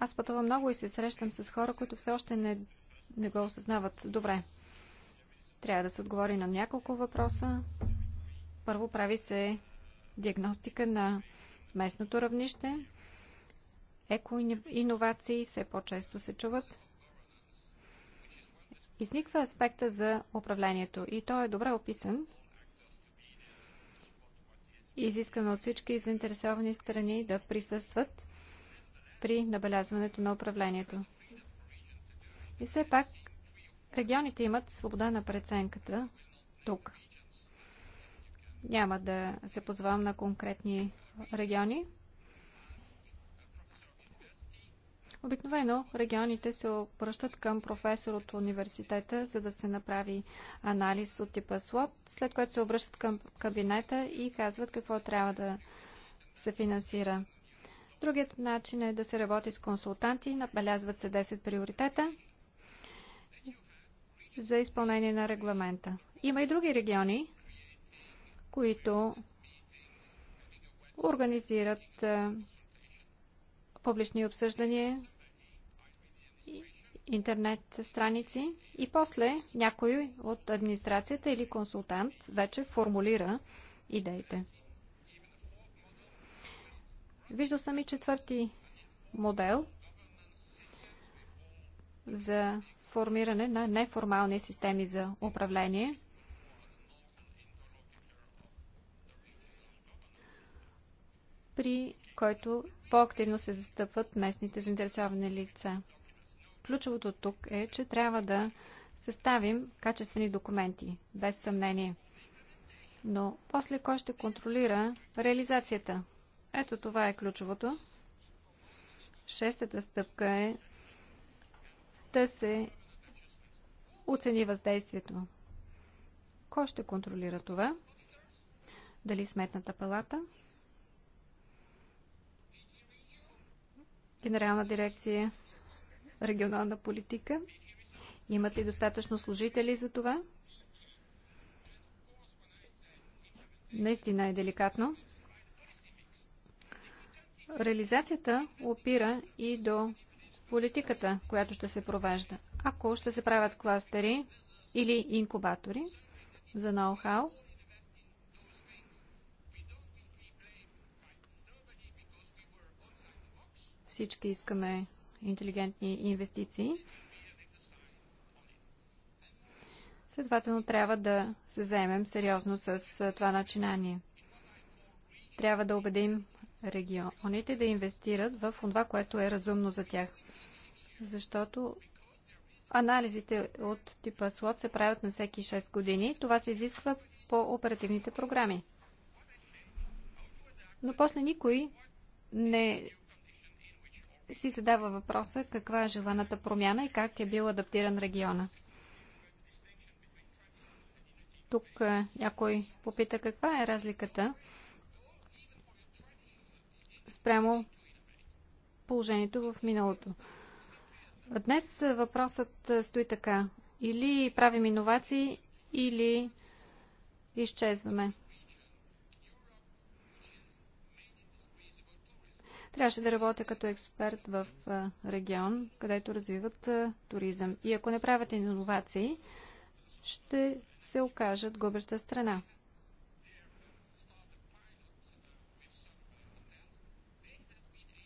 Аз пътувам много и се срещам с хора, които все още не, не го осъзнават добре. Трябва да се отговори на няколко въпроса. Първо прави се диагностика на местното равнище. Еко-инновации все по-често се чуват. Изниква аспекта за управлението и той е добре описан – изискано от всички заинтересовани страни да присъстват при набелязването на управлението. И все пак регионите имат свобода на преценката тук. Няма да се позовам на конкретни региони, Обикновено регионите се обръщат към професор от университета, за да се направи анализ от типа слот, след което се обръщат към кабинета и казват какво трябва да се финансира. Другият начин е да се работи с консултанти, набелязват се 10 приоритета за изпълнение на регламента. Има и други региони, които организират публични обсъждания интернет страници и после някой от администрацията или консултант вече формулира идеите. Виждал съм и четвърти модел за формиране на неформални системи за управление. при който по-активно се застъпват местните заинтересовани лица. Ключовото тук е, че трябва да съставим качествени документи, без съмнение. Но после кой ще контролира реализацията? Ето това е ключовото. Шестата стъпка е да се оцени въздействието. Кой ще контролира това? Дали сметната палата? Генерална дирекция регионална политика? Имат ли достатъчно служители за това? Наистина е деликатно. Реализацията опира и до политиката, която ще се провежда. Ако ще се правят кластери или инкубатори за ноу-хау, всички искаме интелигентни инвестиции. Следователно трябва да се заемем сериозно с това начинание. Трябва да убедим регионите да инвестират в това, което е разумно за тях. Защото анализите от типа слот се правят на всеки 6 години. Това се изисква по оперативните програми. Но после никой не си задава въпроса каква е желаната промяна и как е бил адаптиран региона. Тук е, някой попита каква е разликата спрямо положението в миналото. Днес въпросът стои така. Или правим иновации, или изчезваме. Трябваше да работя като експерт в регион, където развиват туризъм. И ако не правят иновации, ще се окажат губеща страна.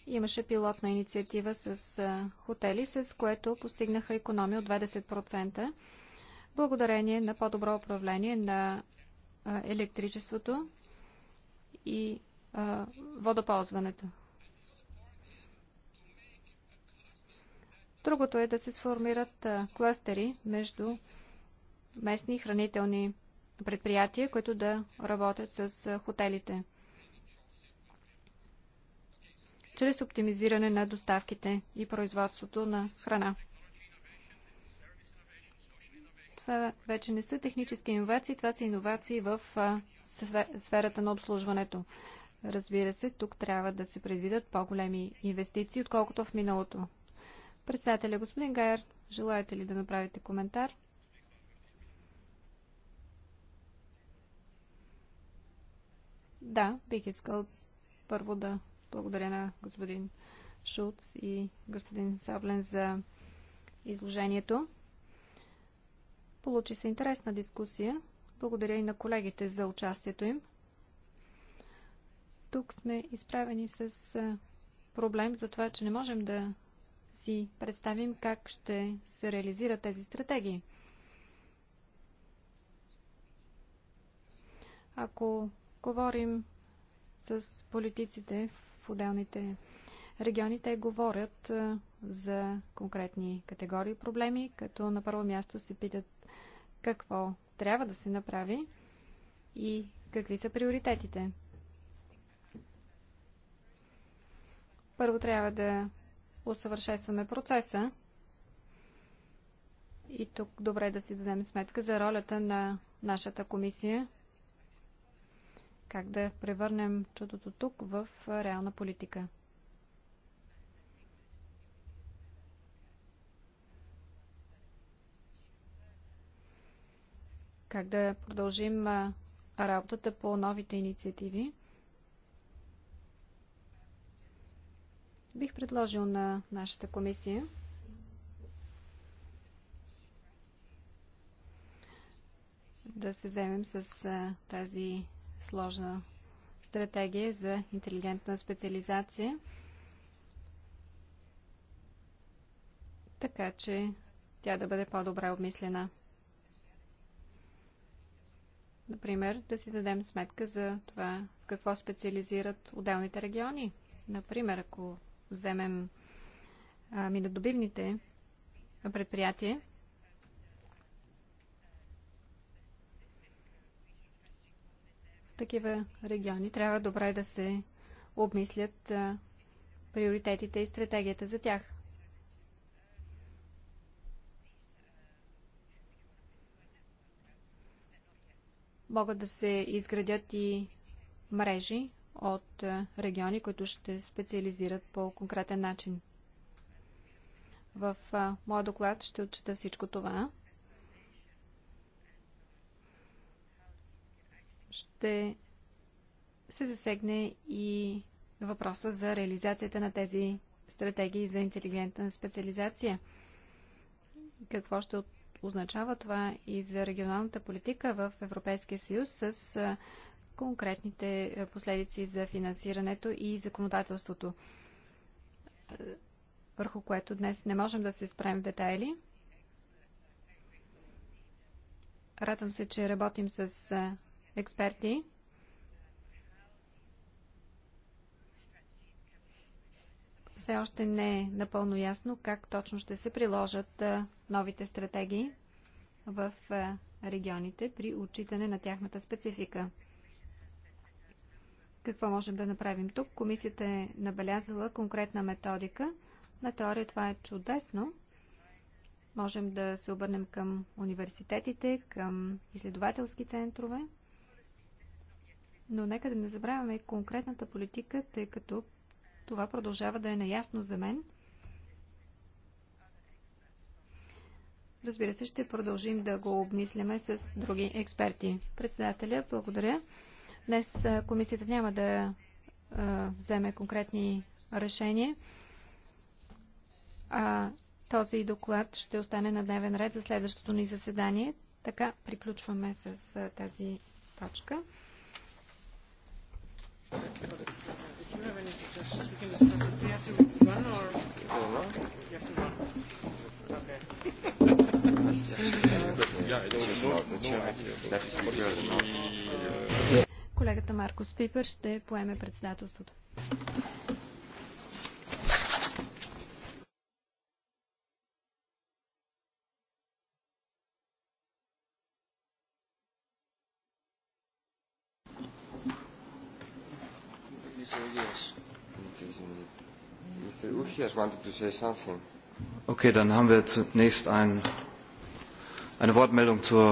Имаше пилотна инициатива с хотели, с което постигнаха економия от 20%, благодарение на по-добро управление на електричеството и водоползването. Другото е да се сформират кластери между местни хранителни предприятия, които да работят с хотелите. Чрез оптимизиране на доставките и производството на храна. Това вече не са технически иновации, това са иновации в сферата на обслужването. Разбира се, тук трябва да се предвидят по-големи инвестиции, отколкото в миналото. Председателя господин Гайер, желаете ли да направите коментар? Да, бих искал първо да благодаря на господин Шулц и господин Саблен за изложението. Получи се интересна дискусия. Благодаря и на колегите за участието им. Тук сме изправени с проблем за това, че не можем да си представим как ще се реализират тези стратегии. Ако говорим с политиците в отделните региони, те говорят за конкретни категории проблеми, като на първо място се питат какво трябва да се направи и какви са приоритетите. Първо трябва да усъвършенстваме процеса. И тук добре да си дадем сметка за ролята на нашата комисия. Как да превърнем чудото тук в реална политика. Как да продължим работата по новите инициативи. Бих предложил на нашата комисия да се вземем с тази сложна стратегия за интелигентна специализация, така че тя да бъде по-добре обмислена. Например, да си дадем сметка за това в какво специализират отделните региони. Например, ако вземем минодобивните предприятия, в такива региони трябва добре да се обмислят приоритетите и стратегията за тях. Могат да се изградят и мрежи от е, региони, които ще специализират по конкретен начин. В е, моя доклад ще отчита всичко това. Ще се засегне и въпроса за реализацията на тези стратегии за интелигентна специализация. Какво ще означава това и за регионалната политика в Европейския съюз с е, конкретните е, последици за финансирането и законодателството, е, върху което днес не можем да се спрем в детайли. Радвам се, че работим с е, експерти. Все още не е напълно ясно как точно ще се приложат новите стратегии в регионите при отчитане на тяхната специфика. Какво можем да направим тук? Комисията е набелязала конкретна методика. На теория това е чудесно. Можем да се обърнем към университетите, към изследователски центрове. Но нека да не забравяме конкретната политика, тъй като това продължава да е наясно за мен. Разбира се, ще продължим да го обмисляме с други експерти. Председателя, благодаря. Днес комисията няма да вземе конкретни решения. А, този доклад ще остане на дневен ред за следващото ни заседание. Така приключваме с тази точка. Yeah, Колегата Маркос Пипър ще поеме председателството. Okay, dann haben wir zunächst ein, eine Wortmeldung zur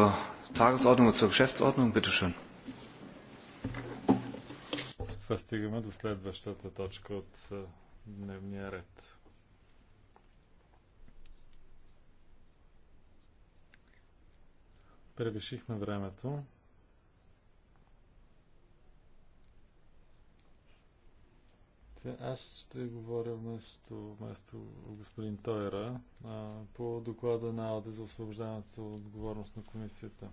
Tagesordnung und zur Geschäftsordnung. Bitte schön това стигаме до следващата точка от дневния ред. Превишихме времето. аз ще говоря вместо, вместо господин Тойра а, по доклада на АЛДЕ за освобождаването от отговорност на комисията.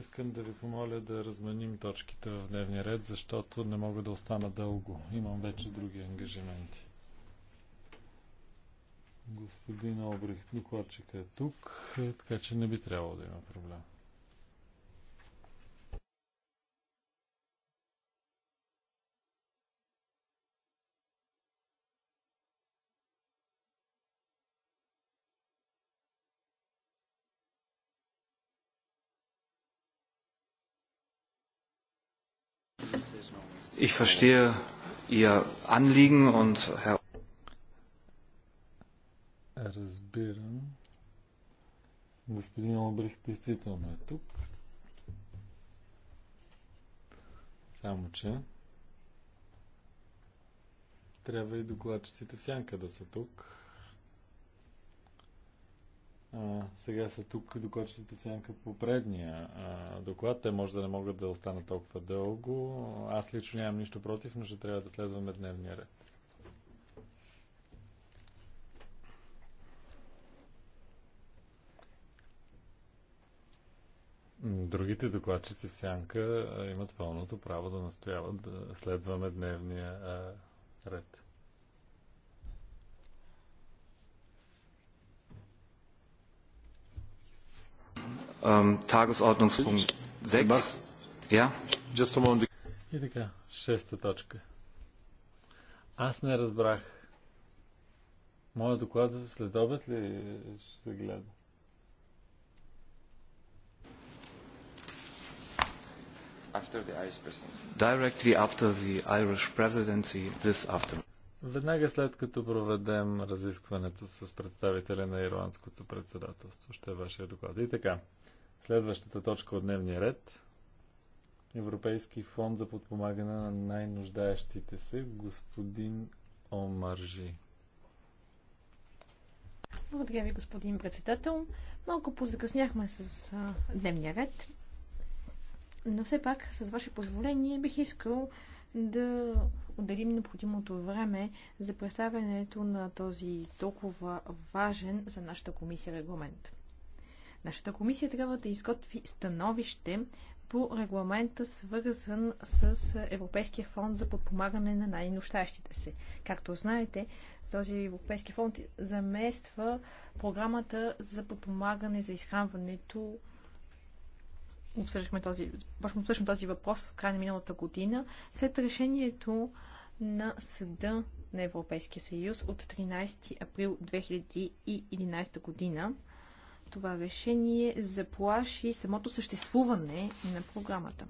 Искам да ви помоля да разменим точките в дневния ред, защото не мога да остана дълго. Имам вече други ангажименти. Господин Обрих докладчика е тук, е, така че не би трябвало да има проблем. Ich verstehe Ihr Anliegen und Herr. Разбирам. Господин Обрих действително е тук. Само, че трябва и докладчиците в сянка да са тук. А, сега са тук докладчите сянка по предния а, доклад. Те може да не могат да останат толкова дълго. Аз лично нямам нищо против, но ще трябва да следваме дневния ред. Другите докладчици в сянка имат пълното право да настояват да следваме дневния а, ред. Tagesordnungspunkt 6. Ja? Just a moment. И така, шеста точка. Аз не разбрах. Моя доклад за след обед ли ще се гледа? After the Irish presidency. Directly after the Irish presidency this afternoon. Веднага след като проведем разискването с представителя на Ирландското председателство, ще е вашия доклад. И така, следващата точка от дневния ред. Европейски фонд за подпомагане на най-нуждаещите се, господин Омаржи. Благодаря ви, господин председател. Малко позакъсняхме с а, дневния ред, но все пак, с ваше позволение, бих искал да отделим е необходимото време за представянето на този толкова важен за нашата комисия регламент. Нашата комисия трябва да изготви становище по регламента, свързан с Европейския фонд за подпомагане на най-нощащите се. Както знаете, този Европейски фонд замества програмата за подпомагане за изхранването обсъждахме този, обсъждахме този въпрос в края на миналата година, след решението на Съда на Европейския съюз от 13 април 2011 година. Това решение заплаши самото съществуване на програмата.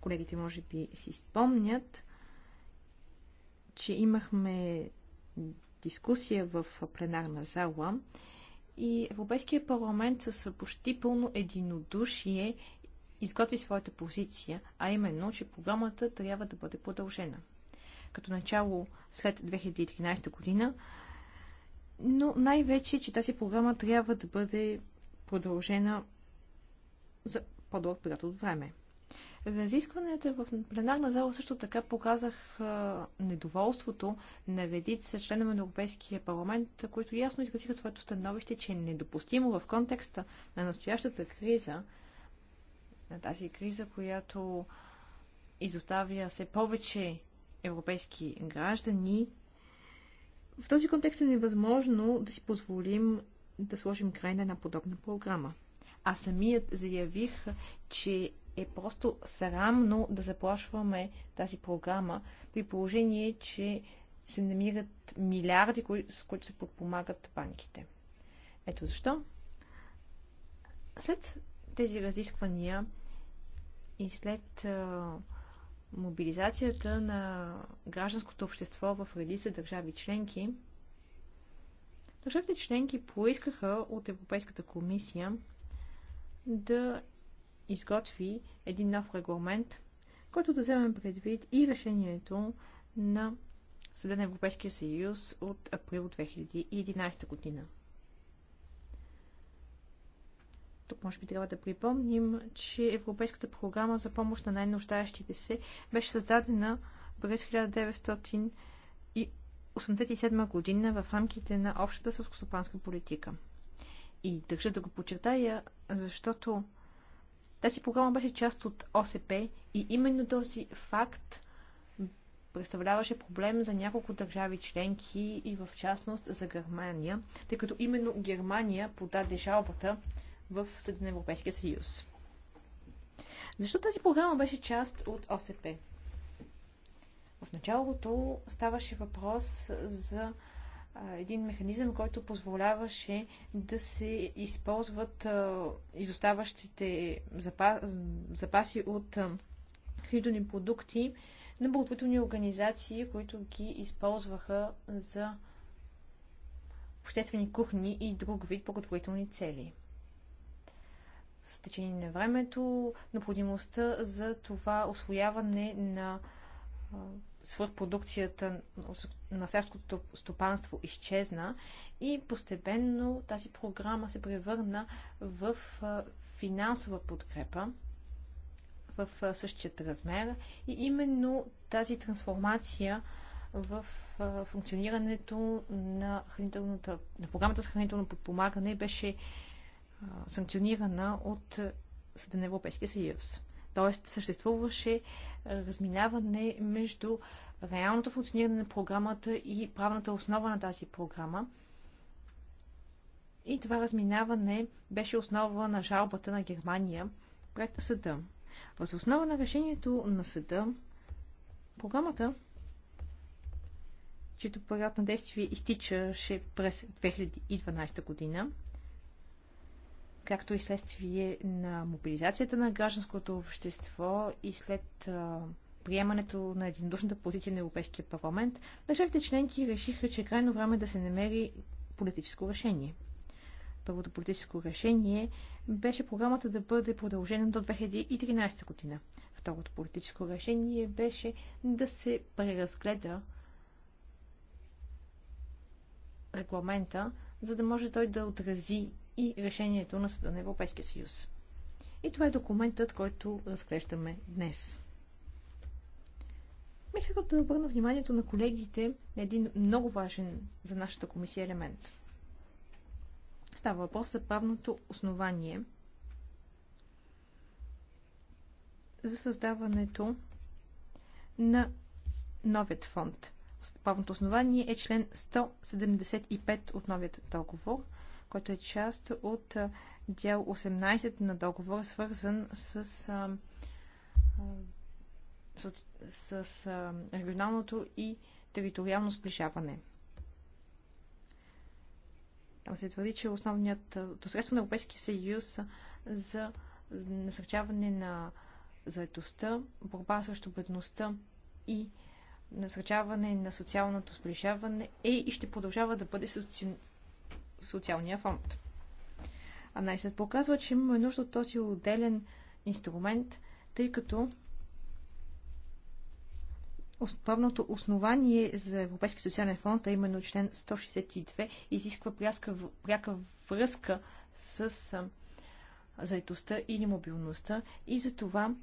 Колегите може би си спомнят, че имахме дискусия в пленарна зала и Европейския парламент с почти пълно единодушие изготви своята позиция, а именно, че програмата трябва да бъде продължена. Като начало след 2013 година, но най-вече, че тази програма трябва да бъде продължена за по-дълъг период от време. Разискванията в пленарна зала също така показах недоволството на редица членове на Европейския парламент, които ясно изгласиха своето становище, че е недопустимо в контекста на настоящата криза, на тази криза, която изоставя все повече европейски граждани. В този контекст е невъзможно да си позволим да сложим край на една подобна програма. Аз самият заявих, че е просто срамно да заплашваме тази програма, при положение, че се намират милиарди, с които се подпомагат банките. Ето защо. След тези разисквания и след мобилизацията на гражданското общество в редица държави членки, държавите членки поискаха от Европейската комисия да изготви един нов регламент, който да вземем предвид и решението на Съда на Европейския съюз от април 2011 година. Тук може би трябва да припомним, че Европейската програма за помощ на най-нуждаещите се беше създадена през 1987 година в рамките на общата селскостопанска политика. И държа да го подчертая, защото тази програма беше част от ОСП и именно този факт представляваше проблем за няколко държави членки и в частност за Германия, тъй като именно Германия подаде жалбата в Съединен Европейския съюз. Защо тази програма беше част от ОСП? В началото ставаше въпрос за един механизъм, който позволяваше да се използват изоставащите запаси от хридони продукти на благотворителни организации, които ги използваха за обществени кухни и друг вид благотворителни цели. С течение на времето, необходимостта за това освояване на Свърхпродукцията на селското стопанство изчезна и постепенно тази програма се превърна в финансова подкрепа в същият размер и именно тази трансформация в функционирането на, хранителната, на програмата за хранително подпомагане беше санкционирана от Съден Европейския съюз. Тоест съществуваше разминаване между реалното функциониране на програмата и правната основа на тази програма. И това разминаване беше основа на жалбата на Германия пред съда. Въз основа на решението на съда, програмата, чието период на действие изтичаше през 2012 година, както и следствие на мобилизацията на гражданското общество и след приемането на единодушната позиция на Европейския парламент, държавите членки решиха, че е крайно време да се намери политическо решение. Първото политическо решение беше програмата да бъде продължена до 2013 година. Второто политическо решение беше да се преразгледа регламента, за да може той да отрази и решението на Съда на Европейския съюз. И това е документът, който разглеждаме днес. Мисля искал да обърна вниманието на колегите на един много важен за нашата комисия елемент. Става въпрос за правното основание за създаването на новият фонд. Правното основание е член 175 от новият договор – който е част от дял 18 на договора, свързан с, а, с, с а, регионалното и териториално сближаване. Там се твърди, че основният средство на Европейския съюз за насърчаване на заедостта, борба срещу бедността и насърчаване на социалното сближаване е и ще продължава да бъде социалния фонд. Анализът показва, че имаме нужда от този отделен инструмент, тъй като основното основание за Европейски социален фонд, а именно член 162, изисква пряска, пряка връзка с заедостта или мобилността и за това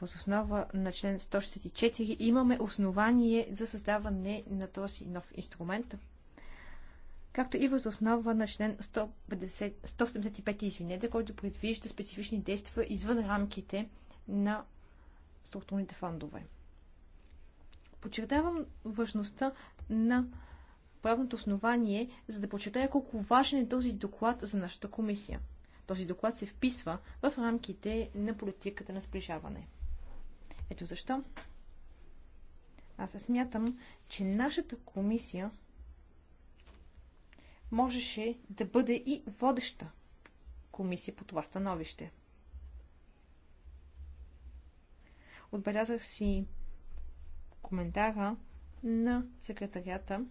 въз основа на член 164 имаме основание за създаване на този нов инструмент, както и въз основа на член 150, 175, извинете, който предвижда специфични действия извън рамките на структурните фондове. Подчертавам важността на правното основание, за да подчертая колко важен е този доклад за нашата комисия. Този доклад се вписва в рамките на политиката на сближаване. Ето защо аз смятам, че нашата комисия можеше да бъде и водеща комисия по това становище. Отбелязах си коментара на секретарията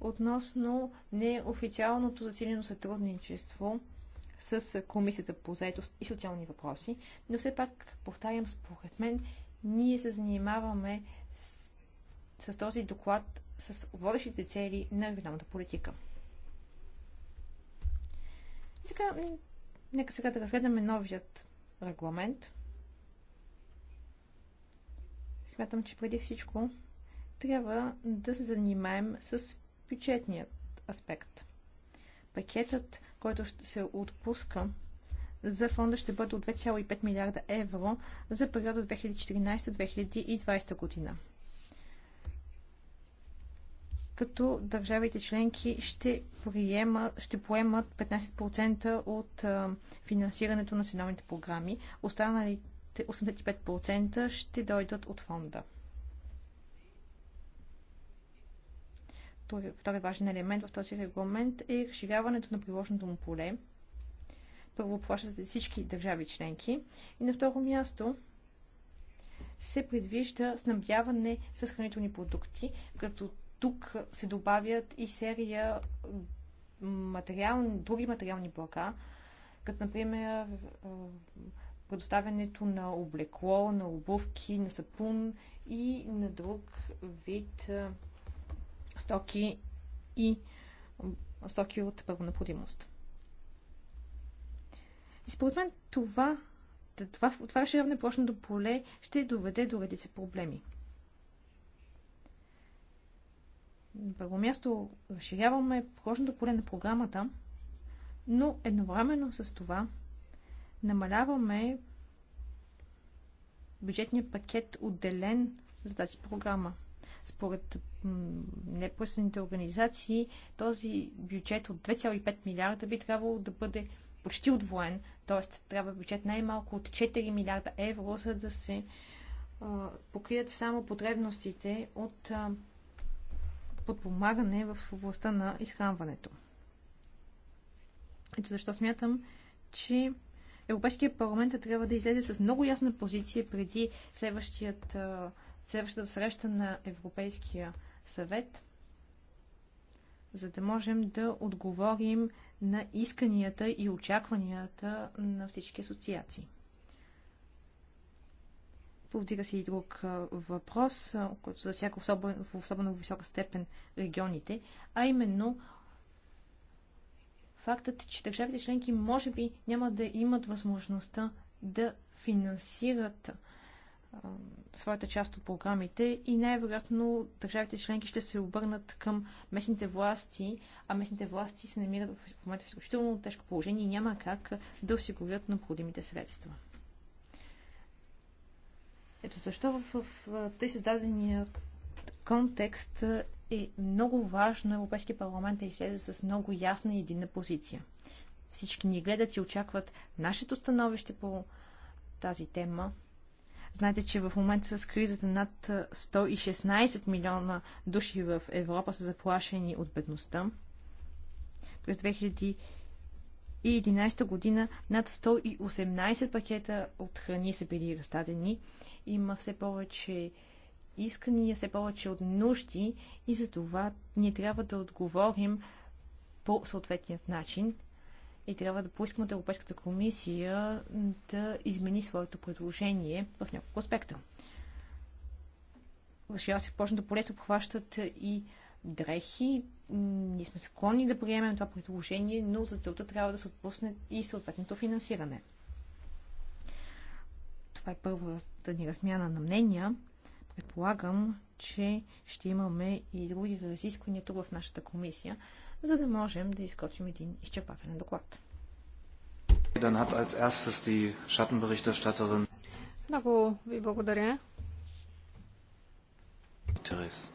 относно неофициалното засилено сътрудничество с Комисията по заедост и социални въпроси, но все пак, повтарям, според мен, ние се занимаваме с, с този доклад с водещите цели на регионалната политика. Сега, нека сега да разгледаме новият регламент. Смятам, че преди всичко трябва да се занимаем с бюджетният аспект. Пакетът, който ще се отпуска за фонда ще бъде от 2,5 милиарда евро за периода 2014-2020 година като държавите членки ще, приема, ще поемат 15% от а, финансирането на националните програми. Останалите 85% ще дойдат от фонда. Втори важен елемент в този регламент е разширяването на приложното му поле. Първо плаща за всички държави членки. И на второ място се предвижда снабдяване с хранителни продукти, като тук се добавят и серия материал, други материални блага, като например е, предоставянето на облекло, на обувки, на сапун и на друг вид е, стоки и е, стоки от необходимост. И според мен това, това, това разширяване на поле ще доведе до редица проблеми. На първо място разширяваме прочното поле на програмата, но едновременно с това намаляваме бюджетния пакет отделен за тази програма. Според непрестанните организации, този бюджет от 2,5 милиарда би трябвало да бъде почти отвоен, т.е. трябва бюджет най-малко от 4 милиарда евро, за да се а, покрият само потребностите от а, подпомагане в областта на изхранването. Ето защо смятам, че Европейския парламент трябва да излезе с много ясна позиция преди следващата среща на Европейския съвет, за да можем да отговорим на исканията и очакванията на всички асоциации. Повдига се и друг въпрос, който засяга особено, в особено висока степен регионите, а именно фактът, че държавите членки може би няма да имат възможността да финансират своята част от програмите и най-вероятно държавите членки ще се обърнат към местните власти, а местните власти се намират в момента в изключително тежко положение и няма как да осигурят необходимите средства. Ето защо в, в, в тъй създадения контекст е много важно Европейския парламент да излезе с много ясна и единна позиция. Всички ни гледат и очакват нашето становище по тази тема. Знаете, че в момента с кризата над 116 милиона души в Европа са заплашени от бедността. През 2011 година над 118 пакета от храни са били разстадени. Има все повече искания, все повече от нужди и за това ние трябва да отговорим по съответният начин и трябва да поискаме от Европейската комисия да измени своето предложение в няколко аспекта. Разширява се да поле се обхващат и дрехи. Ние сме склонни да приемем това предложение, но за целта трябва да се отпусне и съответното финансиране. Това е първата ни размяна на мнения. Предполагам, че ще имаме и други разисквания тук в нашата комисия, за да можем да изготвим един изчерпателен доклад. Много ви благодаря. Терес.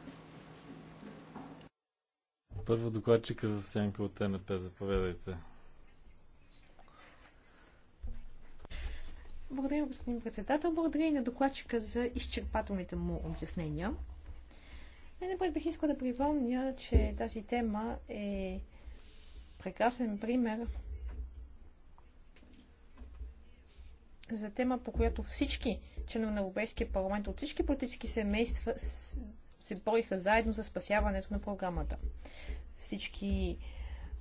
Първо докладчика в сянка от ТНП. Заповядайте. Благодаря, господин председател. Благодаря и на докладчика за изчерпателните му обяснения. Най-напред е, бих искала да припомня, че тази тема е прекрасен пример за тема, по която всички членове на Европейския парламент от всички политически семейства се бориха заедно за спасяването на програмата. Всички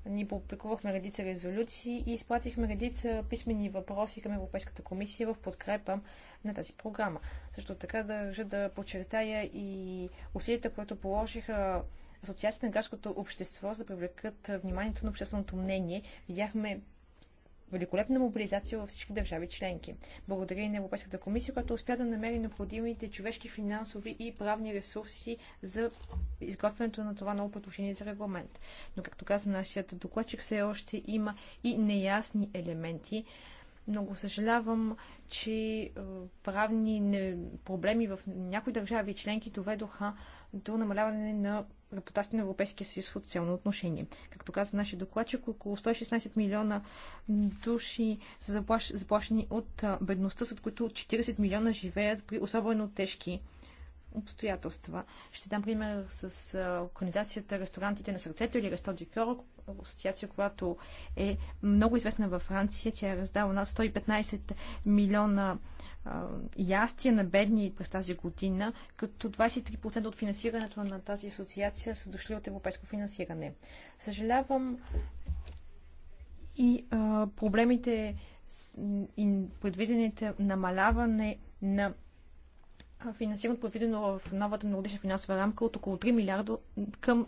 ни публикувахме редица резолюции и изпратихме редица писмени въпроси към Европейската комисия в подкрепа на тази програма. Също така държа да подчертая и усилията, които положиха Асоциацията на градското общество, за да привлекат вниманието на общественото мнение. Видяхме великолепна мобилизация във всички държави членки. Благодаря и на Европейската комисия, която успя да намери необходимите човешки, финансови и правни ресурси за изготвянето на това ново предложение за регламент. Но, както каза нашият докладчик, все още има и неясни елементи. Много съжалявам, че е, правни проблеми в някои държави и членки доведоха до намаляване на работата на Европейския съюз в социално отношение. Както каза нашия докладчик, около 116 милиона души са заплаш, заплашени от бедността, от които 40 милиона живеят при особено тежки обстоятелства. Ще дам пример с организацията Ресторантите на сърцето или Ресто Кьорок, асоциация, която е много известна във Франция. Тя е раздала над 115 милиона ястия на бедни през тази година, като 23% от финансирането на тази асоциация са дошли от европейско финансиране. Съжалявам и а, проблемите с, и предвидените намаляване на финансирането, предвидено в новата многодишна финансова рамка от около 3 милиарда към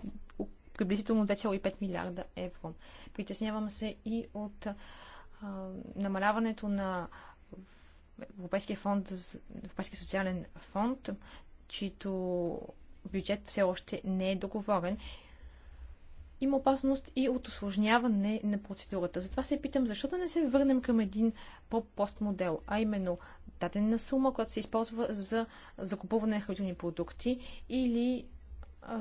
приблизително 2,5 милиарда евро. Притеснявам се и от а, намаляването на Европейския фонд, Европейския социален фонд, чието бюджет все още не е договорен. Има опасност и от осложняване на процедурата. Затова се питам, защо да не се върнем към един по пост модел, а именно дадена сума, която се използва за закупуване на хранителни продукти или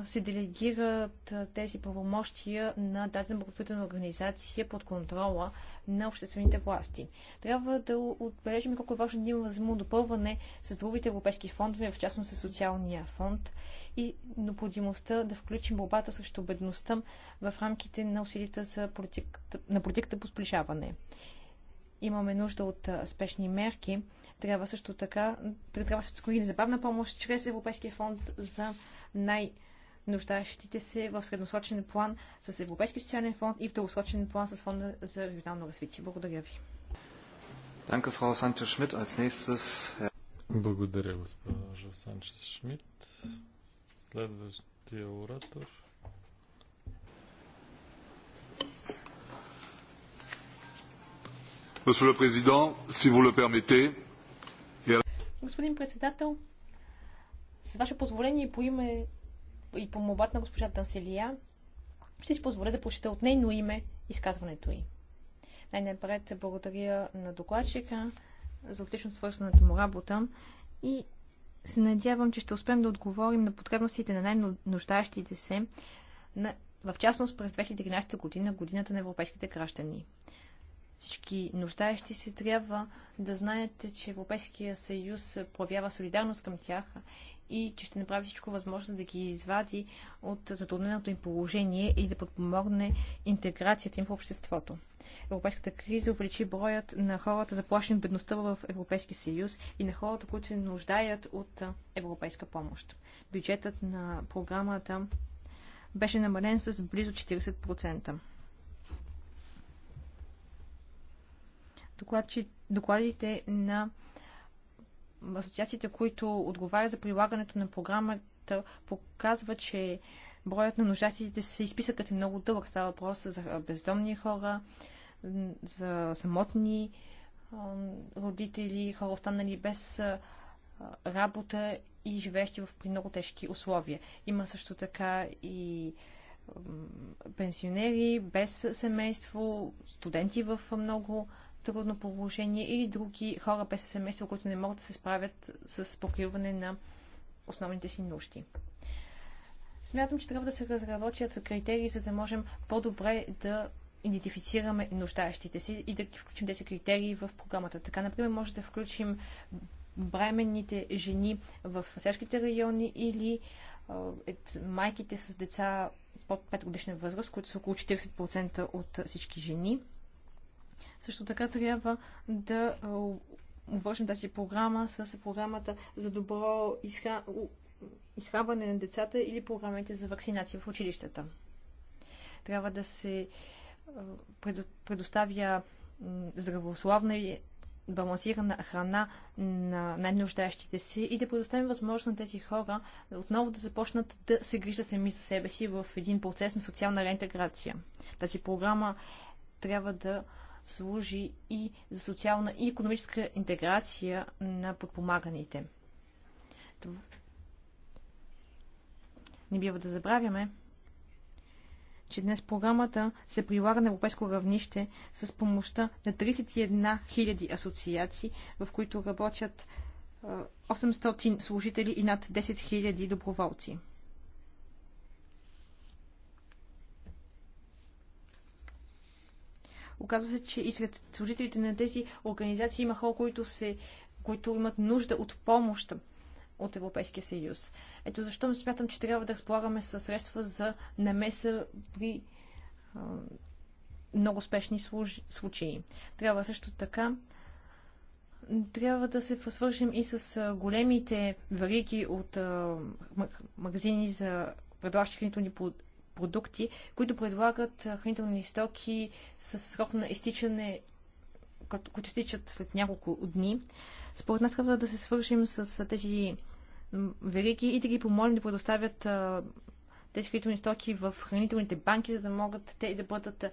се делегират тези правомощия на дадена благотворителна организация под контрола на обществените власти. Трябва да отбележим колко е важно да има възможно допълване с другите европейски фондове, в частност с социалния фонд и необходимостта да включим борбата срещу бедността в рамките на усилията за политиката, на политиката по сближаване имаме нужда от а, спешни мерки, трябва също така, трябва също така незабавна помощ чрез Европейския фонд за най- нуждащите се в средносрочен план с Европейски социален фонд и в дългосрочен план с фонда за регионално развитие. Благодаря ви. Благодаря, госпожо Санчес Шмидт. Следващия оратор. Monsieur le Président, si vous le permettez. Господин председател, с ваше позволение по име и по молбата на госпожа Танселия ще си позволя да прочета от нейно име изказването й. Най-напред благодаря на докладчика за отлично свързаната му работа и се надявам, че ще успеем да отговорим на потребностите на най-нуждащите се, на, в частност през 2013 година, годината на европейските граждани. Всички нуждаещи се трябва да знаят, че Европейския съюз проявява солидарност към тях и че ще направи всичко възможно да ги извади от затрудненото им положение и да подпомогне интеграцията им в обществото. Европейската криза увеличи броят на хората, заплашени от бедността в Европейския съюз и на хората, които се нуждаят от европейска помощ. Бюджетът на програмата беше намален с близо 40%. докладите на асоциациите, които отговарят за прилагането на програмата, показва, че броят на нуждащите се изписъкът е много дълъг. Става въпрос за бездомни хора, за самотни родители, хора останали без работа и живеещи в при много тежки условия. Има също така и пенсионери без семейство, студенти в много трудно положение или други хора без семейство, които не могат да се справят с покриване на основните си нужди. Смятам, че трябва да се разработят критерии, за да можем по-добре да идентифицираме нуждаещите си и да включим тези критерии в програмата. Така, например, може да включим бременните жени в селските райони или майките с деца под 5 годишна възраст, които са около 40% от всички жени. Също така трябва да обвършим тази програма с програмата за добро изхраване на децата или програмите за вакцинация в училищата. Трябва да се предоставя здравословна и балансирана храна на най-нуждаещите си и да предоставим възможност на тези хора отново да започнат да се грижат сами за себе си в един процес на социална реинтеграция. Тази програма трябва да служи и за социална и економическа интеграция на подпомаганите. Не бива да забравяме, че днес програмата се прилага на европейско равнище с помощта на 31 000 асоциации, в които работят 800 служители и над 10 000 доброволци. Оказва се, че и сред служителите на тези организации има хора, които, се, които имат нужда от помощ от Европейския съюз. Ето защо смятам, че трябва да разполагаме със средства за намеса при а, много спешни служ... случаи. Трябва също така трябва да се свържем и с големите вариги от а, магазини за предлагащи хранителни продукти, които предлагат хранителни стоки с срок на изтичане, които изтичат след няколко дни. Според нас трябва да се свържим с тези вериги и да ги помолим да предоставят тези хранителни стоки в хранителните банки, за да могат те да бъдат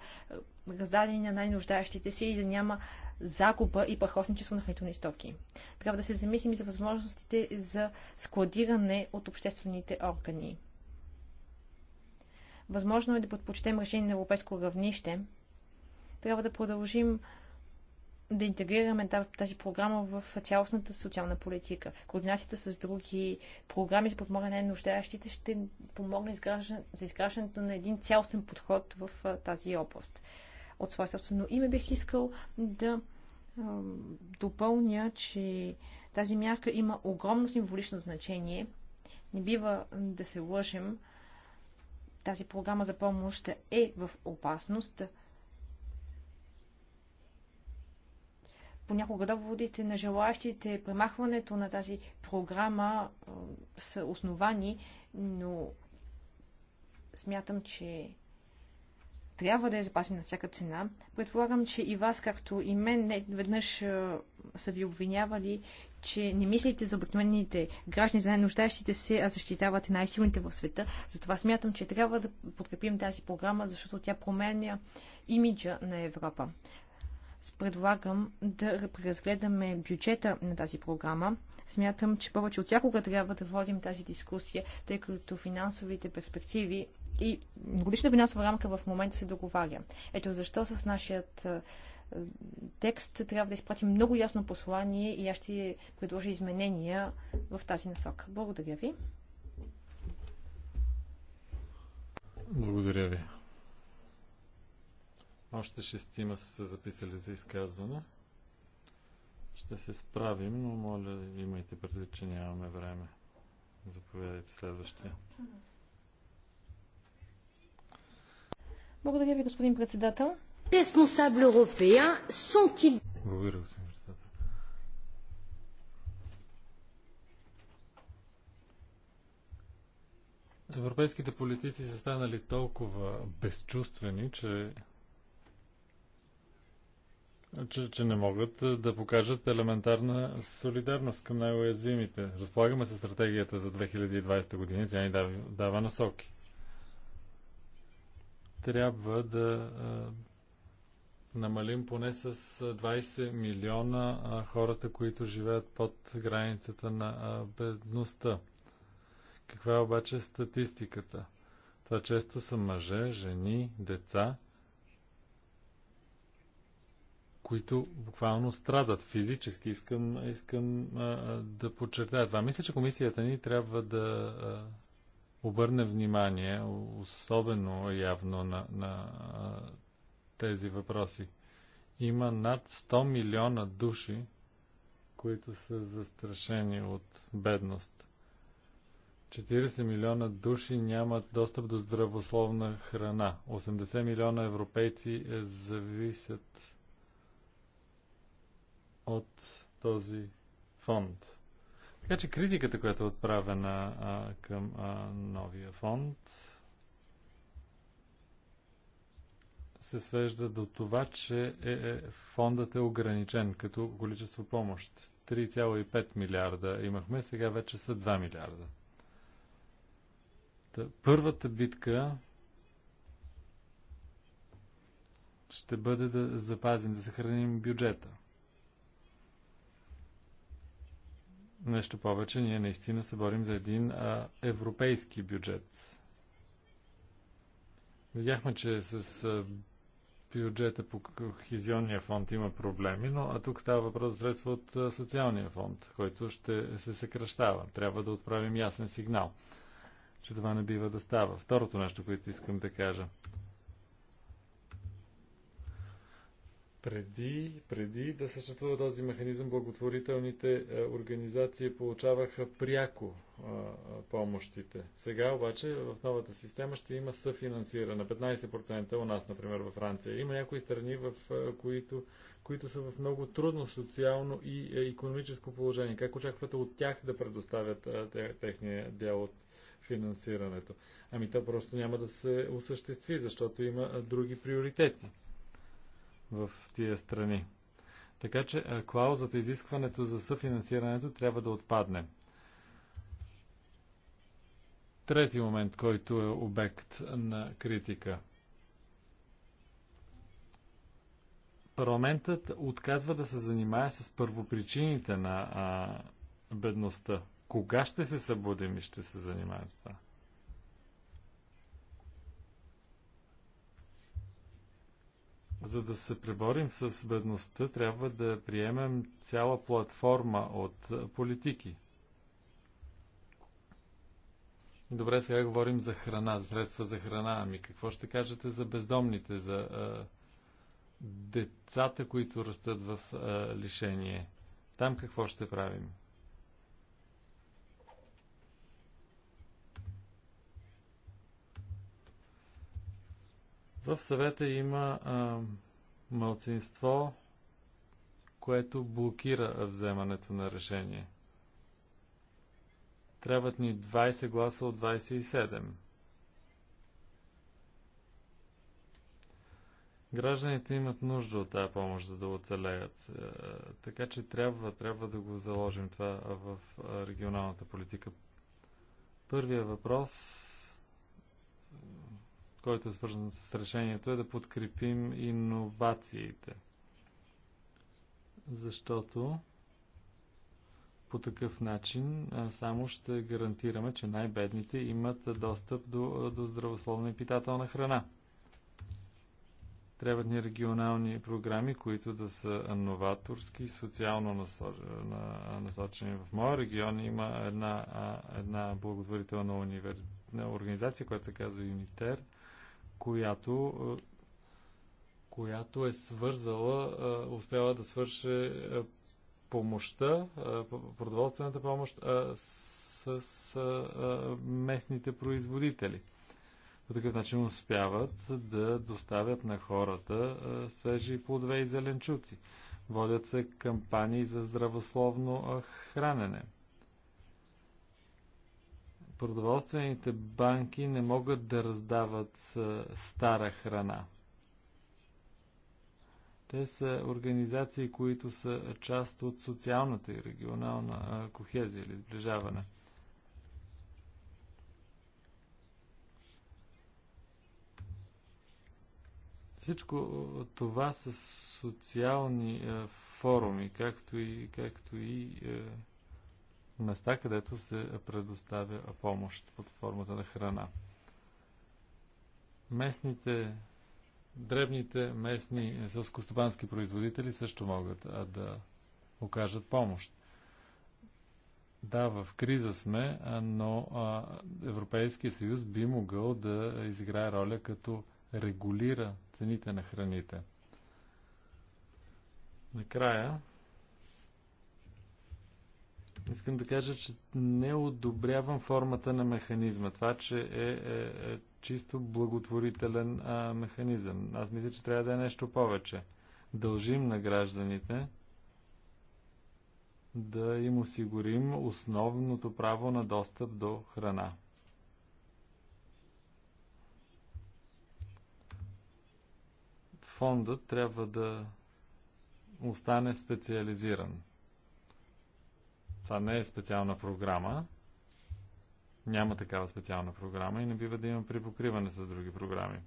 раздадени на най-нуждаещите си и да няма загуба и прахосничество на хранителни стоки. Трябва да се замислим и за възможностите за складиране от обществените органи. Възможно е да подпочетем решение на европейско равнище. Трябва да продължим да интегрираме тази програма в цялостната социална политика. Координацията с други програми за подмогане на нуждаещите ще помогне за изграждането на един цялостен подход в тази област. От своя собствено име бих искал да допълня, че тази мярка има огромно символично значение. Не бива да се лъжем. Тази програма за помощ е в опасност. Понякога доводите на желащите премахването на тази програма са основани, но смятам, че трябва да я запасим на всяка цена. Предполагам, че и вас, както и мен, не веднъж са ви обвинявали, че не мислите за обикновените граждани, за най-нуждащите се, а защитавате най-силните в света. Затова смятам, че трябва да подкрепим тази програма, защото тя променя имиджа на Европа. Предлагам да преразгледаме бюджета на тази програма. Смятам, че повече от всякога трябва да водим тази дискусия, тъй като финансовите перспективи и годишна финансова рамка в момента се договаря. Ето защо с нашият текст трябва да изпратим много ясно послание и аз ще предложа изменения в тази насока. Благодаря ви. Благодаря ви. Още шестима са се записали за изказване. Ще се справим, но моля, имайте предвид, че нямаме време. Заповядайте следващия. Благодаря ви, господин председател. Responsables européens sont-ils... Благодаря, господин председател. Европейските политици са станали толкова безчувствени, че че, че не могат е, да покажат елементарна солидарност към най-уязвимите. Разполагаме се стратегията за 2020 година, тя ни дава, дава насоки. Трябва да е, намалим поне с 20 милиона а, хората, които живеят под границата на а, бедността. Каква е обаче статистиката? Това често са мъже, жени, деца, които буквално страдат физически. Искам, искам а, да подчертая това. Мисля, че комисията ни трябва да а, обърне внимание, особено явно на, на тези въпроси. Има над 100 милиона души, които са застрашени от бедност. 40 милиона души нямат достъп до здравословна храна. 80 милиона европейци е зависят от този фонд. Така че критиката, която е отправена а, към а, новия фонд, се свежда до това, че е, е, фондът е ограничен като количество помощ. 3,5 милиарда имахме, сега вече са 2 милиарда. Та, първата битка ще бъде да запазим, да съхраним бюджета. Нещо повече, ние наистина се борим за един а, европейски бюджет. Видяхме, че с бюджета по кохезионния фонд има проблеми, но а тук става въпрос за средства от социалния фонд, който ще се съкръщава. Трябва да отправим ясен сигнал, че това не бива да става. Второто нещо, което искам да кажа – Преди, преди да съществува този механизъм, благотворителните е, организации получаваха пряко е, помощите. Сега обаче в новата система ще има съфинансиране. 15% у нас, например, във Франция. Има някои страни, в е, които, които са в много трудно социално и економическо положение. Как очаквате от тях да предоставят те, техния дял от финансирането? Ами то просто няма да се осъществи, защото има други приоритети в тия страни. Така че клаузата изискването за съфинансирането трябва да отпадне. Трети момент, който е обект на критика. Парламентът отказва да се занимае с първопричините на а, бедността. Кога ще се събудим и ще се занимаем с това? За да се преборим с бедността, трябва да приемем цяла платформа от политики. Добре, сега говорим за храна, средства за храна. Ами какво ще кажете за бездомните, за а, децата, които растат в а, лишение? Там какво ще правим? В съвета има а, мълцинство, което блокира вземането на решение. Трябват ни 20 гласа от 27. Гражданите имат нужда от тази помощ, за да оцелеят. Е, така че трябва, трябва да го заложим това в регионалната политика. Първия въпрос който е свързан с решението, е да подкрепим иновациите. Защото по такъв начин само ще гарантираме, че най-бедните имат достъп до, до здравословна и питателна храна. Трябват ни регионални програми, които да са новаторски, социално насочени. В моя регион има една, една благотворителна универ... организация, която се казва Юнитер, която, е, която е свързала, е, успява да свърши е, помощта, продоволствената помощ с местните производители. По такъв начин успяват да доставят на хората свежи плодове и зеленчуци. Водят се кампании за здравословно хранене продоволствените банки не могат да раздават стара храна. Те са организации, които са част от социалната и регионална кохезия или сближаване. Всичко това са социални форуми, както и, както и места, където се предоставя помощ под формата на храна. Местните, дребните местни селскостопански производители също могат а, да окажат помощ. Да, в криза сме, но а, Европейския съюз би могъл да изиграе роля като регулира цените на храните. Накрая, Искам да кажа, че не одобрявам формата на механизма. Това, че е, е, е чисто благотворителен а, механизъм. Аз мисля, че трябва да е нещо повече. Дължим на гражданите да им осигурим основното право на достъп до храна. Фондът трябва да остане специализиран. Това не е специална програма. Няма такава специална програма и не бива да има припокриване с други програми.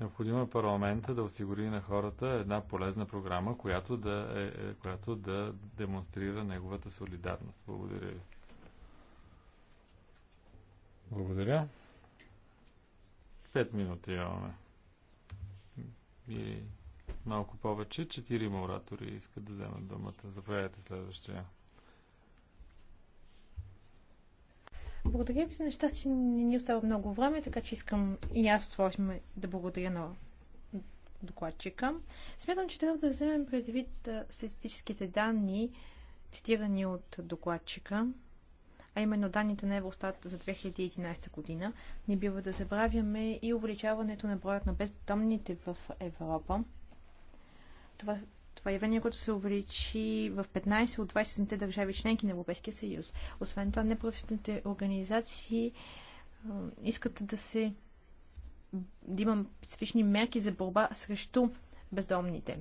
Необходимо е парламента да осигури на хората една полезна програма, която да, е, е която да демонстрира неговата солидарност. Благодаря ви. Благодаря. Пет минути имаме. И малко повече. Четирима оратори искат да вземат думата. Заповядайте следващия. Благодаря ви за че Не ни остава много време, така че искам и аз от своя да благодаря на докладчика. Смятам, че трябва да вземем предвид статистическите данни, цитирани от докладчика, а именно данните на Евростат за 2011 година. Не бива да забравяме и увеличаването на броят на бездомните в Европа. Това, това явление, което се увеличи в 15 от 20-те държави членки на Европейския съюз. Освен това, неправителствените организации искат да се да имам специфични мерки за борба срещу бездомните.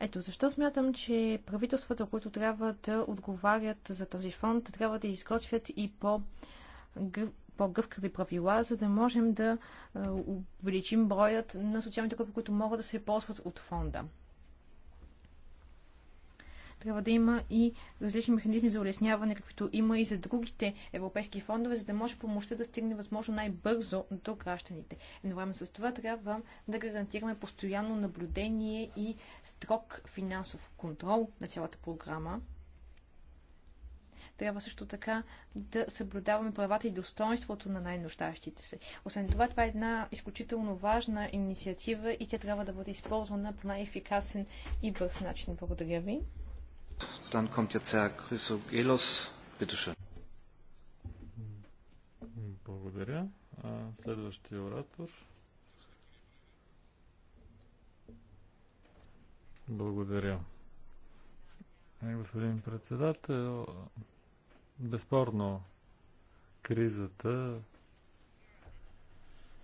Ето защо смятам, че правителствата, които трябва да отговарят за този фонд, трябва да изготвят и по по-гъвкави правила, за да можем да е, увеличим броят на социалните групи, които могат да се ползват от фонда. Трябва да има и различни механизми за улесняване, каквито има и за другите европейски фондове, за да може помощта да стигне възможно най-бързо до гражданите. Едновременно с това трябва да гарантираме постоянно наблюдение и строг финансов контрол на цялата програма трябва също така да съблюдаваме правата и достоинството на най-нуждащите се. Освен това, това е една изключително важна инициатива и тя трябва да бъде използвана по най-ефикасен и бърз начин. Благодаря ви. Dann kommt jetzt Herr Bitte schön. Благодаря. Следващия оратор. Благодаря. Господин председател, Безспорно, кризата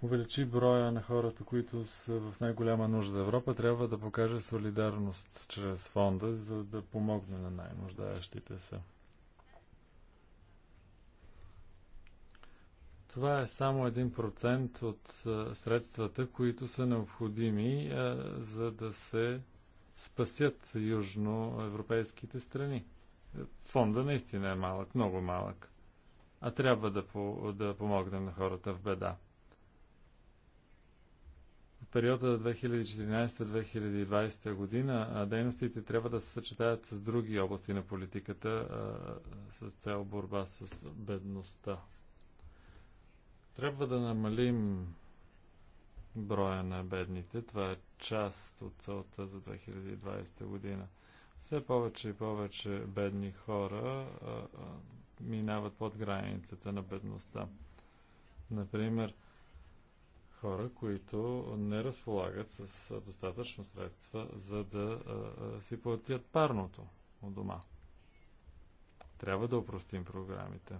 увеличи броя на хората, които са в най-голяма нужда. Европа трябва да покаже солидарност чрез фонда, за да помогне на най-нуждаещите се. Това е само 1% от средствата, които са необходими, за да се спасят южноевропейските страни. Фонда наистина е малък, много малък. А трябва да, по, да помогнем на хората в беда. В периода 2014-2020 година дейностите трябва да се съчетаят с други области на политиката с цел борба с бедността. Трябва да намалим броя на бедните. Това е част от целта за 2020 година. Все повече и повече бедни хора а, а, минават под границата на бедността. Например, хора, които не разполагат с достатъчно средства, за да а, си платят парното от дома. Трябва да опростим програмите.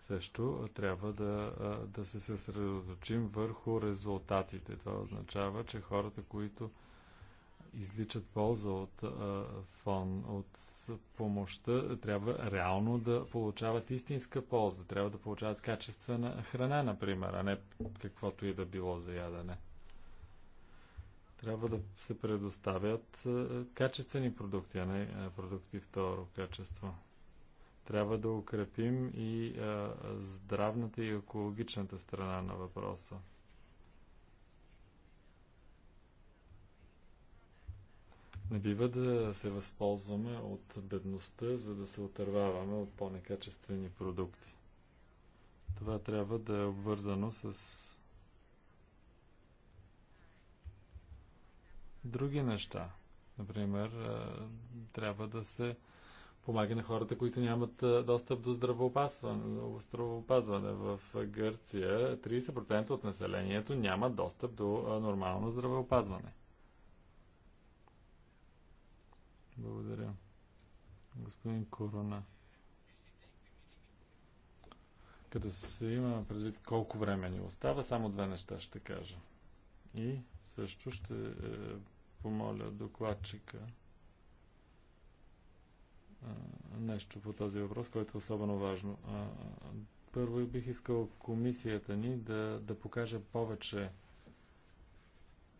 Също трябва да, да се съсредоточим върху резултатите. Това означава, че хората, които изличат полза от а, фон, от помощта, трябва реално да получават истинска полза. Трябва да получават качествена храна, например, а не каквото и да било за ядене. Трябва да се предоставят а, качествени продукти, а не а, продукти второ качество. Трябва да укрепим и здравната и екологичната страна на въпроса. Не бива да се възползваме от бедността, за да се отърваваме от по-некачествени продукти. Това трябва да е обвързано с други неща. Например, трябва да се помага на хората, които нямат достъп до здравеопазване. здравеопазване. В Гърция 30% от населението няма достъп до нормално здравеопазване. Благодаря. Господин Корона. Като се има предвид колко време ни остава, само две неща ще кажа. И също ще е, помоля докладчика е, нещо по този въпрос, който е особено важно. първо бих искал комисията ни да, да покаже повече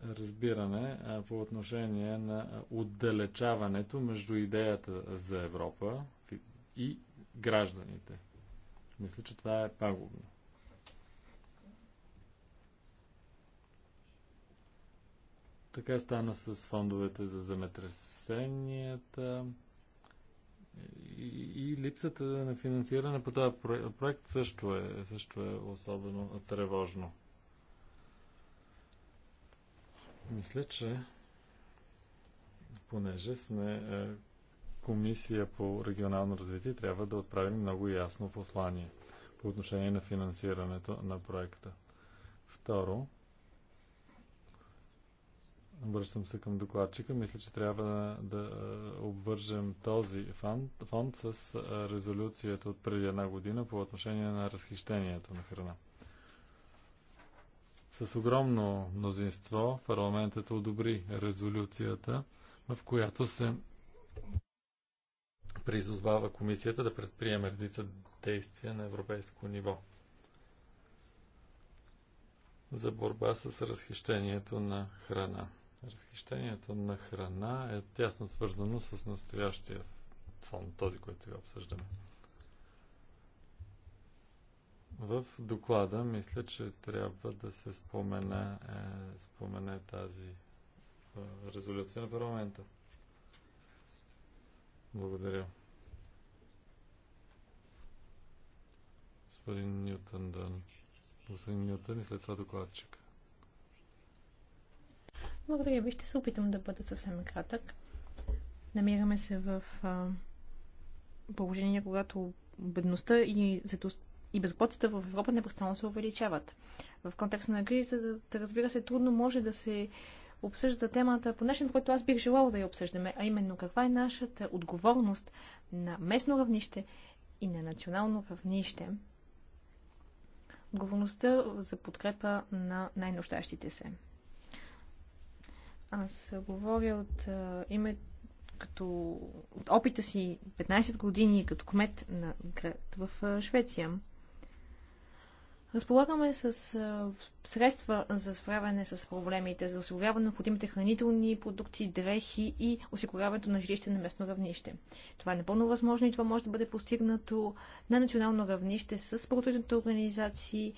разбиране по отношение на отдалечаването между идеята за Европа и гражданите. Мисля, че това е пагубно. Така стана с фондовете за земетресенията и, и липсата на финансиране по този проект също е, също е особено тревожно. Мисля, че понеже сме е, комисия по регионално развитие, трябва да отправим много ясно послание по отношение на финансирането на проекта. Второ, обръщам се към докладчика, мисля, че трябва да, да е, обвържем този фонд, фонд с е, резолюцията от преди една година по отношение на разхищението на храна. С огромно мнозинство парламентът одобри резолюцията, в която се призовава комисията да предприеме редица действия на европейско ниво за борба с разхищението на храна. Разхищението на храна е тясно свързано с настоящия фонд, този, който сега обсъждаме. В доклада мисля, че трябва да се спомене, е, спомене тази е, резолюция на парламента. Благодаря. Господин Ньютон Дън. Господин Ньютон и след това докладчик. Благодаря ви. Ще се опитам да бъда съвсем кратък. Намираме се в а, положение, когато бедността и заедостта и безработицата в Европа непрестанно се увеличават. В контекста на кризата, разбира се, трудно може да се обсъжда темата по начин, който аз бих желал да я обсъждаме, а именно каква е нашата отговорност на местно равнище и на национално равнище. Отговорността за подкрепа на най-нощащите се. Аз говоря от а, име като от опита си 15 години като комет на град в Швеция. Разполагаме с средства за справяне с проблемите, за осигуряване на необходимите хранителни продукти, дрехи и осигуряването на жилище на местно равнище. Това е напълно възможно и това може да бъде постигнато на национално равнище с продуктивните организации,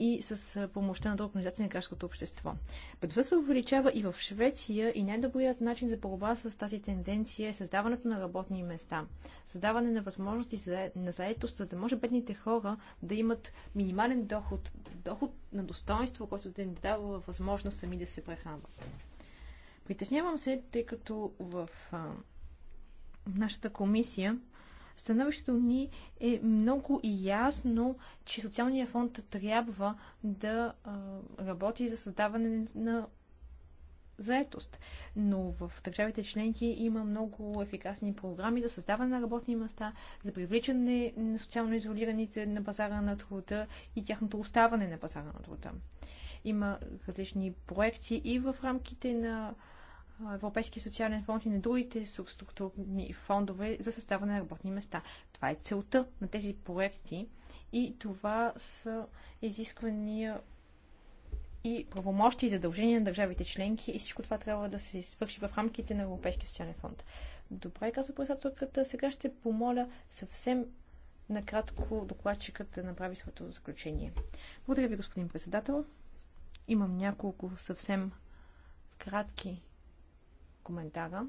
и с помощта на организация на гражданското общество. Бедността се увеличава и в Швеция и най-добрият начин за борба с тази тенденция е създаването на работни места, създаване на възможности за, на заетост, за да може бедните хора да имат минимален доход, доход на достоинство, който да им дава възможност сами да се прехранват. Притеснявам се, тъй като в а, нашата комисия Становището ни е много ясно, че социалния фонд трябва да работи за създаване на заетост. Но в държавите членки има много ефикасни програми за създаване на работни места, за привличане на социално изолираните на пазара на труда и тяхното оставане на пазара на труда. Има различни проекти и в рамките на Европейския социален фонд и на другите субструктурни фондове за създаване на работни места. Това е целта на тези проекти и това са изисквания и правомощи и задължения на държавите членки и всичко това трябва да се свърши в рамките на Европейския социален фонд. Добре, казва председателката. Сега ще помоля съвсем накратко докладчикът да направи своето заключение. Благодаря ви, господин председател. Имам няколко съвсем кратки коментара.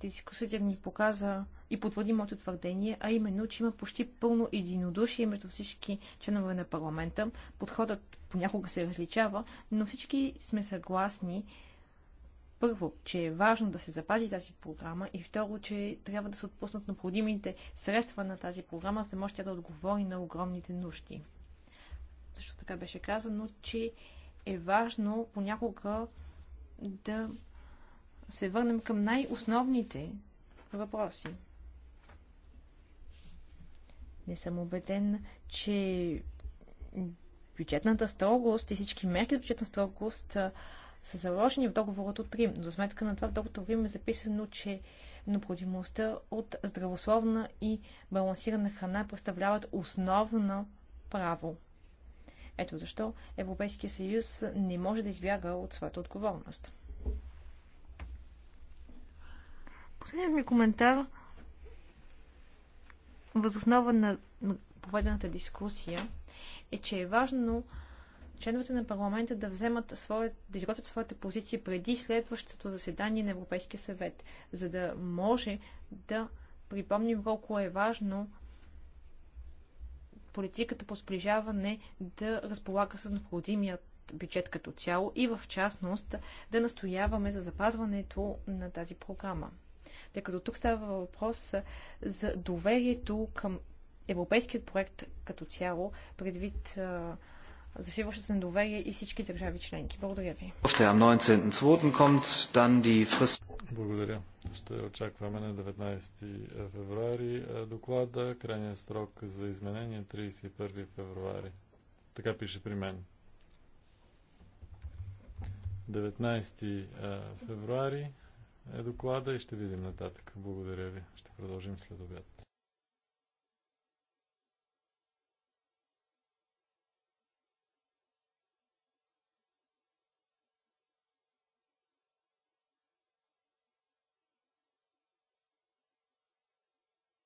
Дискусията ни показа и потвърди моето твърдение, а именно, че има почти пълно единодушие между всички членове на парламента. Подходът понякога се различава, но всички сме съгласни, първо, че е важно да се запази тази програма и второ, че трябва да се отпуснат необходимите средства на тази програма, за да може тя да отговори на огромните нужди. Също така беше казано, че е важно понякога да се върнем към най-основните въпроси. Не съм убеден, че бюджетната строгост и всички мерки за бюджетна строгост са заложени в договорът от Рим. но За сметка на това в договорът от Рим е записано, че необходимостта от здравословна и балансирана храна представляват основно право. Ето защо Европейския съюз не може да избяга от своята отговорност. Последният ми коментар възоснова на проведената дискусия е, че е важно членовете на парламента да вземат своят, да изготвят своята позиция преди следващото заседание на Европейския съвет, за да може да припомним колко е важно политиката по сближаване да разполага с необходимият бюджет като цяло и в частност да настояваме за запазването на тази програма. Тъй като тук става въпрос за доверието към европейският проект като цяло, предвид а, засилващо се недоверие доверие и всички държави членки. Благодаря ви. Благодаря. Ще очакваме на 19 февруари е, доклада. Крайния срок за изменение 31 е февруари. Така пише при мен. 19 е, февруари е доклада и ще видим нататък. Благодаря ви. Ще продължим след обяд.